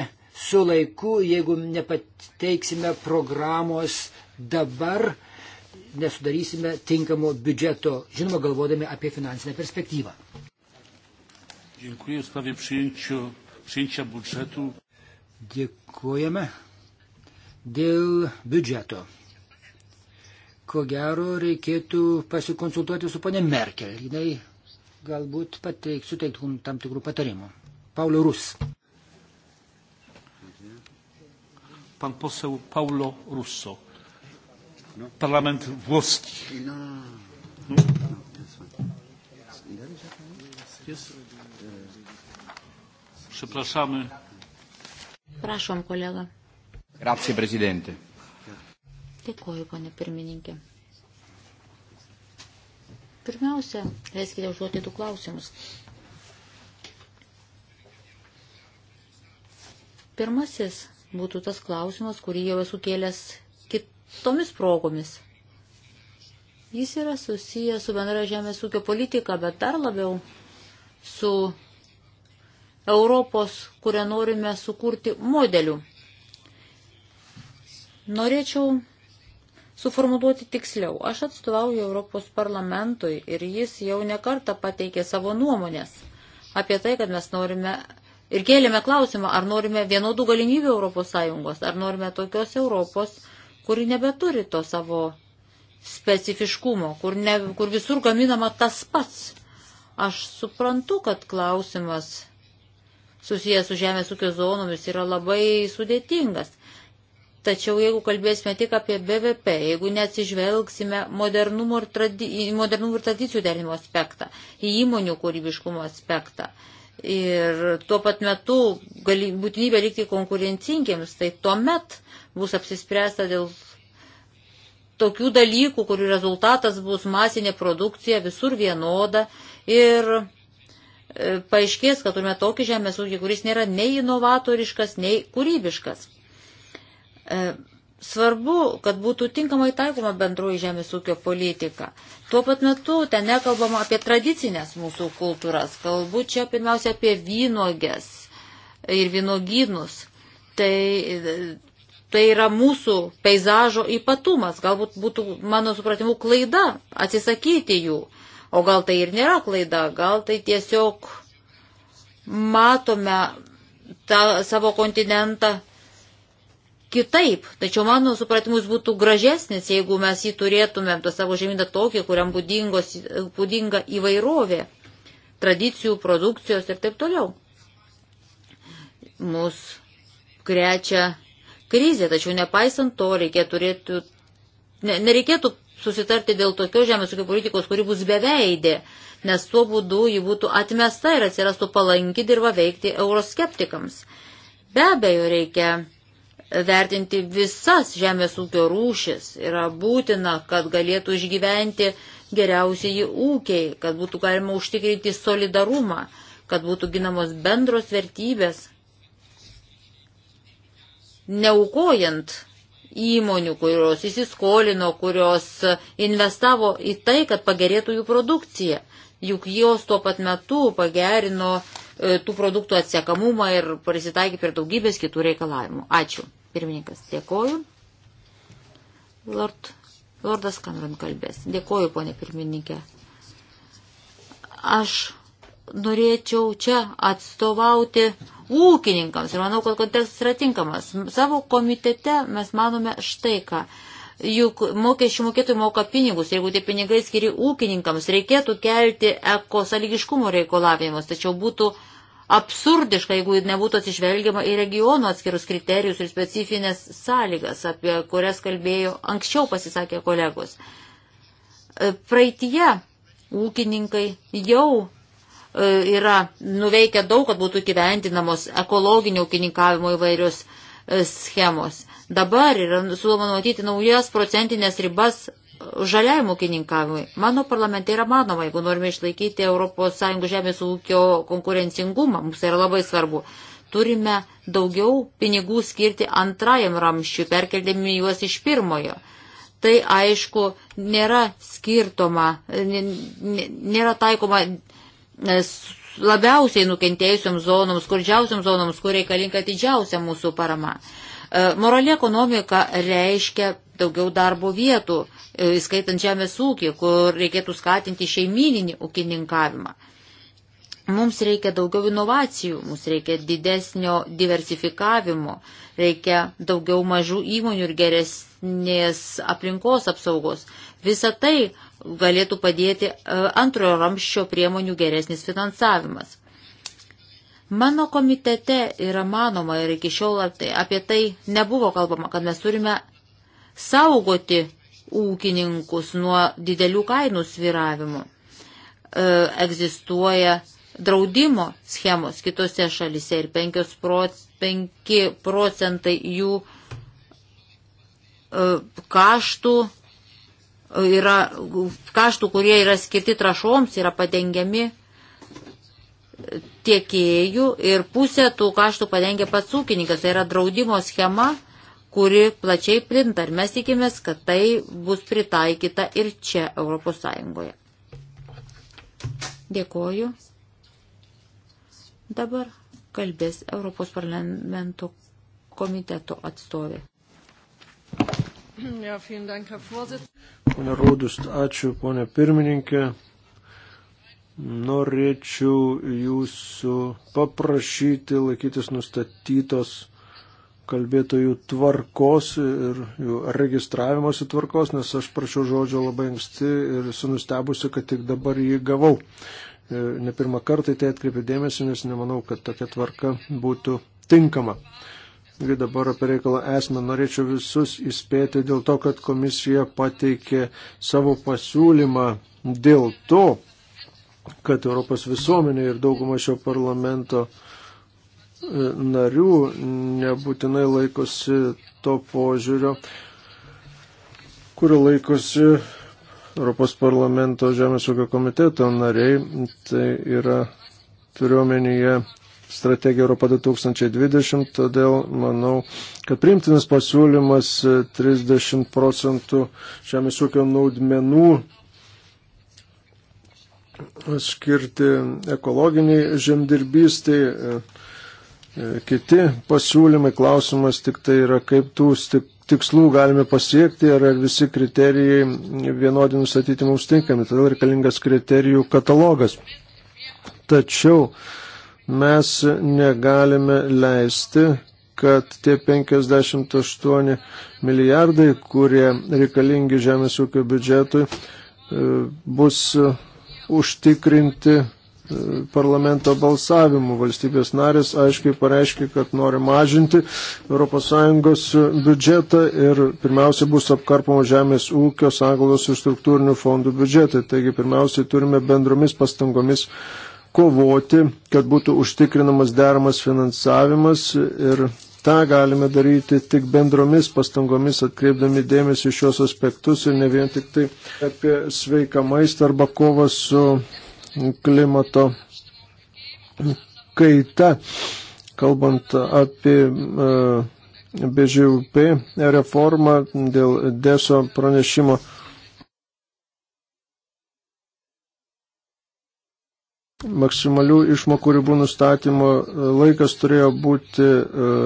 su laiku, jeigu nepateiksime programos dabar, nesudarysime tinkamo biudžeto, žinoma, galvodami apie finansinę perspektyvą. Dziękuję w sprawie przyjęciu, przyjęcia budżetu. Dėkojame dėl biudžeto. Ko gero reikėtų pasikonsultuoti su ponė Merkel. Jinai galbūt pateiks, suteiktų tam tikrų patarimų. Paulius Rus. Pan poseł Paulo Russo parlament włoski. No. Przepraszamy. Prašom, kolega. Grazie, prezidente. Dėkuoju, ponė pirmininkė. Pirmiausia, leiskite užduoti du klausimus. Pirmasis būtų tas klausimas, kurį jau esu kėlęs tomis progomis. Jis yra susijęs su bendra žemės ūkio politika, bet dar labiau su Europos, kurią norime sukurti modeliu. Norėčiau suformuluoti tiksliau. Aš atstovauju Europos parlamentui ir jis jau nekarta pateikė savo nuomonės apie tai, kad mes norime ir kėlėme klausimą, ar norime vienodų galimybių Europos Sąjungos, ar norime tokios Europos, kuri nebeturi to savo specifiškumo, kur, ne, kur visur gaminama tas pats. Aš suprantu, kad klausimas susijęs su žemės ūkio zonomis yra labai sudėtingas. Tačiau jeigu kalbėsime tik apie BVP, jeigu neatsižvelgsime modernumo ir, tradi modernumų ir tradicijų derinimo aspektą, į įmonių kūrybiškumo aspektą ir tuo pat metu gali, būtinybę likti konkurencingiems, tai tuomet bus apsispręsta dėl tokių dalykų, kurių rezultatas bus masinė produkcija visur vienoda ir e, paaiškės, kad turime tokį žemės ūkį, kuris nėra nei inovatoriškas, nei kūrybiškas. E, svarbu, kad būtų tinkamai taikoma bendroji žemės ūkio politika. Tuo pat metu ten nekalbama apie tradicinės mūsų kultūras. Kalbu čia pirmiausia apie vynogės ir vynogynus. Tai e, Tai yra mūsų peizažo ypatumas. Galbūt būtų, mano supratimu, klaida atsisakyti jų. O gal tai ir nėra klaida, gal tai tiesiog matome tą savo kontinentą kitaip. Tačiau mano supratimus būtų gražesnis, jeigu mes jį turėtumėm, tą savo žemyną tokį, kuriam būdinga įvairovė, tradicijų, produkcijos ir taip toliau. Mūsų krečia krizė, tačiau nepaisant to reikėtų turėti, ne, nereikėtų susitarti dėl tokios žemės ūkio politikos, kuri bus beveidė, nes tuo būdu ji būtų atmesta ir atsirastų palanki dirba veikti euroskeptikams. Be abejo, reikia vertinti visas žemės ūkio rūšis. Yra būtina, kad galėtų išgyventi geriausiai ūkiai, kad būtų galima užtikrinti solidarumą, kad būtų ginamos bendros vertybės neaukojant įmonių, kurios įsiskolino, kurios investavo į tai, kad pagerėtų jų produkcija. Juk jos tuo pat metu pagerino e, tų produktų atsiekamumą ir prisitaikė prie daugybės kitų reikalavimų. Ačiū. Pirmininkas, dėkoju. Lord, Lordas Kanron kalbės. Dėkoju, ponė pirmininkė. Aš norėčiau čia atstovauti ūkininkams ir manau, kad kontekstas yra tinkamas. Savo komitete mes manome štai ką. Juk mokesčių mokėtojai moka pinigus, jeigu tie pinigai skiri ūkininkams, reikėtų kelti ekosaligiškumo reikalavimus, tačiau būtų absurdiška, jeigu nebūtų atsižvelgiama į regionų atskirus kriterijus ir specifines sąlygas, apie kurias kalbėjo anksčiau pasisakė kolegos. Praeitie ūkininkai jau E, yra nuveikę daug, kad būtų gyvendinamos ekologinio ūkininkavimo įvairios e, schemos. Dabar yra siūloma numatyti naujas procentinės ribas žaliajam ūkininkavimui. Mano parlamente yra manoma, jeigu norime išlaikyti ES žemės ūkio konkurencingumą, mums tai yra labai svarbu. Turime daugiau pinigų skirti antrajam ramščiui, perkeldami juos iš pirmojo. Tai aišku, nėra skirtoma, nėra taikoma labiausiai nukentėjusiams zonoms, skurdžiausiams zonoms, kur reikalinga didžiausia mūsų parama. E, morali ekonomika reiškia daugiau darbo vietų, e, įskaitant žemės ūkį, kur reikėtų skatinti šeimininį ūkininkavimą. Mums reikia daugiau inovacijų, mums reikia didesnio diversifikavimo, reikia daugiau mažų įmonių ir geresnės aplinkos apsaugos. Visą tai galėtų padėti e, antrojo ramščio priemonių geresnis finansavimas. Mano komitete yra manoma ir iki šiol apie tai nebuvo kalbama, kad mes turime saugoti ūkininkus nuo didelių kainų sviravimų. E, egzistuoja draudimo schemos kitose šalise ir 5 procentai jų e, kaštų yra kaštų, kurie yra skirti trašoms, yra padengiami tiekėjų ir pusė tų kaštų padengia pats ūkininkas. Tai yra draudimo schema, kuri plačiai plinta ir mes tikimės, kad tai bus pritaikyta ir čia Europos Sąjungoje. Dėkoju. Dabar kalbės Europos parlamento komiteto atstovė. Ja, dank, Pone Rodus, ačiū, ponė pirmininkė. Norėčiau jūsų paprašyti laikytis nustatytos kalbėtojų tvarkos ir jų registravimosi tvarkos, nes aš prašiau žodžio labai anksti ir esu nustebusi, kad tik dabar jį gavau. Ne pirmą kartą tai atkreipiu dėmesį, nes nemanau, kad tokia tvarka būtų tinkama. Taigi dabar apie reikalą esmę norėčiau visus įspėti dėl to, kad komisija pateikė savo pasiūlymą dėl to, kad Europos visuomenė ir dauguma šio parlamento e, narių nebūtinai laikosi to požiūrio, kurio laikosi Europos parlamento Žemės ūkio komiteto nariai. Tai yra turiuomenyje strategija Europa 2020, todėl manau, kad priimtinas pasiūlymas 30 e, procentų žemės ūkio naudmenų skirti ekologiniai žemdirbystai. E, e, kiti pasiūlymai, klausimas tik tai yra, kaip tų tikslų galime pasiekti ir ar visi kriterijai vienodai nustatyti mums tinkami. Todėl reikalingas kriterijų katalogas. Tačiau Mes negalime leisti, kad tie 58 milijardai, kurie reikalingi žemės ūkio biudžetui, e, bus e, užtikrinti e, parlamento balsavimu. Valstybės narės aiškiai pareiškia, kad nori mažinti ES biudžetą ir pirmiausia bus apkarpama žemės ūkio, sągalos ir struktūrinių fondų biudžetai. Taigi pirmiausiai turime bendromis pastangomis kovoti, kad būtų užtikrinamas deramas finansavimas ir tą galime daryti tik bendromis pastangomis, atkreipdami dėmesį šios aspektus ir ne vien tik tai apie sveiką maistą arba kovą su klimato kaita. Kalbant apie e, BŽUP reformą dėl DESO pranešimo maksimalių išmokų ribų nustatymo e, laikas turėjo būti e,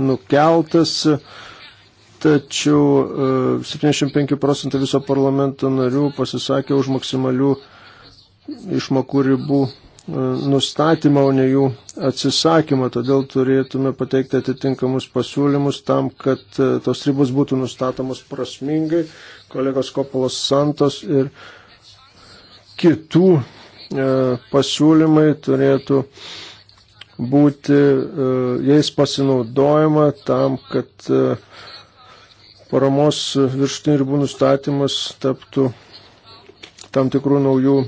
nukeltas, tačiau 75 e, procentai viso parlamento narių pasisakė už maksimalių išmokų ribų nustatymą, o ne jų atsisakymą. Todėl turėtume pateikti atitinkamus pasiūlymus tam, kad tos ribos būtų nustatomos prasmingai. Kolegos Kopolas Santos ir kitų E, pasiūlymai turėtų būti e, jais pasinaudojama tam, kad e, paramos viršutinių ribų nustatymas taptų tam tikrų naujų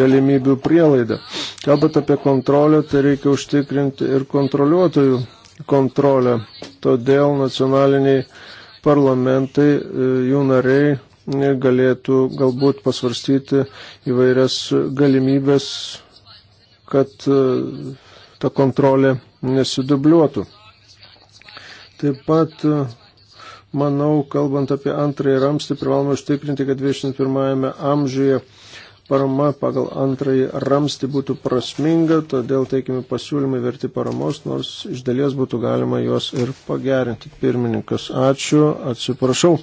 galimybių prielaidą. Kalbant apie kontrolę, tai reikia užtikrinti ir kontroliuotojų kontrolę. Todėl nacionaliniai parlamentai, jų nariai galėtų galbūt pasvarstyti įvairias galimybės, kad e, ta kontrolė nesidubliuotų. Taip pat, e, manau, kalbant apie antrąjį ramstį, privalome užtikrinti, kad 21 amžiuje parama pagal antrąjį ramstį būtų prasminga, todėl teikimi pasiūlymai verti paramos, nors iš dalies būtų galima juos ir pagerinti. Pirmininkas, ačiū, atsiprašau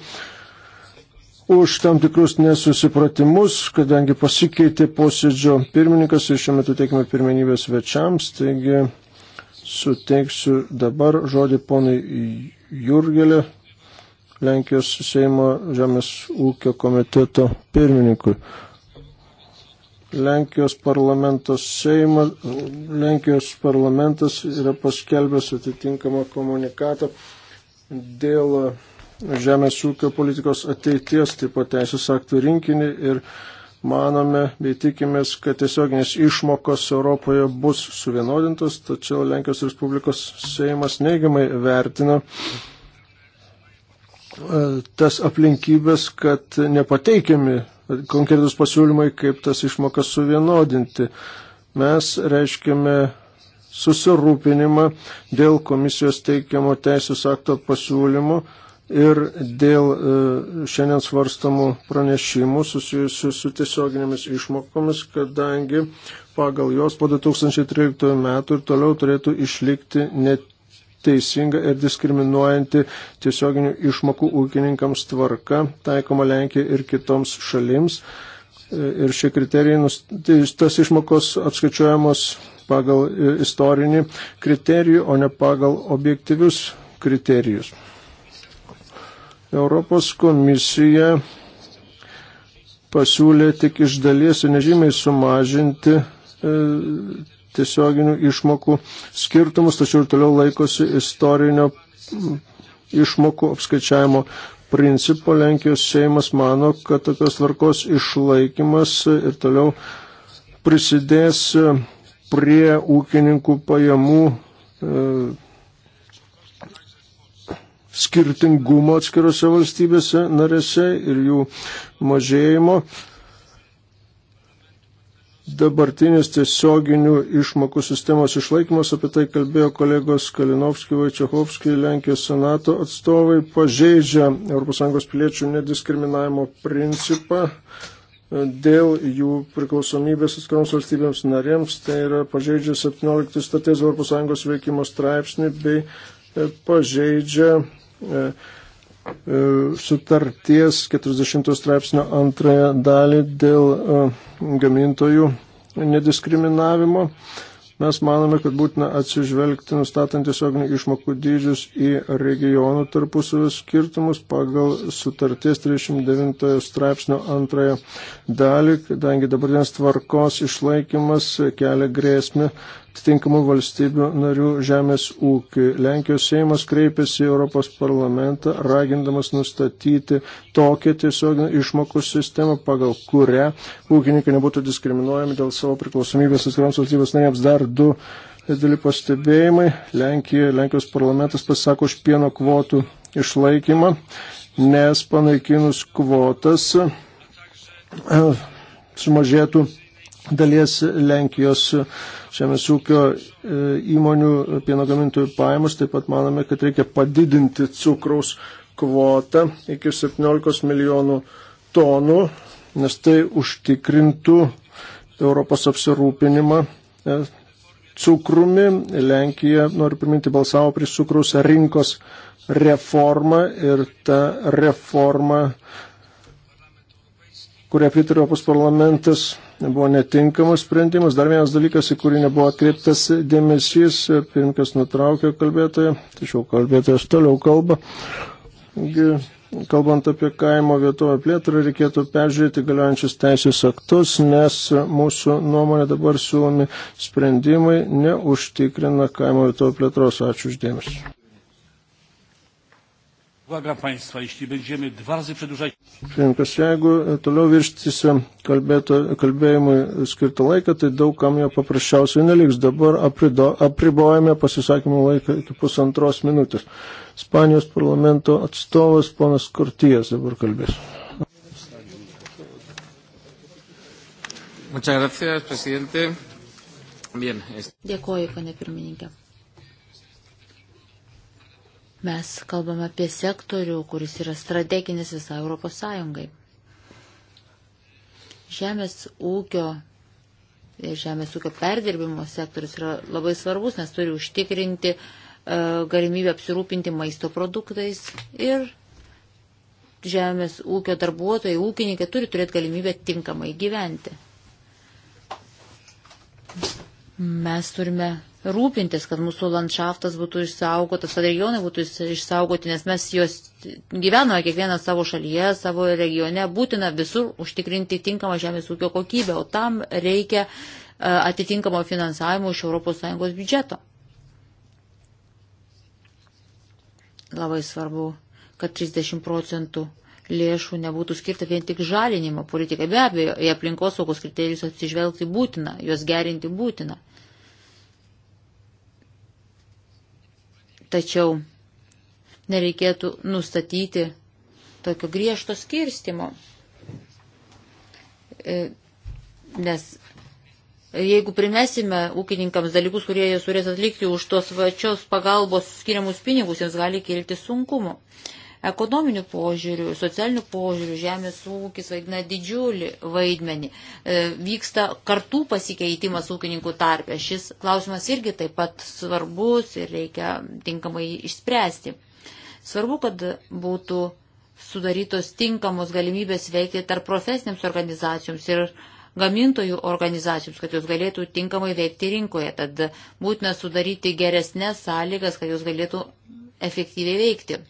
už tam tikrus nesusipratimus, kadangi pasikeitė posėdžio pirmininkas ir šiuo metu teikime pirmenybę svečiams, taigi suteiksiu dabar žodį ponai Jurgelė, Lenkijos Seimo Žemės ūkio komiteto pirmininkui. Lenkijos parlamentas Seimas, Lenkijos parlamentas yra paskelbęs atitinkamą komunikatą dėl žemės ūkio politikos ateities, taip pat teisės aktų rinkinį ir manome bei tikimės, kad tiesioginės išmokos Europoje bus suvienodintos, tačiau Lenkijos Respublikos Seimas neigiamai vertina e, tas aplinkybės, kad nepateikiami konkretus pasiūlymai, kaip tas išmokas suvienodinti. Mes reiškiame susirūpinimą dėl komisijos teikiamo teisės akto pasiūlymų ir dėl e, šiandien svarstamų pranešimų susijusių su tiesioginėmis išmokomis, kadangi pagal jos po 2013 metų ir toliau turėtų išlikti neteisinga ir diskriminuojanti tiesioginių išmokų ūkininkams tvarka, taikoma Lenkijai ir kitoms šalims. E, ir šie kriterijai, tai tas išmokos apskaičiuojamos pagal e, istorinį kriterijų, o ne pagal objektyvius kriterijus. Europos komisija pasiūlė tik iš dalies nežymiai sumažinti e, tiesioginių išmokų skirtumus, tačiau ir toliau laikosi istorinio išmokų apskaičiavimo principo. Lenkijos Seimas mano, kad tokios tvarkos išlaikymas ir toliau prisidės prie ūkininkų pajamų e, skirtingumo atskirose valstybėse narėse ir jų mažėjimo. Dabartinės tiesioginių išmokų sistemos išlaikymas, apie tai kalbėjo kolegos Kalinovskį, Vaičiachovskį, Lenkijos senato atstovai, pažeidžia ES piliečių nediskriminavimo principą dėl jų priklausomybės atskiroms valstybėms narėms, tai yra pažeidžia 17 statės ES veikimo straipsnį bei pažeidžia E, e, sutarties 40 straipsnio antrąją dalį dėl e, gamintojų nediskriminavimo. Mes manome, kad būtina atsižvelgti, nustatant tiesioginių išmokų dydžius į regionų tarpusavio skirtumus pagal sutarties 39 straipsnio antrąją dalį, kadangi dabartinės tvarkos išlaikymas kelia grėsmę atitinkamų valstybių narių žemės ūkiui. Lenkijos Seimas kreipėsi į Europos parlamentą, ragindamas nustatyti tokią tiesioginę išmokų sistemą, pagal kurią ūkininkai nebūtų diskriminuojami dėl savo priklausomybės atskiroms valstybės narėms. Dar du dideli pastebėjimai. Lenkija, Lenkijos parlamentas pasako už pieno kvotų išlaikymą, nes panaikinus kvotas e, sumažėtų dalies Lenkijos žemės ūkio e, įmonių e, pieno gamintojų pajamas, taip pat manome, kad reikia padidinti cukraus kvotą iki 17 milijonų tonų, nes tai užtikrintų Europos apsirūpinimą e, cukrumi. Lenkija, noriu priminti, balsavo prieš cukraus rinkos reformą ir ta reforma kurie pritarė Europos parlamentas, buvo netinkamas sprendimas. Dar vienas dalykas, į kurį nebuvo atkreiptas dėmesys, pirmkas nutraukė kalbėtoją, tačiau kalbėtojas toliau kalba. Kalbant apie kaimo vietovę plėtrą, reikėtų peržiūrėti galiojančius teisės aktus, nes mūsų nuomonė dabar siūlomi sprendimai neužtikrina kaimo vietovę plėtros. Ačiū uždėmesi. Pirmininkas, jeigu toliau virštysiu kalbėjimui skirtą laiką, tai daug kam jo paprasčiausiai neliks. Dabar aprido, apribojame pasisakymų laiką iki pusantros minutės. Ispanijos parlamento atstovas ponas Kortijas dabar kalbės. Dėkuoju, pane pirmininkė. Mes kalbame apie sektorių, kuris yra strateginis visą Europos Sąjungai. Žemės ūkio ir žemės ūkio perdirbimo sektorius yra labai svarbus, nes turi užtikrinti e, galimybę apsirūpinti maisto produktais ir žemės ūkio darbuotojai, ūkininkai turi turėti galimybę tinkamai gyventi. Mes turime rūpintis, kad mūsų landšaftas būtų išsaugotas, kad regionai būtų išsaugoti, nes mes juos gyvename kiekvieną savo šalyje, savo regione, būtina visur užtikrinti tinkamą žemės ūkio kokybę, o tam reikia e, atitinkamo finansavimo iš ES biudžeto. Labai svarbu, kad 30 procentų lėšų nebūtų skirta vien tik žalinimo politikai. Be abejo, į aplinkosaugos kriterijus atsižvelgti būtina, juos gerinti būtina. Tačiau nereikėtų nustatyti tokio griežto skirstimo. E, nes jeigu primesime ūkininkams dalykus, kurie jie turės atlikti už tos vačios pagalbos skiriamus pinigus, jiems gali kilti sunkumu. Ekonominių požiūrių, socialinių požiūrių žemės ūkis vaidina didžiulį vaidmenį. E, vyksta kartų pasikeitimas ūkininkų tarpė. Šis klausimas irgi taip pat svarbus ir reikia tinkamai išspręsti. Svarbu, kad būtų sudarytos tinkamos galimybės veikti tarp profesinėms organizacijoms ir gamintojų organizacijoms, kad jos galėtų tinkamai veikti rinkoje. Tad būtina sudaryti geresnės sąlygas, kad jos galėtų efektyviai veikti.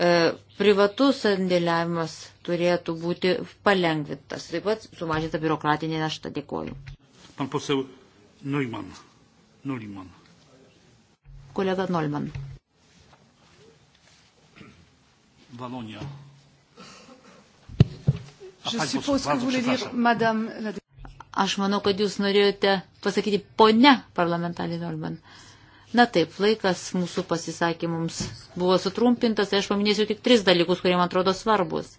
E, privatus sandėliavimas turėtų būti palengvintas. Taip pat sumažinta biurokratinė našta. Dėkoju. Pan posel Neumann. Neumann. Kolega Nolman. Valonija. Aš manau, kad jūs norėjote pasakyti ponia parlamentarė Nolman. Uh, Na taip, laikas mūsų pasisakymams buvo sutrumpintas, tai aš paminėsiu tik tris dalykus, kurie man atrodo svarbus.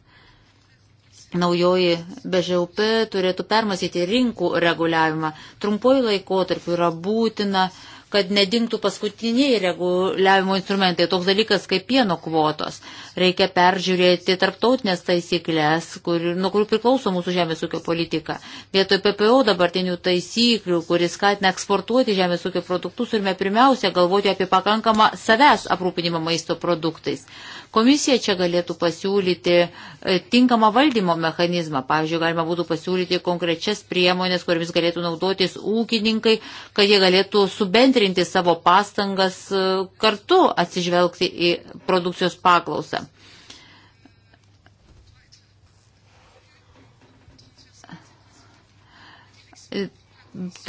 Naujoji BŽUP turėtų permasyti rinkų reguliavimą. Trumpuoju laikotarpiu yra būtina uh, kad nedingtų paskutiniai reguliavimo instrumentai, toks dalykas kaip pieno kvotos. Reikia peržiūrėti tarptautinės taisyklės, kur, nuo kurių priklauso mūsų žemės ūkio politika. Vietoj PPO dabartinių taisyklių, kuris skatina eksportuoti žemės ūkio produktus, turime pirmiausia galvoti apie pakankamą savęs aprūpinimą maisto produktais. Komisija čia galėtų pasiūlyti e, tinkamą valdymo mechanizmą. Pavyzdžiui, galima būtų pasiūlyti konkrečias priemonės, kuriamis galėtų naudotis ūkininkai, kad jie galėtų subendrinti savo pastangas e, kartu atsižvelgti į produkcijos paklausą.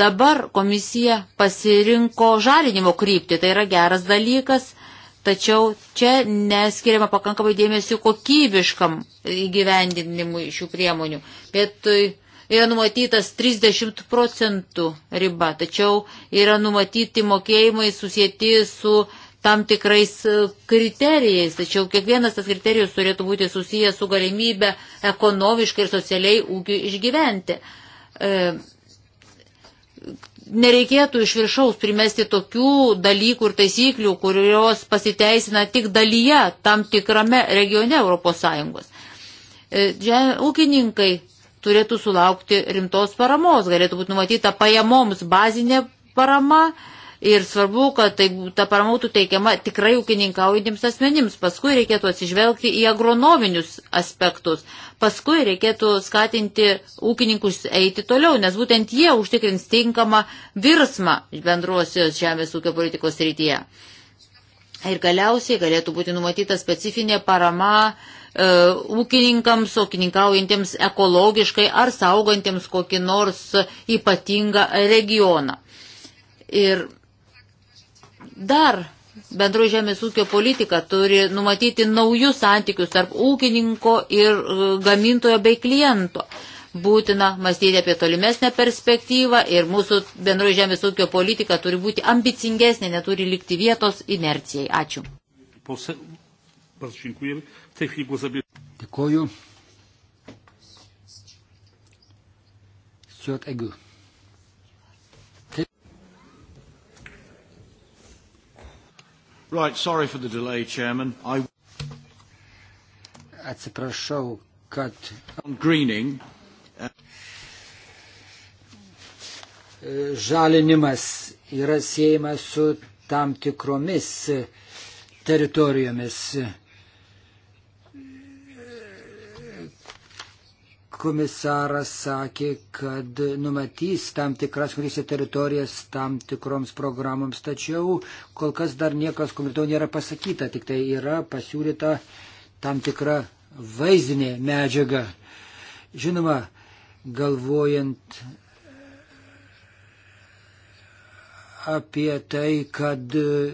Dabar komisija pasirinko žalinimo kryptį, tai yra geras dalykas Tačiau čia neskiriama pakankamai dėmesio kokybiškam įgyvendinimui šių priemonių. Vietoj e, yra numatytas 30 procentų riba, tačiau yra numatyti mokėjimai susijęti su tam tikrais e, kriterijais, tačiau kiekvienas tas kriterijus turėtų būti susijęs su galimybė ekonomiškai ir socialiai ūkiui išgyventi. E, nereikėtų iš viršaus primesti tokių dalykų ir taisyklių, kurios pasiteisina tik dalyje tam tikrame regione ES. E, ūkininkai turėtų sulaukti rimtos paramos, galėtų būti numatyta pajamoms bazinė parama, Ir svarbu, kad tai, ta parama būtų teikiama tikrai ūkininkaujantiems asmenims. Paskui reikėtų atsižvelgti į agronominius aspektus. Paskui reikėtų skatinti ūkininkus eiti toliau, nes būtent jie užtikrins tinkamą virsmą bendruosios žemės ūkio politikos rytyje. Ir galiausiai galėtų būti numatyta specifinė parama e, ūkininkams, ūkininkaujantiems ekologiškai ar saugantiems kokį nors ypatingą regioną. Ir Dar bendro žemės ūkio politika turi numatyti naujus santykius tarp ūkininko ir e, gamintojo bei kliento. Būtina mąstyti apie tolimesnę perspektyvą ir mūsų bendro žemės ūkio politika turi būti ambicingesnė, neturi likti vietos inercijai. Ačiū. Dėkuoju. Stuart Egu. Right, sorry for the delay, Chairman. I... Atsiprašau, kad. Greening. E, žalinimas yra siejamas su tam tikromis teritorijomis komisaras sakė, kad numatys tam tikras kuris teritorijas tam tikroms programoms, tačiau kol kas dar niekas konkretau nėra pasakyta, tik tai yra pasiūlyta tam tikra vaizdinė medžiaga. Žinoma, galvojant apie tai, kad e,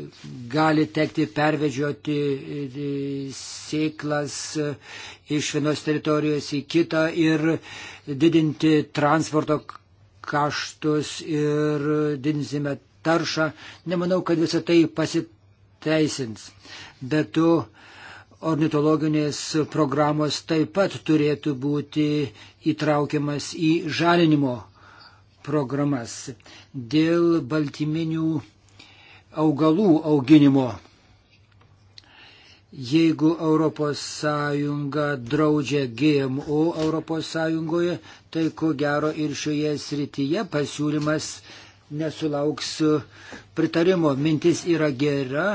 gali tekti pervežioti e, sėklas e, iš vienos teritorijos į kitą ir didinti transporto kaštus ir didinsime taršą. Nemanau, kad visą tai pasiteisins. Bet tu ornitologinės programos taip pat turėtų būti įtraukiamas į žalinimo programas dėl baltyminių augalų auginimo. Jeigu ES draudžia GMO ES, tai ko gero ir šioje srityje pasiūlymas nesulauks pritarimo. Mintis yra gera,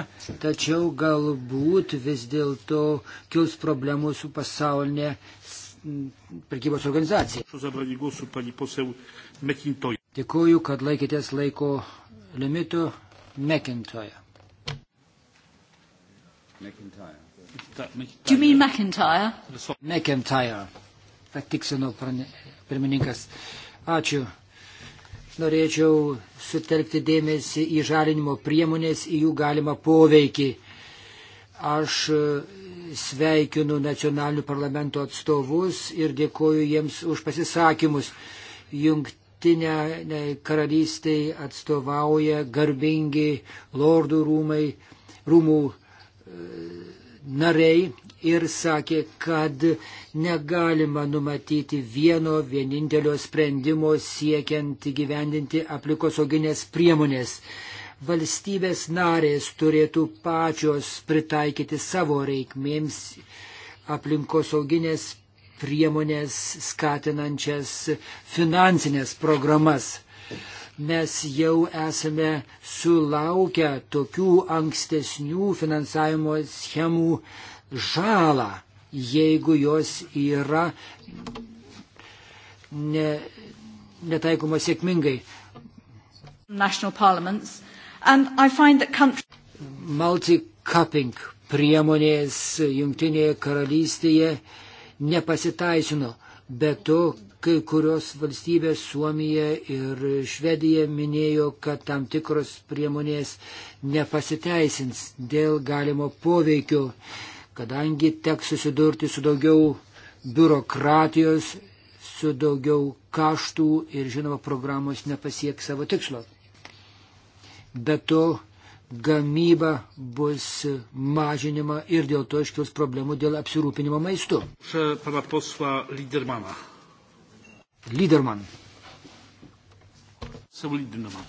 tačiau galbūt vis dėlto kils problemų su pasaulinė prekybos organizacija. Dėkuoju, kad laikėtės laiko limito McIntyre. McIntyre. Do you mean McIntyre? McIntyre. Patiksino pirmininkas. Ačiū. Norėčiau sutelkti dėmesį į žalinimo priemonės, į jų galimą poveikį. Aš sveikinu nacionalinių parlamento atstovus ir dėkoju jiems už pasisakymus. Jungtinė karalystė atstovauja garbingi lordų rūmai, rūmų e, nariai ir sakė, kad negalima numatyti vieno vienintelio sprendimo siekiant įgyvendinti aplikosauginės priemonės. priemonės valstybės narės turėtų pačios pritaikyti savo reikmėms aplinkosauginės priemonės skatinančias finansinės programas. Mes jau esame sulaukę tokių ankstesnių finansavimo schemų žalą, jeigu jos yra ne, netaikoma sėkmingai. National parliaments Country... Multicapping priemonės Junktinėje karalystėje nepasitaisino, bet to kai kurios valstybės Suomija ir Švedija minėjo, kad tam tikros priemonės nepasiteisins dėl galimo poveikio, kadangi teks susidurti su daugiau biurokratijos, su daugiau kaštų ir žinoma programos nepasieks savo tikslo bet to gamyba bus mažinima ir dėl to iškils problemų dėl apsirūpinimo maistu. Lyderman. Savo Lyderman.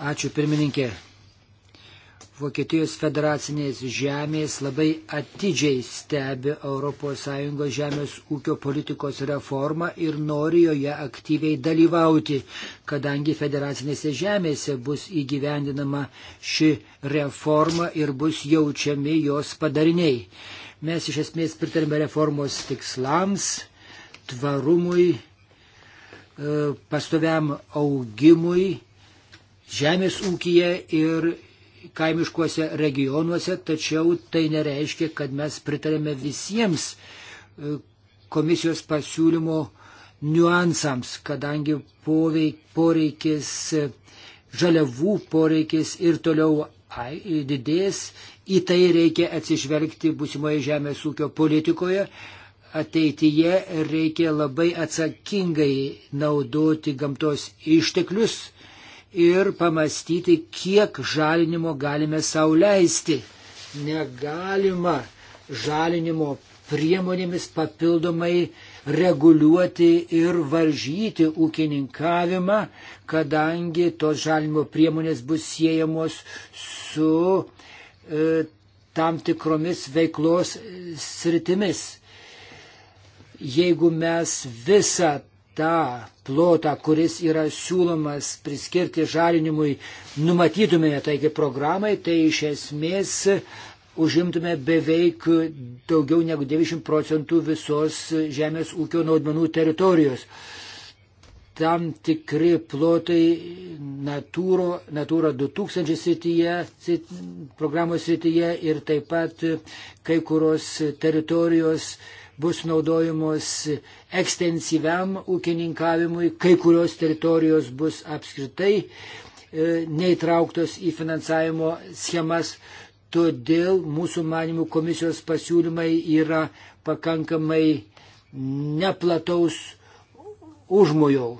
Ačiū pirmininkė, Vokietijos federacinės žemės labai atidžiai stebi ES žemės ūkio politikos reformą ir nori joje aktyviai dalyvauti, kadangi federacinėse žemėse bus įgyvendinama ši reforma ir bus jaučiami jos padariniai. Mes iš esmės pritarime reformos tikslams, tvarumui, e, pastoviam augimui žemės ūkija ir kaimiškuose regionuose, tačiau tai nereiškia, kad mes pritarėme visiems e, komisijos pasiūlymo niuansams, kadangi poveik, poreikis žaliavų poreikis ir toliau ai, didės, į tai reikia atsižvelgti būsimoje žemės ūkio politikoje. Ateityje reikia labai atsakingai naudoti gamtos išteklius, ir pamastyti, kiek žalinimo galime sauliaisti. Negalima žalinimo priemonėmis papildomai reguliuoti ir varžyti ūkininkavimą, kadangi tos žalinimo priemonės bus siejamos su e, tam tikromis veiklos sritimis. Jeigu mes visą tą plotą, kuris yra siūlomas priskirti žalinimui, numatytumėme taigi programai, tai iš esmės užimtume beveik daugiau negu 90 procentų visos žemės ūkio naudmenų teritorijos. Tam tikri plotai natūro, Natūra 2000 srityje, programos srityje ir taip pat kai kurios teritorijos uh, bus naudojamos ekstensyviam ūkininkavimui, kai kurios teritorijos bus apskritai e, neįtrauktos į finansavimo schemas. Todėl mūsų manimų komisijos pasiūlymai yra pakankamai neplataus užmojau.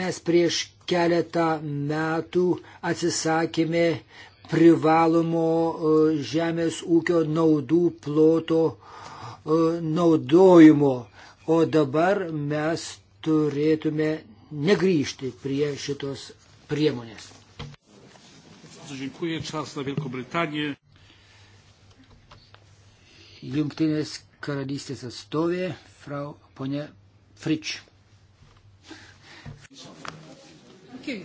Mes prieš keletą metų atsisakėme privalomo e, žemės ūkio naudų ploto e, naudojimo. O dabar mes turėtume negrįžti prie šitos priemonės. Jungtinės karalystės atstovė, frau ponė Frič. Uh,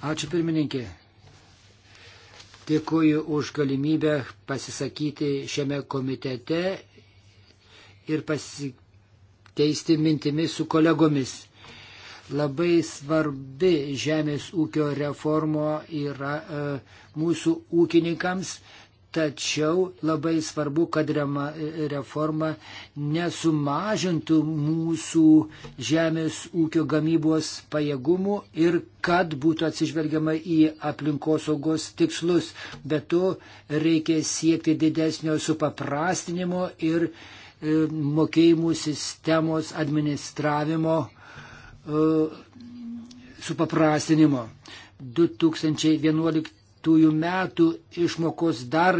Ačiū pirmininkė. Dėkuoju už galimybę pasisakyti šiame komitete ir pasikeisti mintimis su kolegomis. Labai svarbi žemės ūkio reforma yra e, mūsų ūkininkams. E, Tačiau labai svarbu, kad reforma nesumažintų mūsų žemės ūkio gamybos pajėgumų ir kad būtų atsižvelgiama į aplinkosaugos tikslus. Be to reikia siekti didesnio supaprastinimo ir e, mokėjimų sistemos administravimo e, supaprastinimo. 2011 tųjų metų išmokos dar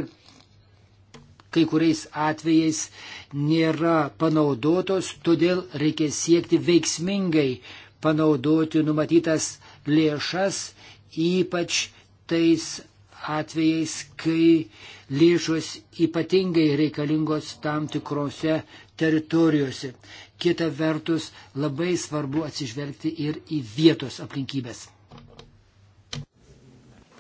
kai kuriais atvejais nėra panaudotos, todėl reikia siekti veiksmingai panaudoti numatytas lėšas, ypač tais atvejais, kai lėšos ypatingai reikalingos tam tikrose teritorijose. Kita vertus, labai svarbu atsižvelgti ir į vietos aplinkybės.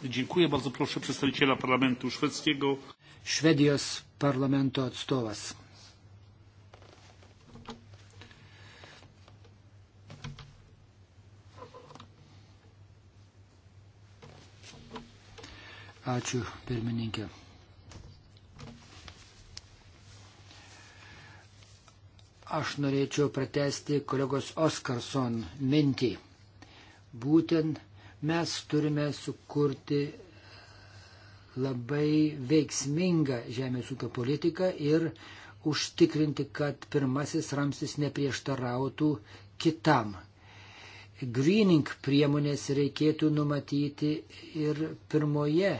Dziękuję bardzo proszę przedstawiciela parlamentu szwedzkiego. Švedijos parlamento atstovas. Ačiū, pirmininkė. Aš norėčiau pratesti kolegos Oskarson mintį. Būtent Mes turime sukurti labai veiksmingą žemės ūkio politiką ir užtikrinti, kad pirmasis ramstis neprieštarautų kitam. Greening priemonės reikėtų numatyti ir pirmoje,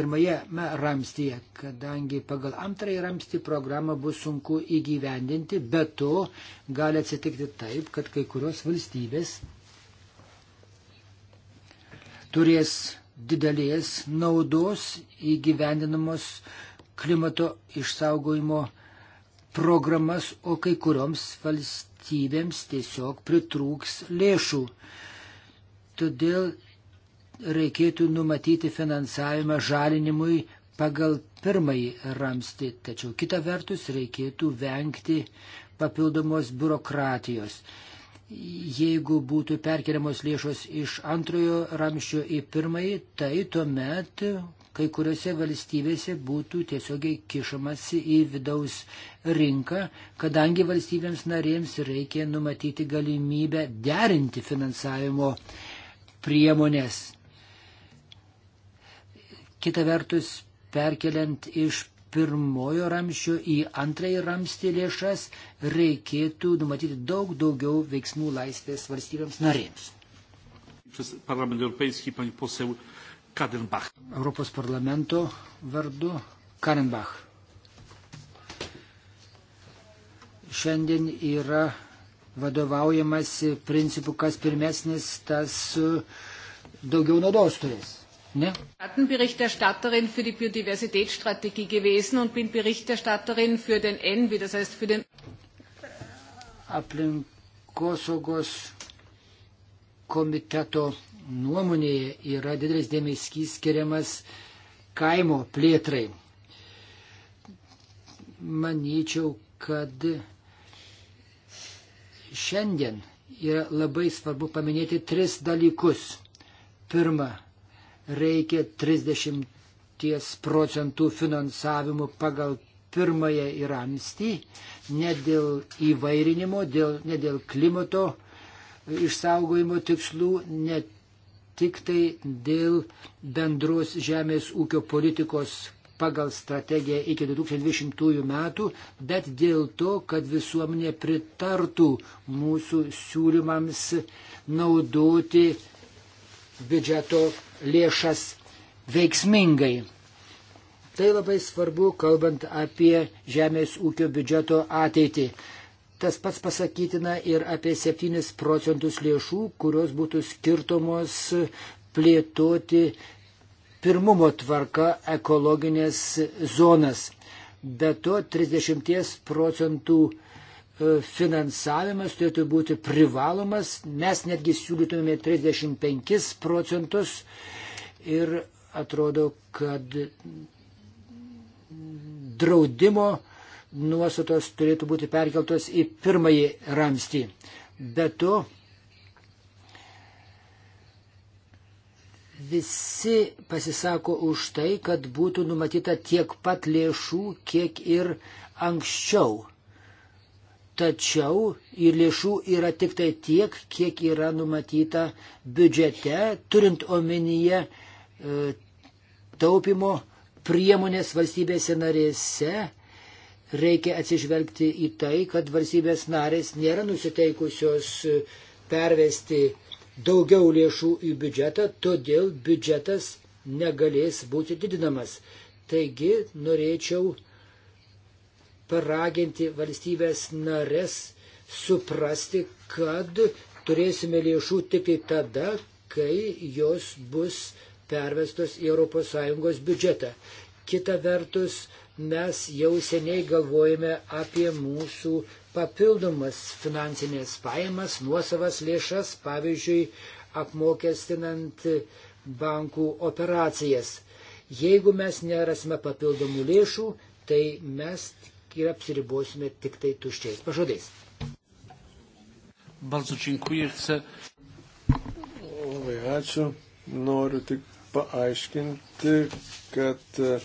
pirmoje ramstyje, kadangi pagal antrąjį ramstį programą bus sunku įgyvendinti, bet to gali atsitikti taip, kad kai kurios valstybės turės didelės naudos įgyvendinamos klimato išsaugojimo programas, o kai kurioms valstybėms tiesiog pritrūks lėšų. Todėl reikėtų numatyti finansavimą žalinimui pagal pirmąjį ramstį, tačiau kita vertus reikėtų vengti papildomos biurokratijos. Jeigu būtų perkeliamos lėšos iš antrojo ramščio į pirmąjį, tai tuomet kai kuriuose valstybėse būtų tiesiogiai kišamasi į vidaus rinką, kadangi valstybėms narėms reikia numatyti galimybę derinti finansavimo priemonės. Kita vertus, perkeliant iš pirmojo ramščio į antrąjį ramstį lėšas reikėtų numatyti daug daugiau veiksmų laisvės valstybėms narėms. Europos parlamento vardu Karenbach. Šiandien yra vadovaujamasi principu, kas pirmesnis, tas daugiau naudos turės. Ne? Schattenberichterstatterin für die Biodiversitätsstrategie gewesen und bin Berichterstatterin für den ENVI, das heißt für den aplinkosaugos komiteto nuomonėje yra didelis dėmesys skiriamas kaimo plėtrai. Manyčiau, kad šiandien yra labai svarbu paminėti tris dalykus. Pirma, reikia 30 procentų finansavimų pagal pirmąją ir amstį, ne dėl įvairinimo, dėl, ne dėl klimato išsaugojimo tikslų, ne tik tai dėl bendros žemės ūkio politikos pagal strategiją iki 2020 metų, bet dėl to, kad visuomenė pritartų mūsų siūlymams naudoti biudžeto lėšas veiksmingai. Tai labai svarbu, kalbant apie žemės ūkio biudžeto ateitį. Tas pats pasakytina ir apie 7 procentus lėšų, kurios būtų skirtumos plėtoti pirmumo tvarka ekologinės zonas. Be to 30 procentų E, finansavimas turėtų būti privalomas, mes netgi siūlytumėme 35 procentus ir atrodo, kad draudimo nuostatos turėtų būti perkeltos į pirmąjį ramstį. Be to, visi pasisako už tai, kad būtų numatyta tiek pat lėšų, kiek ir anksčiau tačiau ir lėšų yra tik tai tiek, kiek yra numatyta biudžete, turint omenyje e, taupimo priemonės valstybėse narėse. Reikia atsižvelgti į tai, kad valstybės narės nėra nusiteikusios e, pervesti daugiau lėšų į biudžetą, todėl biudžetas negalės būti didinamas. Taigi norėčiau paraginti valstybės narės suprasti, kad turėsime lėšų tik tai tada, kai jos bus pervestos į ES biudžetą. Kita vertus, mes jau seniai galvojame apie mūsų papildomas finansinės pajamas, nuosavas lėšas, pavyzdžiui, apmokestinant bankų operacijas. Jeigu mes nerasime papildomų lėšų, tai mes ir apsiribosime tik tai tuščiais pažadais. Bardzo dziękuję. Chcę... Labai ačiū. Noriu tik paaiškinti, kad e,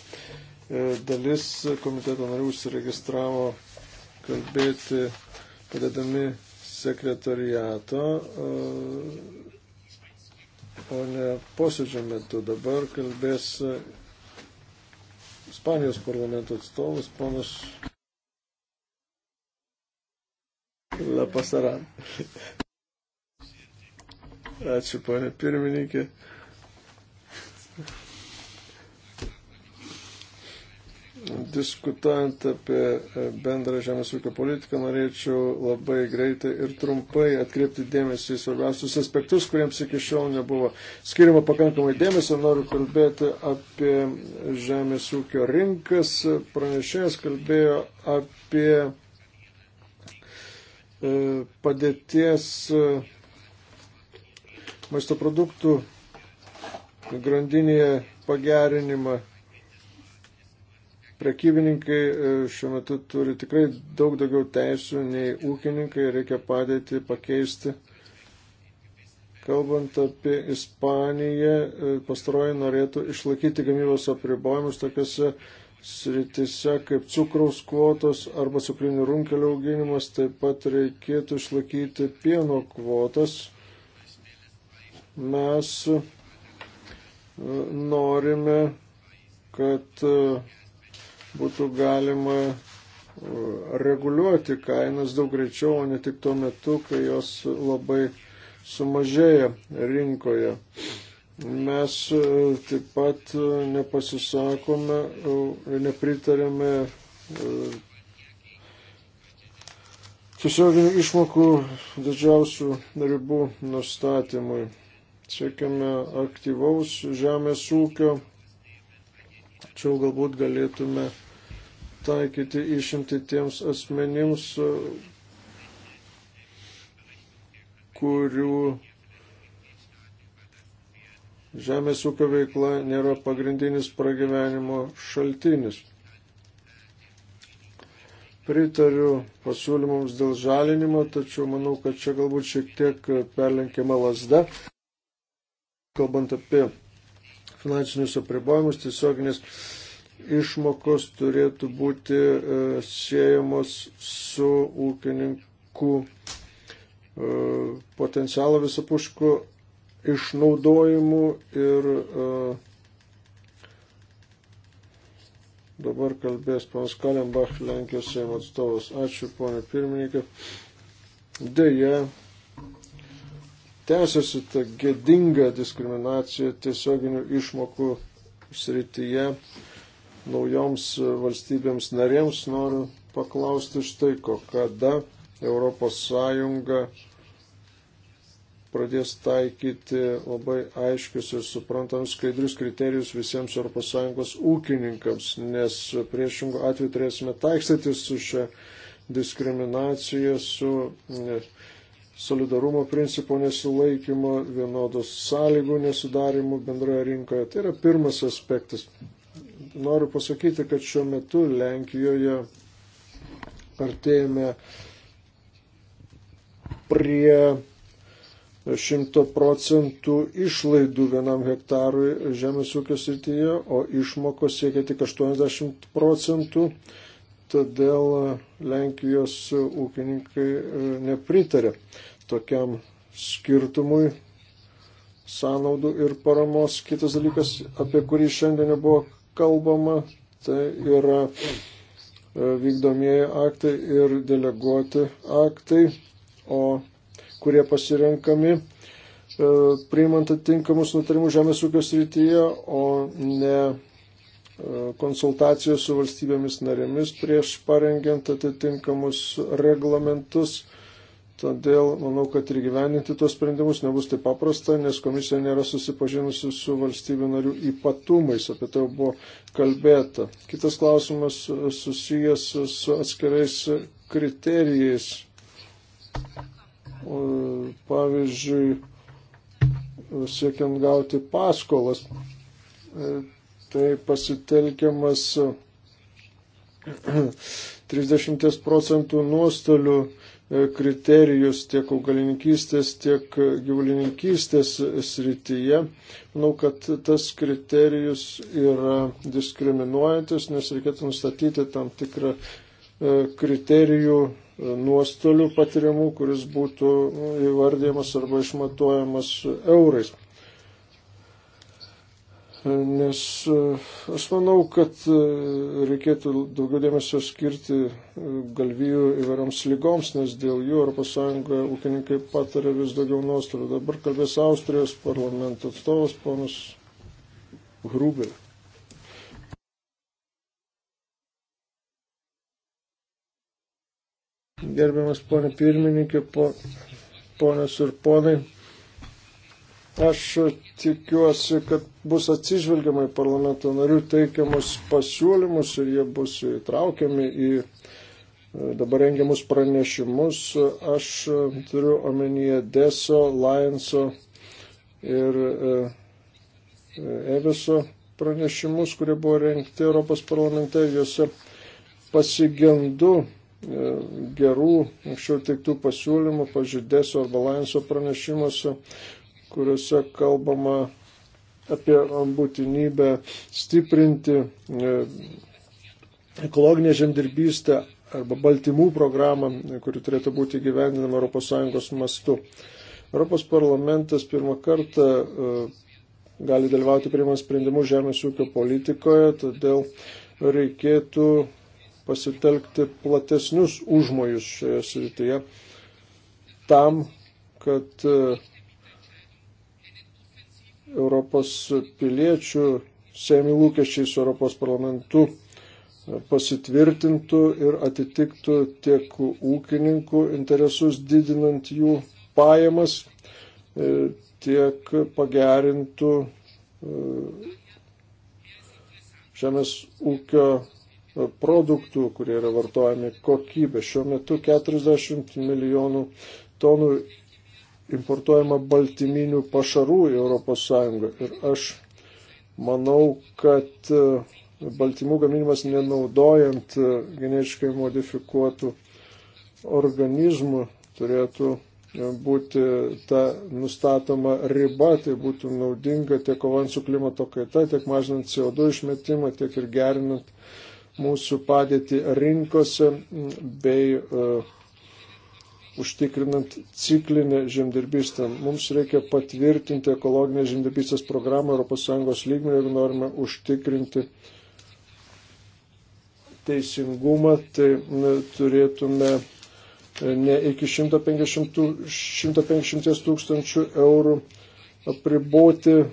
dalis komiteto narių užsiregistravo kalbėti padedami sekretariato, e, o ne posėdžio metu. Dabar kalbės Ispanijos parlamento atstovas ponas poną Pasaran. Ačiū, ponė pirmininkė. Diskutant apie bendrą žemės ūkio politiką, norėčiau labai greitai ir trumpai atkreipti dėmesį į svarbiausius aspektus, kuriems iki šiol nebuvo skirimo pakankamai dėmesio. Noriu kalbėti apie žemės ūkio rinkas. Pranešėjas kalbėjo apie E, padėties e, maisto produktų grandinėje pagerinimą. Prekybininkai e, šiuo metu turi tikrai daug daugiau teisų nei ūkininkai, reikia padėti pakeisti. Kalbant apie Ispaniją, pastaroji norėtų išlaikyti gamybos apribojimus tokiuose sritise, kaip cukraus kvotos arba cukrinių runkelių auginimas, taip pat reikėtų išlaikyti pieno kvotas. Mes e, norime, kad e, būtų galima e, reguliuoti kainas daug greičiau, o ne tik tuo metu, kai jos labai sumažėja rinkoje. Mes e, taip pat e, nepasisakome, e, nepritarėme tiesioginių išmokų didžiausių ribų nustatymui. Siekiame aktyvaus žemės ūkio, tačiau galbūt galėtume taikyti išimti tiems asmenims, kurių Žemės ūkio veikla nėra pagrindinis pragyvenimo šaltinis. Pritariu pasiūlymams dėl žalinimo, tačiau manau, kad čia galbūt šiek tiek perlenkiama lasda. Kalbant apie finansinius apribojimus, tiesioginės išmokos turėtų būti e, siejamos su ūkininkų e, potencialo visapušku išnaudojimu ir e, dabar kalbės panas Kalembach, Lenkijos Seimo atstovas. Ačiū, ponė pirmininkė. Deja, tęsiasi ta gėdinga diskriminacija tiesioginių išmokų srityje naujoms valstybėms narėms noriu paklausti štai ko, kada ES pradės taikyti labai aiškius ir suprantamus skaidrius kriterijus visiems ES ūkininkams, nes priešingų atveju turėsime taikstytis su šia diskriminacija, su solidarumo principo nesilaikymo, vienodos sąlygų nesudarimo bendroje rinkoje. Tai yra pirmas aspektas. Noriu pasakyti, kad šiuo metu Lenkijoje artėjame prie 100 procentų išlaidų vienam hektarui žemės ūkio srityje, o išmokos siekia tik 80 procentų, todėl Lenkijos ūkininkai e, nepritarė tokiam skirtumui sąnaudų ir paramos. Kitas dalykas, apie kurį šiandien nebuvo kalbama, tai yra e, vykdomieji aktai ir deleguoti aktai, o kurie pasirenkami e, priimant atitinkamus nutarimus žemės ūkio srityje, o ne e, konsultacijos su valstybėmis narėmis prieš parengiant atitinkamus reglamentus. Todėl manau, kad ir gyveninti tuos sprendimus nebus taip paprasta, nes komisija nėra susipažinusi su valstybių narių ypatumais, apie tai buvo kalbėta. Kitas klausimas susijęs su atskirais kriterijais pavyzdžiui, siekiant gauti paskolas, e, tai pasitelkiamas 30 procentų nuostolių e, kriterijus tiek augalininkystės, tiek gyvulininkystės srityje. Manau, kad tas kriterijus yra diskriminuojantis, nes reikėtų nustatyti tam tikrą e, kriterijų nuostolių patiriamų, kuris būtų įvardyjamas arba išmatuojamas eurais. Nes e, aš manau, kad e, reikėtų daugiau dėmesio skirti e, galvijų įvairioms lygoms, nes dėl jų ES ūkininkai patiria vis daugiau nuostolių. Dabar kalbės Austrijos parlamento atstovas ponas Grubė. gerbiamas ponė pirmininkė, po, ponės ir ponai. Aš tikiuosi, kad bus atsižvelgiama į parlamento narių teikiamus pasiūlymus ir jie bus įtraukiami į e, dabar rengiamus pranešimus. Aš e, turiu omenyje Deso, Lionso ir e, Eviso pranešimus, kurie buvo renkti Europos parlamente. Juose pasigendu E, gerų anksčiau teiktų pasiūlymų, pažiūrėsiu ar balanso pranešimuose, kuriuose kalbama apie būtinybę stiprinti e, ekologinę žemdirbystę arba baltymų programą, kuri turėtų būti gyvendinama ES mastu. Europos parlamentas pirmą kartą e, gali dalyvauti priimant sprendimus žemės ūkio politikoje, todėl reikėtų pasitelkti platesnius užmojus šioje srityje tam, kad e, Europos piliečių sėmi lūkesčiai su Europos parlamentu e, pasitvirtintų ir atitiktų tiek ūkininkų interesus didinant jų pajamas, e, tiek pagerintų žemės ūkio produktų, kurie yra vartojami kokybė. Šiuo metu 40 milijonų tonų importuojama baltyminių pašarų į ES. Ir aš manau, kad e, baltymų gaminimas nenaudojant e, genetiškai modifikuotų organizmų turėtų e, būti ta nustatoma riba, tai būtų naudinga tiek kovant su klimato kaita, tiek mažinant CO2 išmetimą, tiek ir gerinant uh, mūsų padėtį rinkose bei uh, užtikrinant ciklinę žemdirbystę. Mums reikia patvirtinti ekologinę žemdirbystės programą ES lygmenį, jeigu norime užtikrinti teisingumą, tai turėtume e, ne iki 150, 150 tūkstančių eurų apriboti e,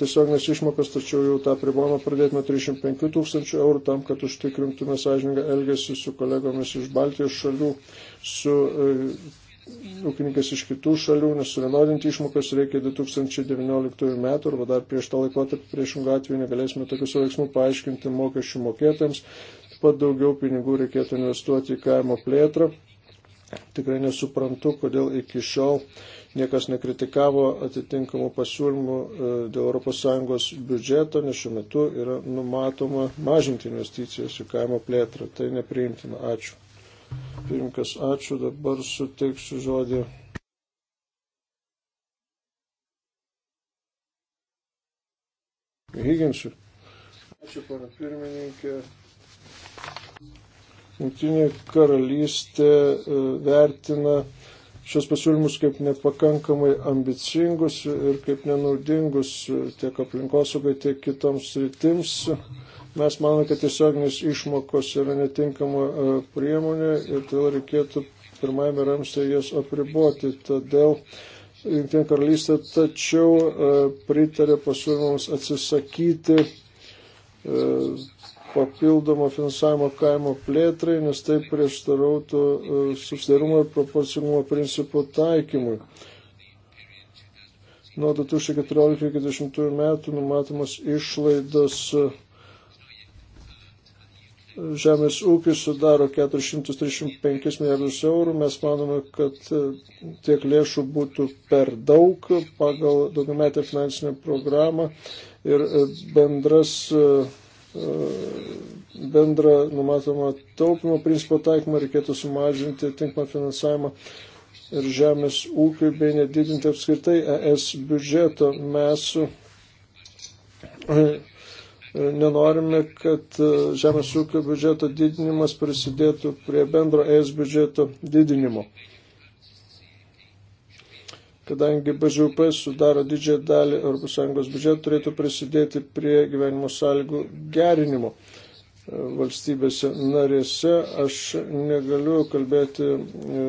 tiesioginės išmokas, tačiau jau tą apribojimą pradėtume 35 tūkstančių eurų tam, kad užtikrintume sąžiningą elgesį su kolegomis iš Baltijos šalių, su e, ūkininkais iš kitų šalių, nes suvienodinti išmokas reikia 2019 metų arba dar prieš tą laikotarpį priešingą atveju negalėsime tokius veiksmų paaiškinti mokesčių mokėtams, taip pat daugiau pinigų reikėtų investuoti į kaimo plėtrą. Tikrai nesuprantu, kodėl iki šiol niekas nekritikavo atitinkamų pasiūlymų e, dėl ES biudžeto, nes šiuo metu yra numatoma mažinti investicijas į kaimo plėtrą. Tai nepriimtina. Ačiū. Pirmkas, ačiū. Dabar suteiksiu žodį. Higginsiu. Ačiū, pana pirmininkė. Jungtinė karalystė e, vertina šios pasiūlymus kaip nepakankamai ambicingus ir kaip nenaudingus tiek aplinkosaugai, tiek kitoms rytims. Mes manome, kad tiesioginės išmokos yra netinkama e, priemonė ir todėl reikėtų pirmajame ramstėje jas apriboti. Todėl Junktinė karalystė tačiau e, pritarė pasiūlymams atsisakyti e, papildomo finansavimo kaimo plėtrai, nes tai prieštarautų e, susidarumo ir proporcingumo principų taikymui. Nuo 2014-2020 metų numatomas išlaidos e, žemės ūkis sudaro 435 milijardus eurų. Mes manome, kad e, tiek lėšų būtų per daug pagal daugiametę finansinę programą ir bendras E, bendrą numatomą taupimo principo taikymą reikėtų sumažinti tinkamą finansavimą ir žemės ūkiui bei nedidinti apskritai ES biudžeto. Mes e, e, nenorime, kad žemės ūkio biudžeto didinimas prisidėtų prie bendro ES biudžeto didinimo kadangi BŽP sudaro didžiąją dalį ES biudžeto, turėtų prisidėti prie gyvenimo sąlygų gerinimo e, valstybėse narėse. Aš negaliu kalbėti e,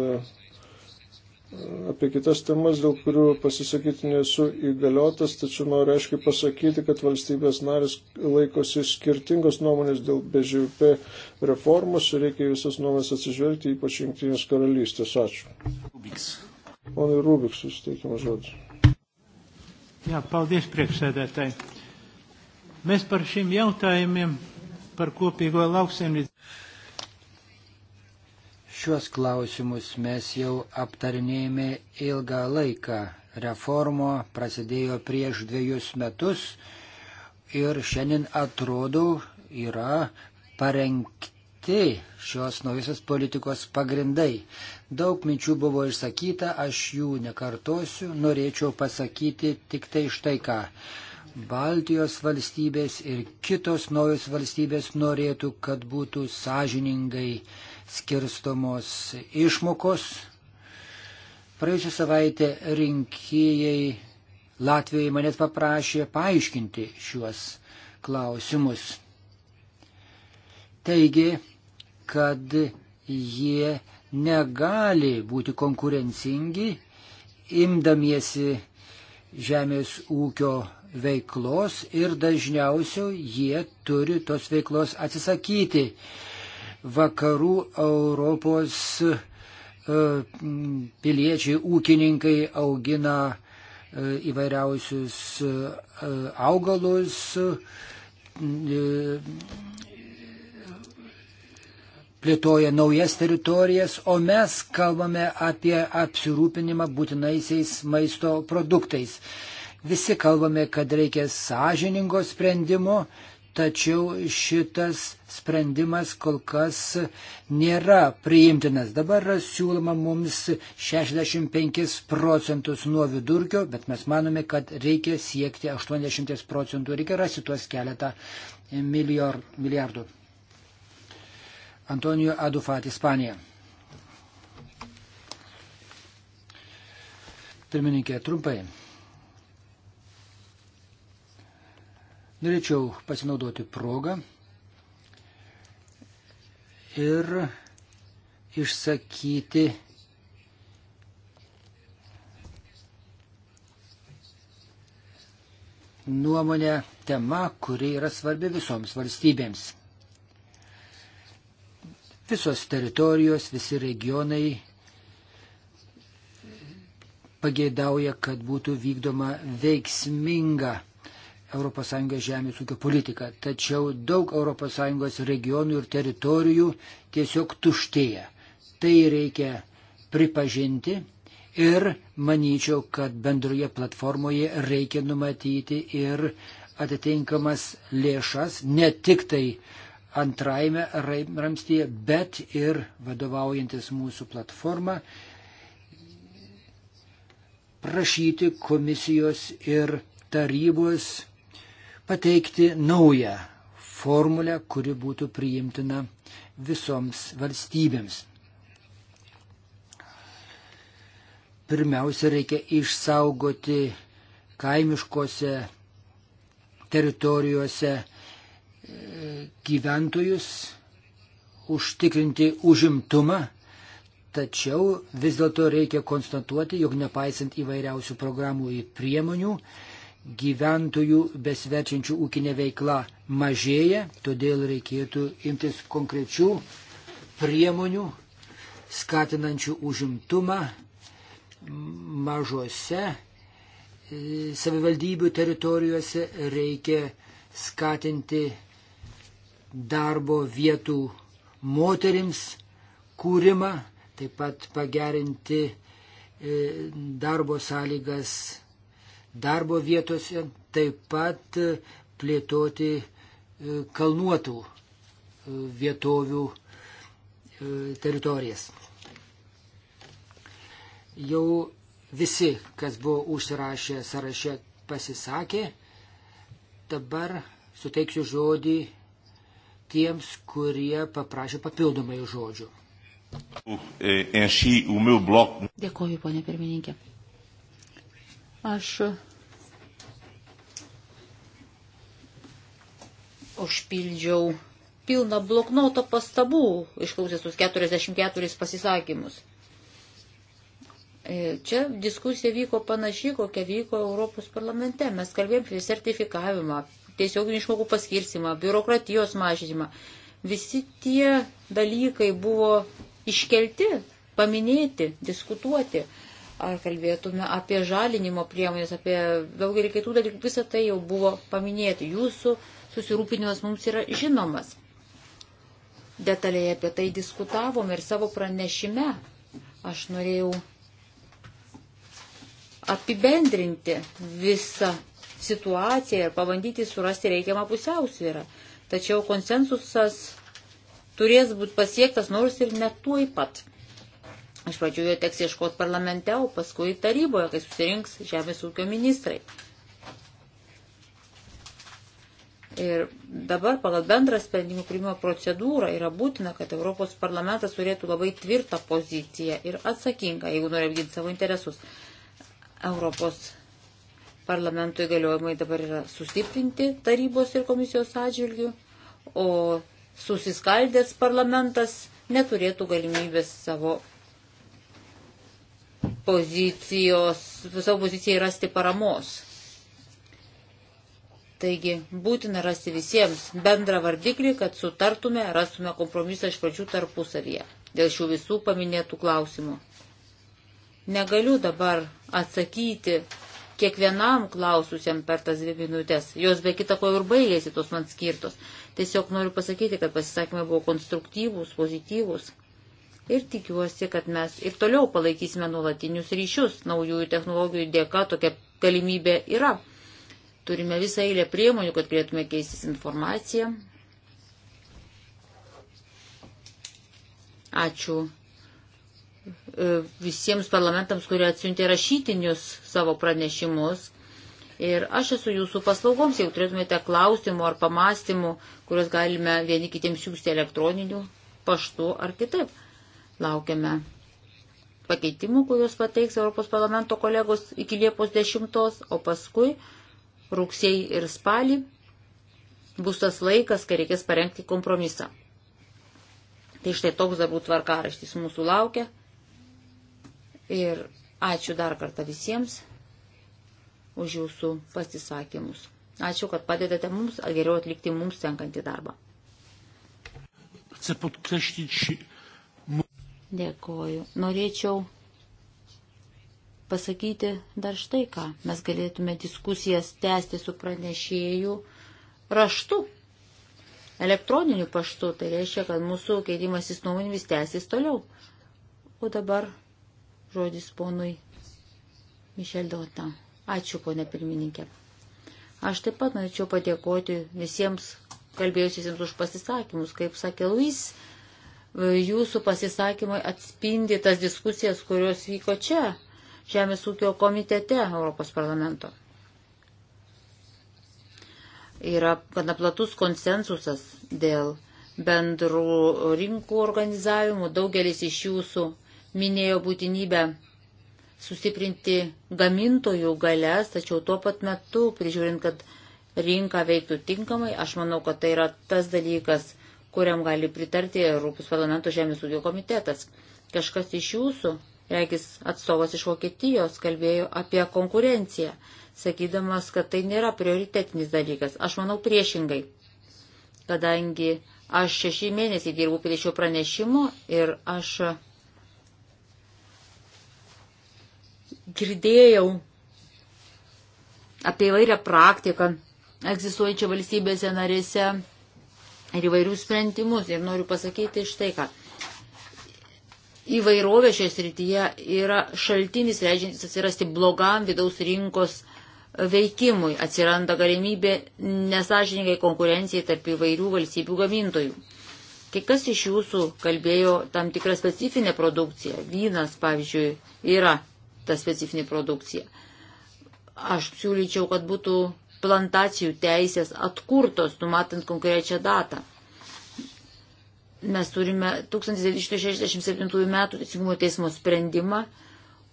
apie kitas temas, dėl kurių pasisakyti nesu įgaliotas, tačiau noriu aiškiai pasakyti, kad valstybės narės laikosi skirtingos nuomonės dėl BŽP reformos ir reikia visas nuomonės atsižvelgti, ypač Junktinės karalystės. Ačiū. Rubiks. Ponai Rubiksui suteikiamas žodis. Jā, paldies priekšsēdētāji. Mēs par šiem jautājumiem, par kopīgo lauksaimniecību. Šiuos klausimus mes jau aptarinėjome ilgą laiką. Reformo prasidėjo prieš dviejus metus ir šiandien atrodo yra parengti šios naujosios politikos pagrindai. Daug minčių buvo išsakyta, aš jų nekartosiu, norėčiau pasakyti tik tai štai ką. Baltijos valstybės ir kitos naujos valstybės norėtų, kad būtų sąžiningai skirstomos išmokos. Praėjusią savaitę rinkėjai Latvijai manęs paprašė paaiškinti šiuos klausimus. Taigi, kad jie negali būti konkurencingi, imdamiesi žemės ūkio veiklos ir dažniausiai jie turi tos veiklos atsisakyti. Vakarų Europos e, piliečiai, ūkininkai augina e, įvairiausius e, augalus, plėtoja naujas teritorijas, o mes kalbame apie apsirūpinimą būtinaisiais maisto produktais. Visi kalbame, kad reikia sąžiningo sprendimo, tačiau šitas sprendimas kol kas nėra priimtinas. Dabar siūloma mums 65 procentus nuo vidurkio, bet mes manome, kad reikia siekti 80 procentų, reikia rasti tuos keletą milijar, milijardų. Antonijo Adufat, Ispanija. Pirmininkė, trumpai. Norėčiau pasinaudoti progą ir išsakyti nuomonę tema, kuri yra svarbi visoms valstybėms. Visos teritorijos, visi regionai pageidauja, kad būtų vykdoma veiksminga ES žemės ūkio politika. Tačiau daug ES regionų ir teritorijų tiesiog tuštėja. Tai reikia pripažinti ir manyčiau, kad bendroje platformoje reikia numatyti ir atitinkamas lėšas, ne tik tai antrajame ramstyje, bet ir vadovaujantis mūsų platformą prašyti komisijos ir tarybos pateikti naują formulę, kuri būtų priimtina visoms valstybėms. Pirmiausia, reikia išsaugoti kaimiškose teritorijose gyventojus, užtikrinti užimtumą, tačiau vis dėlto reikia konstatuoti, jog nepaisant įvairiausių programų ir priemonių, gyventojų besvečiančių ūkinė veikla mažėja, todėl reikėtų imtis konkrečių priemonių, skatinančių užimtumą mažose e, savivaldybių teritorijose, reikia skatinti darbo vietų moterims kūrimą, taip pat pagerinti e, darbo sąlygas darbo vietose, taip pat e, plėtoti e, kalnuotų vietovių teritorijas. Jau visi, kas buvo užsirašę sąraše, pasisakė. Dabar suteiksiu žodį tiems, kurie paprašė papildomai žodžių. Dėkoju, ponė pirmininkė. Aš užpildžiau pilną bloknotą pastabų, išklausęs tuos 44 pasisakymus. E, čia diskusija vyko panašiai, kokia vyko Europos parlamente. Mes kalbėjom apie sertifikavimą, tiesioginių išmokų paskirsimą, biurokratijos mažinimą. Visi tie dalykai buvo iškelti, paminėti, diskutuoti. Ar kalbėtume apie žalinimo priemonės, apie daugelį kitų dalykų, visą tai jau buvo paminėti. Jūsų susirūpinimas mums yra žinomas. Detaliai apie tai diskutavom ir savo pranešime aš norėjau apibendrinti visą situaciją ir pabandyti surasti reikiamą pusiausvyrą. Tačiau konsensusas turės būti pasiektas nors ir netuoj pat. Iš pradžių jo teks ieškoti parlamente, o paskui taryboje, kai susirinks žemės ūkio ministrai. Ir dabar pagal bendrą sprendimų priimimo procedūrą yra būtina, kad Europos parlamentas turėtų labai tvirtą poziciją ir atsakingą, jeigu nori apginti savo interesus. Europos Parlamento įgaliojimai dabar yra sustiprinti tarybos ir komisijos atžvilgių, o susiskaldęs parlamentas neturėtų galimybės savo pozicijos, savo pozicijai rasti paramos. Taigi būtina rasti visiems bendrą vardiklį, kad sutartume, rastume kompromisą iš pradžių tarpusavyje dėl šių visų paminėtų klausimų. Negaliu dabar atsakyti kiekvienam klaususiam per tas dvi minutės. Jos be kita ko ir baigėsi tos man skirtos. Tiesiog noriu pasakyti, kad pasisakymai buvo konstruktyvūs, pozityvūs. Ir tikiuosi, kad mes ir toliau palaikysime nuolatinius ryšius. Naujųjų technologijų dėka tokia galimybė yra. Turime visą eilę priemonių, kad galėtume keistis informaciją. Ačiū E, visiems parlamentams, kurie atsiuntė rašytinius savo pranešimus. Ir aš esu jūsų paslaugoms, jeigu turėtumėte klausimų ar pamastymų, kuriuos galime vieni kitiems siūsti elektroniniu paštu ar kitaip. Laukiame pakeitimų, kuriuos pateiks Europos parlamento kolegos iki Liepos 10, o paskui rugsėjai ir spalį bus tas laikas, kai reikės parengti kompromisą. Tai štai toks darbų tvarkaraštis mūsų laukia. Ir ačiū dar kartą visiems už jūsų pasisakymus. Ačiū, kad padedate mums geriau atlikti mums tenkantį darbą. Dėkoju. Norėčiau pasakyti dar štai ką. Mes galėtume diskusijas tęsti su pranešėjų raštu, elektroniniu paštu. Tai reiškia, kad mūsų keitimasis nuomonėmis tęsis toliau. O dabar žodis ponui Mišel Dauta. Ačiū, ponė pirmininkė. Aš taip pat norėčiau padėkoti visiems kalbėjusiems už pasisakymus. Kaip sakė Luis, e, jūsų pasisakymai atspindi tas diskusijas, kurios vyko čia, Žemės ūkio komitete Europos parlamento. Yra gana platus konsensusas dėl bendrų rinkų organizavimų. Daugelis iš jūsų minėjo būtinybę sustiprinti gamintojų galės, tačiau tuo pat metu, prižiūrint, kad rinka veiktų tinkamai, aš manau, kad tai yra tas dalykas, kuriam gali pritarti Europos parlamento žemės ūkio komitetas. Kažkas iš jūsų, regis atstovas iš Vokietijos, kalbėjo apie konkurenciją, sakydamas, kad tai nėra prioritetinis dalykas. Aš manau priešingai, kadangi aš šešį mėnesį dirbu prie šio pranešimo ir aš girdėjau apie įvairią praktiką egzistuojančią valstybėse narėse ir įvairių sprendimus. Ir noriu pasakyti štai ką. Įvairovė šioje srityje yra šaltinis leidžiantis atsirasti blogam vidaus rinkos veikimui. Atsiranda galimybė nesažininkai konkurencijai tarp įvairių valstybių gamintojų. Kai kas iš jūsų kalbėjo tam tikrą specifinę produkciją. Vynas, pavyzdžiui, yra tą specifinį produkciją. Aš siūlyčiau, kad būtų plantacijų teisės atkurtos, numatant konkrečią datą. Mes turime 1967 metų teisingumo teismo sprendimą,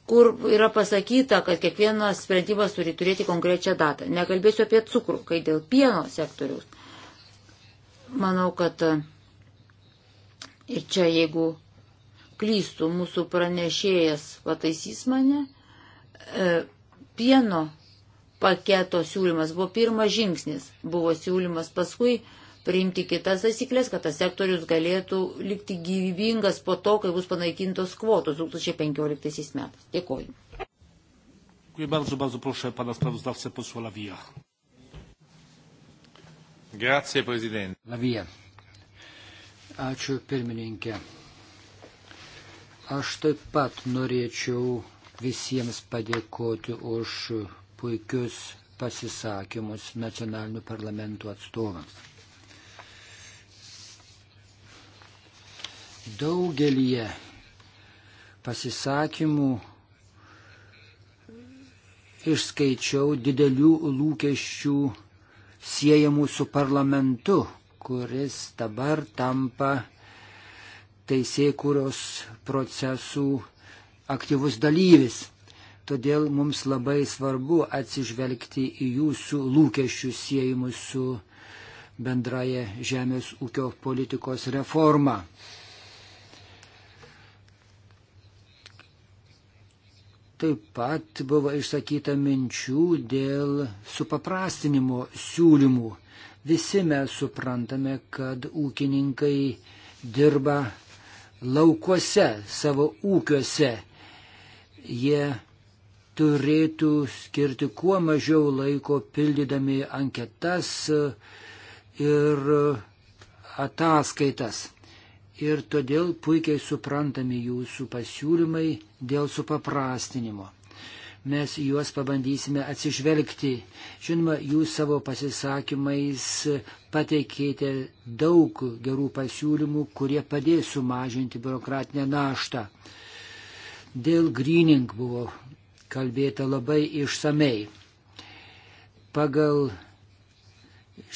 kur yra pasakyta, kad kiekvienas sprendimas turi turėti konkrečią datą. Nekalbėsiu apie cukrų, kai dėl pieno sektoriaus. Manau, kad ir čia, jeigu klystų, mūsų pranešėjas pataisys mane, e, pieno paketo siūlymas buvo pirmas žingsnis, buvo siūlymas paskui priimti kitas taisyklės, kad tas sektorius galėtų likti gyvybingas po to, kai bus panaikintos kvotos 2015 metais. Dėkoju. Dziękuję bardzo, bardzo proszę pana sprawozdawcę posła Lawija. Grazie, prezydent. Lawija. Ačiū, pirmininkė. Aš taip pat norėčiau visiems padėkoti už puikius pasisakymus nacionalinių parlamentų atstovams. Daugelie pasisakymų išskaičiau didelių lūkesčių siejamų su parlamentu, kuris dabar tampa teisėkūros procesų aktyvus dalyvis. Todėl mums labai svarbu atsižvelgti į jūsų lūkesčius siejimus su bendraja žemės ūkio politikos reforma. Taip pat buvo išsakyta minčių dėl supaprastinimo siūlymų. Visi mes suprantame, kad ūkininkai dirba laukuose, savo ūkiuose. Jie turėtų skirti kuo mažiau laiko pildydami anketas ir ataskaitas. Ir todėl puikiai suprantami jūsų pasiūlymai dėl supaprastinimo mes juos pabandysime atsižvelgti. Žinoma, jūs savo pasisakymais pateikėte daug gerų pasiūlymų, kurie padės sumažinti biurokratinę naštą. Dėl greening buvo kalbėta labai išsamei. Pagal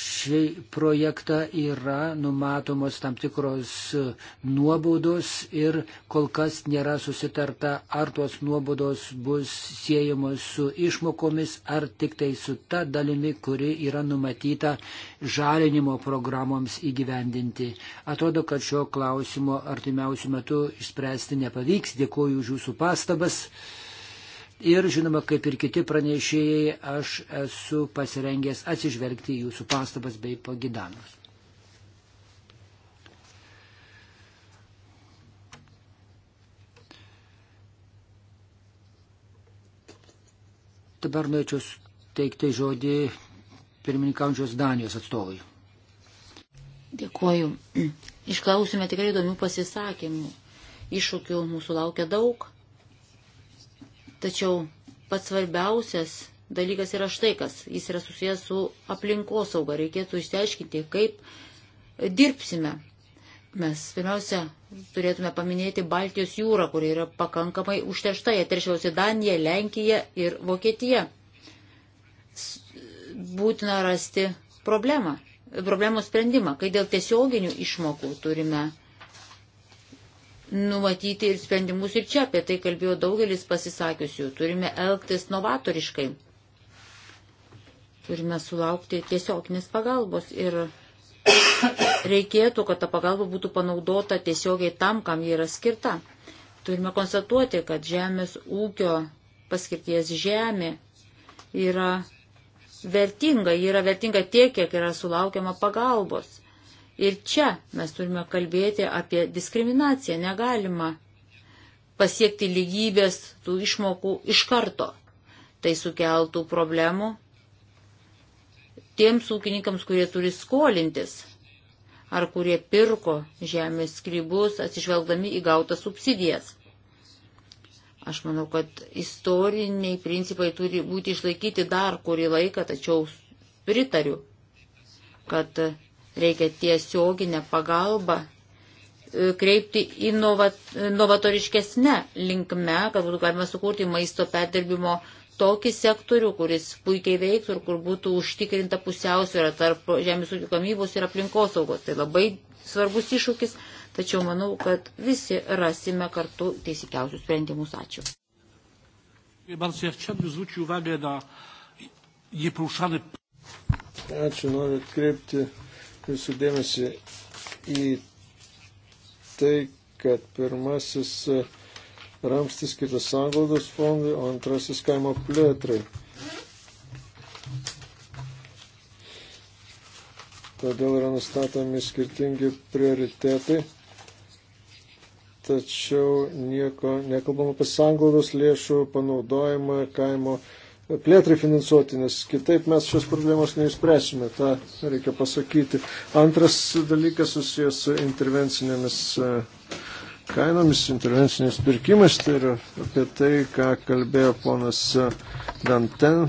šį projektą yra numatomos tam tikros nuobaudos ir kol kas nėra susitarta, ar tos nuobaudos bus siejamos su išmokomis, ar tik tai su ta dalimi, kuri yra numatyta žalinimo programoms įgyvendinti. Atrodo, kad šio klausimo artimiausių metų išspręsti nepavyks. Dėkuoju už jūsų pastabas. Ir žinoma, kaip ir kiti pranešėjai, aš esu pasirengęs atsižvelgti jūsų pastabas bei pagidamus. Dabar norėčiau teikti žodį pirmininkaujančios Danijos atstovui. Dėkuoju. Išklausime tikrai įdomių pasisakymų. Iššūkių mūsų laukia daug. Tačiau pats svarbiausias dalykas yra štai kas. Jis yra susijęs su aplinkosauga. Reikėtų išsiaiškinti, kaip dirbsime. Mes pirmiausia turėtume paminėti Baltijos jūrą, kuri yra pakankamai užteršta. Jie teršiausi Danija, Lenkija ir Vokietija. Būtina rasti problemą, problemos sprendimą, kai dėl tiesioginių išmokų turime numatyti ir sprendimus ir čia apie tai kalbėjo daugelis pasisakiusių. Turime elgtis novatoriškai. Turime sulaukti tiesioginės pagalbos ir reikėtų, kad ta pagalba būtų panaudota tiesiogiai tam, kam ji yra skirta. Turime konstatuoti, kad žemės ūkio paskirties žemė yra vertinga, ji yra vertinga tiek, kiek yra sulaukiama pagalbos Ir čia mes turime kalbėti apie diskriminaciją. Negalima pasiekti lygybės tų išmokų iš karto. Tai sukeltų problemų tiems ūkininkams, kurie turi skolintis ar kurie pirko žemės skrybus atsižvelgdami į gautas subsidijas. Aš manau, kad istoriniai principai turi būti išlaikyti dar kurį laiką, tačiau pritariu, kad Reikia tiesioginę pagalbą e, kreipti inovat, inovatoriškesnę linkme, kad būtų galima sukurti maisto perdirbimo tokį sektorių, kuris puikiai veiktų ir kur būtų užtikrinta pusiausvėra tarp žemės ūkio gamybos ir aplinkosaugos. Tai labai svarbus iššūkis, tačiau manau, kad visi rasime kartu teisikiausius sprendimus. Ačiū. Ačiū, noriu atkreipti jūsų dėmesį į tai, kad pirmasis e, ramstis skirtas sanglaudos fondui, o antrasis kaimo plėtrai. Todėl yra nustatomi skirtingi prioritetai, tačiau nieko nekalbama apie sanglaudos lėšų panaudojimą kaimo plėtrai plėtrai finansuoti, nes kitaip mes šios problemos neįspręsime, tą reikia pasakyti. Antras dalykas susijęs su intervencinėmis e, kainomis, intervenciniais pirkimais, tai yra apie tai, ką kalbėjo ponas e, Danten,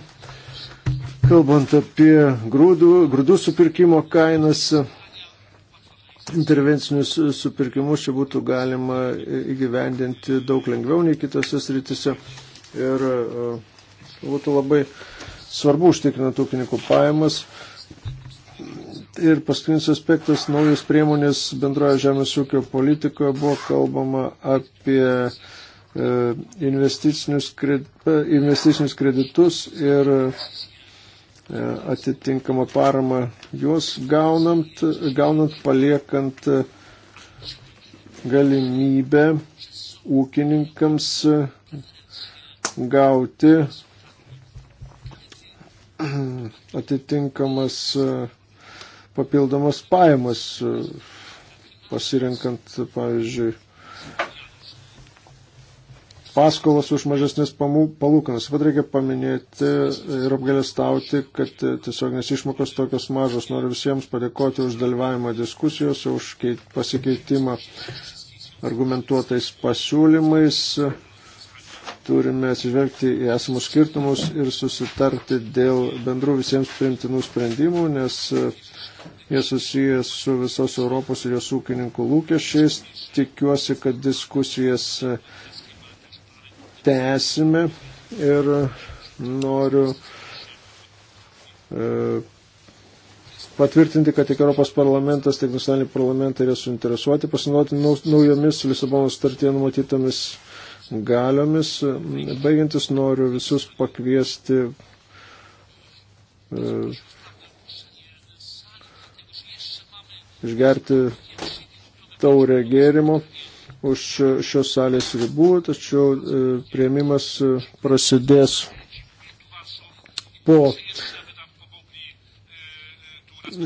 kalbant apie grūdų, grūdų supirkimo kainas. Intervencinius supirkimus čia būtų galima įgyvendinti daug lengviau nei kitose sritise. Ir uh, būtų labai svarbu užtikrinant ūkininkų pajamas. Ir paskutinis aspektas, naujos priemonės bendroje žemės ūkio politikoje buvo kalbama apie e, investicinius, kred, investicinius kreditus ir e, atitinkamą paramą juos gaunant, gaunant paliekant e, galimybę ūkininkams gauti atitinkamas e, papildomas pajamas, e, pasirinkant, pavyzdžiui, paskolas už mažesnės palūkanas. Vad reikia paminėti ir apgalėstauti, kad e, tiesioginės išmokos tokios mažos. Noriu visiems padėkoti už dalyvavimą diskusijose, už pasikeitimą argumentuotais pasiūlymais turime atsižvelgti į esamus skirtumus ir susitarti dėl bendrų visiems priimtinų sprendimų, nes e, jie susijęs su visos Europos ir jos ūkininkų lūkesčiais. Tikiuosi, kad diskusijas e, tęsime ir e, noriu patvirtinti, kad tiek Europos parlamentas, tiek nacionaliniai parlamentai yra suinteresuoti pasinaudoti naujomis Lisabono startyje numatytomis galiomis. Baigiantis noriu visus pakviesti e, išgerti taurę gėrimo už šios salės ribų, tačiau e, prieimimas prasidės po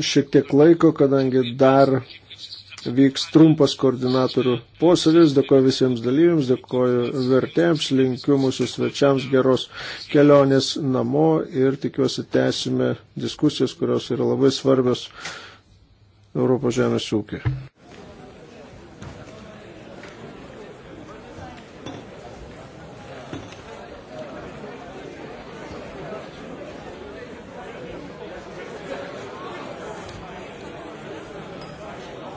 šiek tiek laiko, kadangi dar vyks trumpas koordinatorių posėdis. Dėkoju visiems dalyviams, dėkoju vertėms, linkiu mūsų svečiams geros kelionės namo ir tikiuosi tęsime diskusijas, kurios yra labai svarbios Europos žemės ūkiai.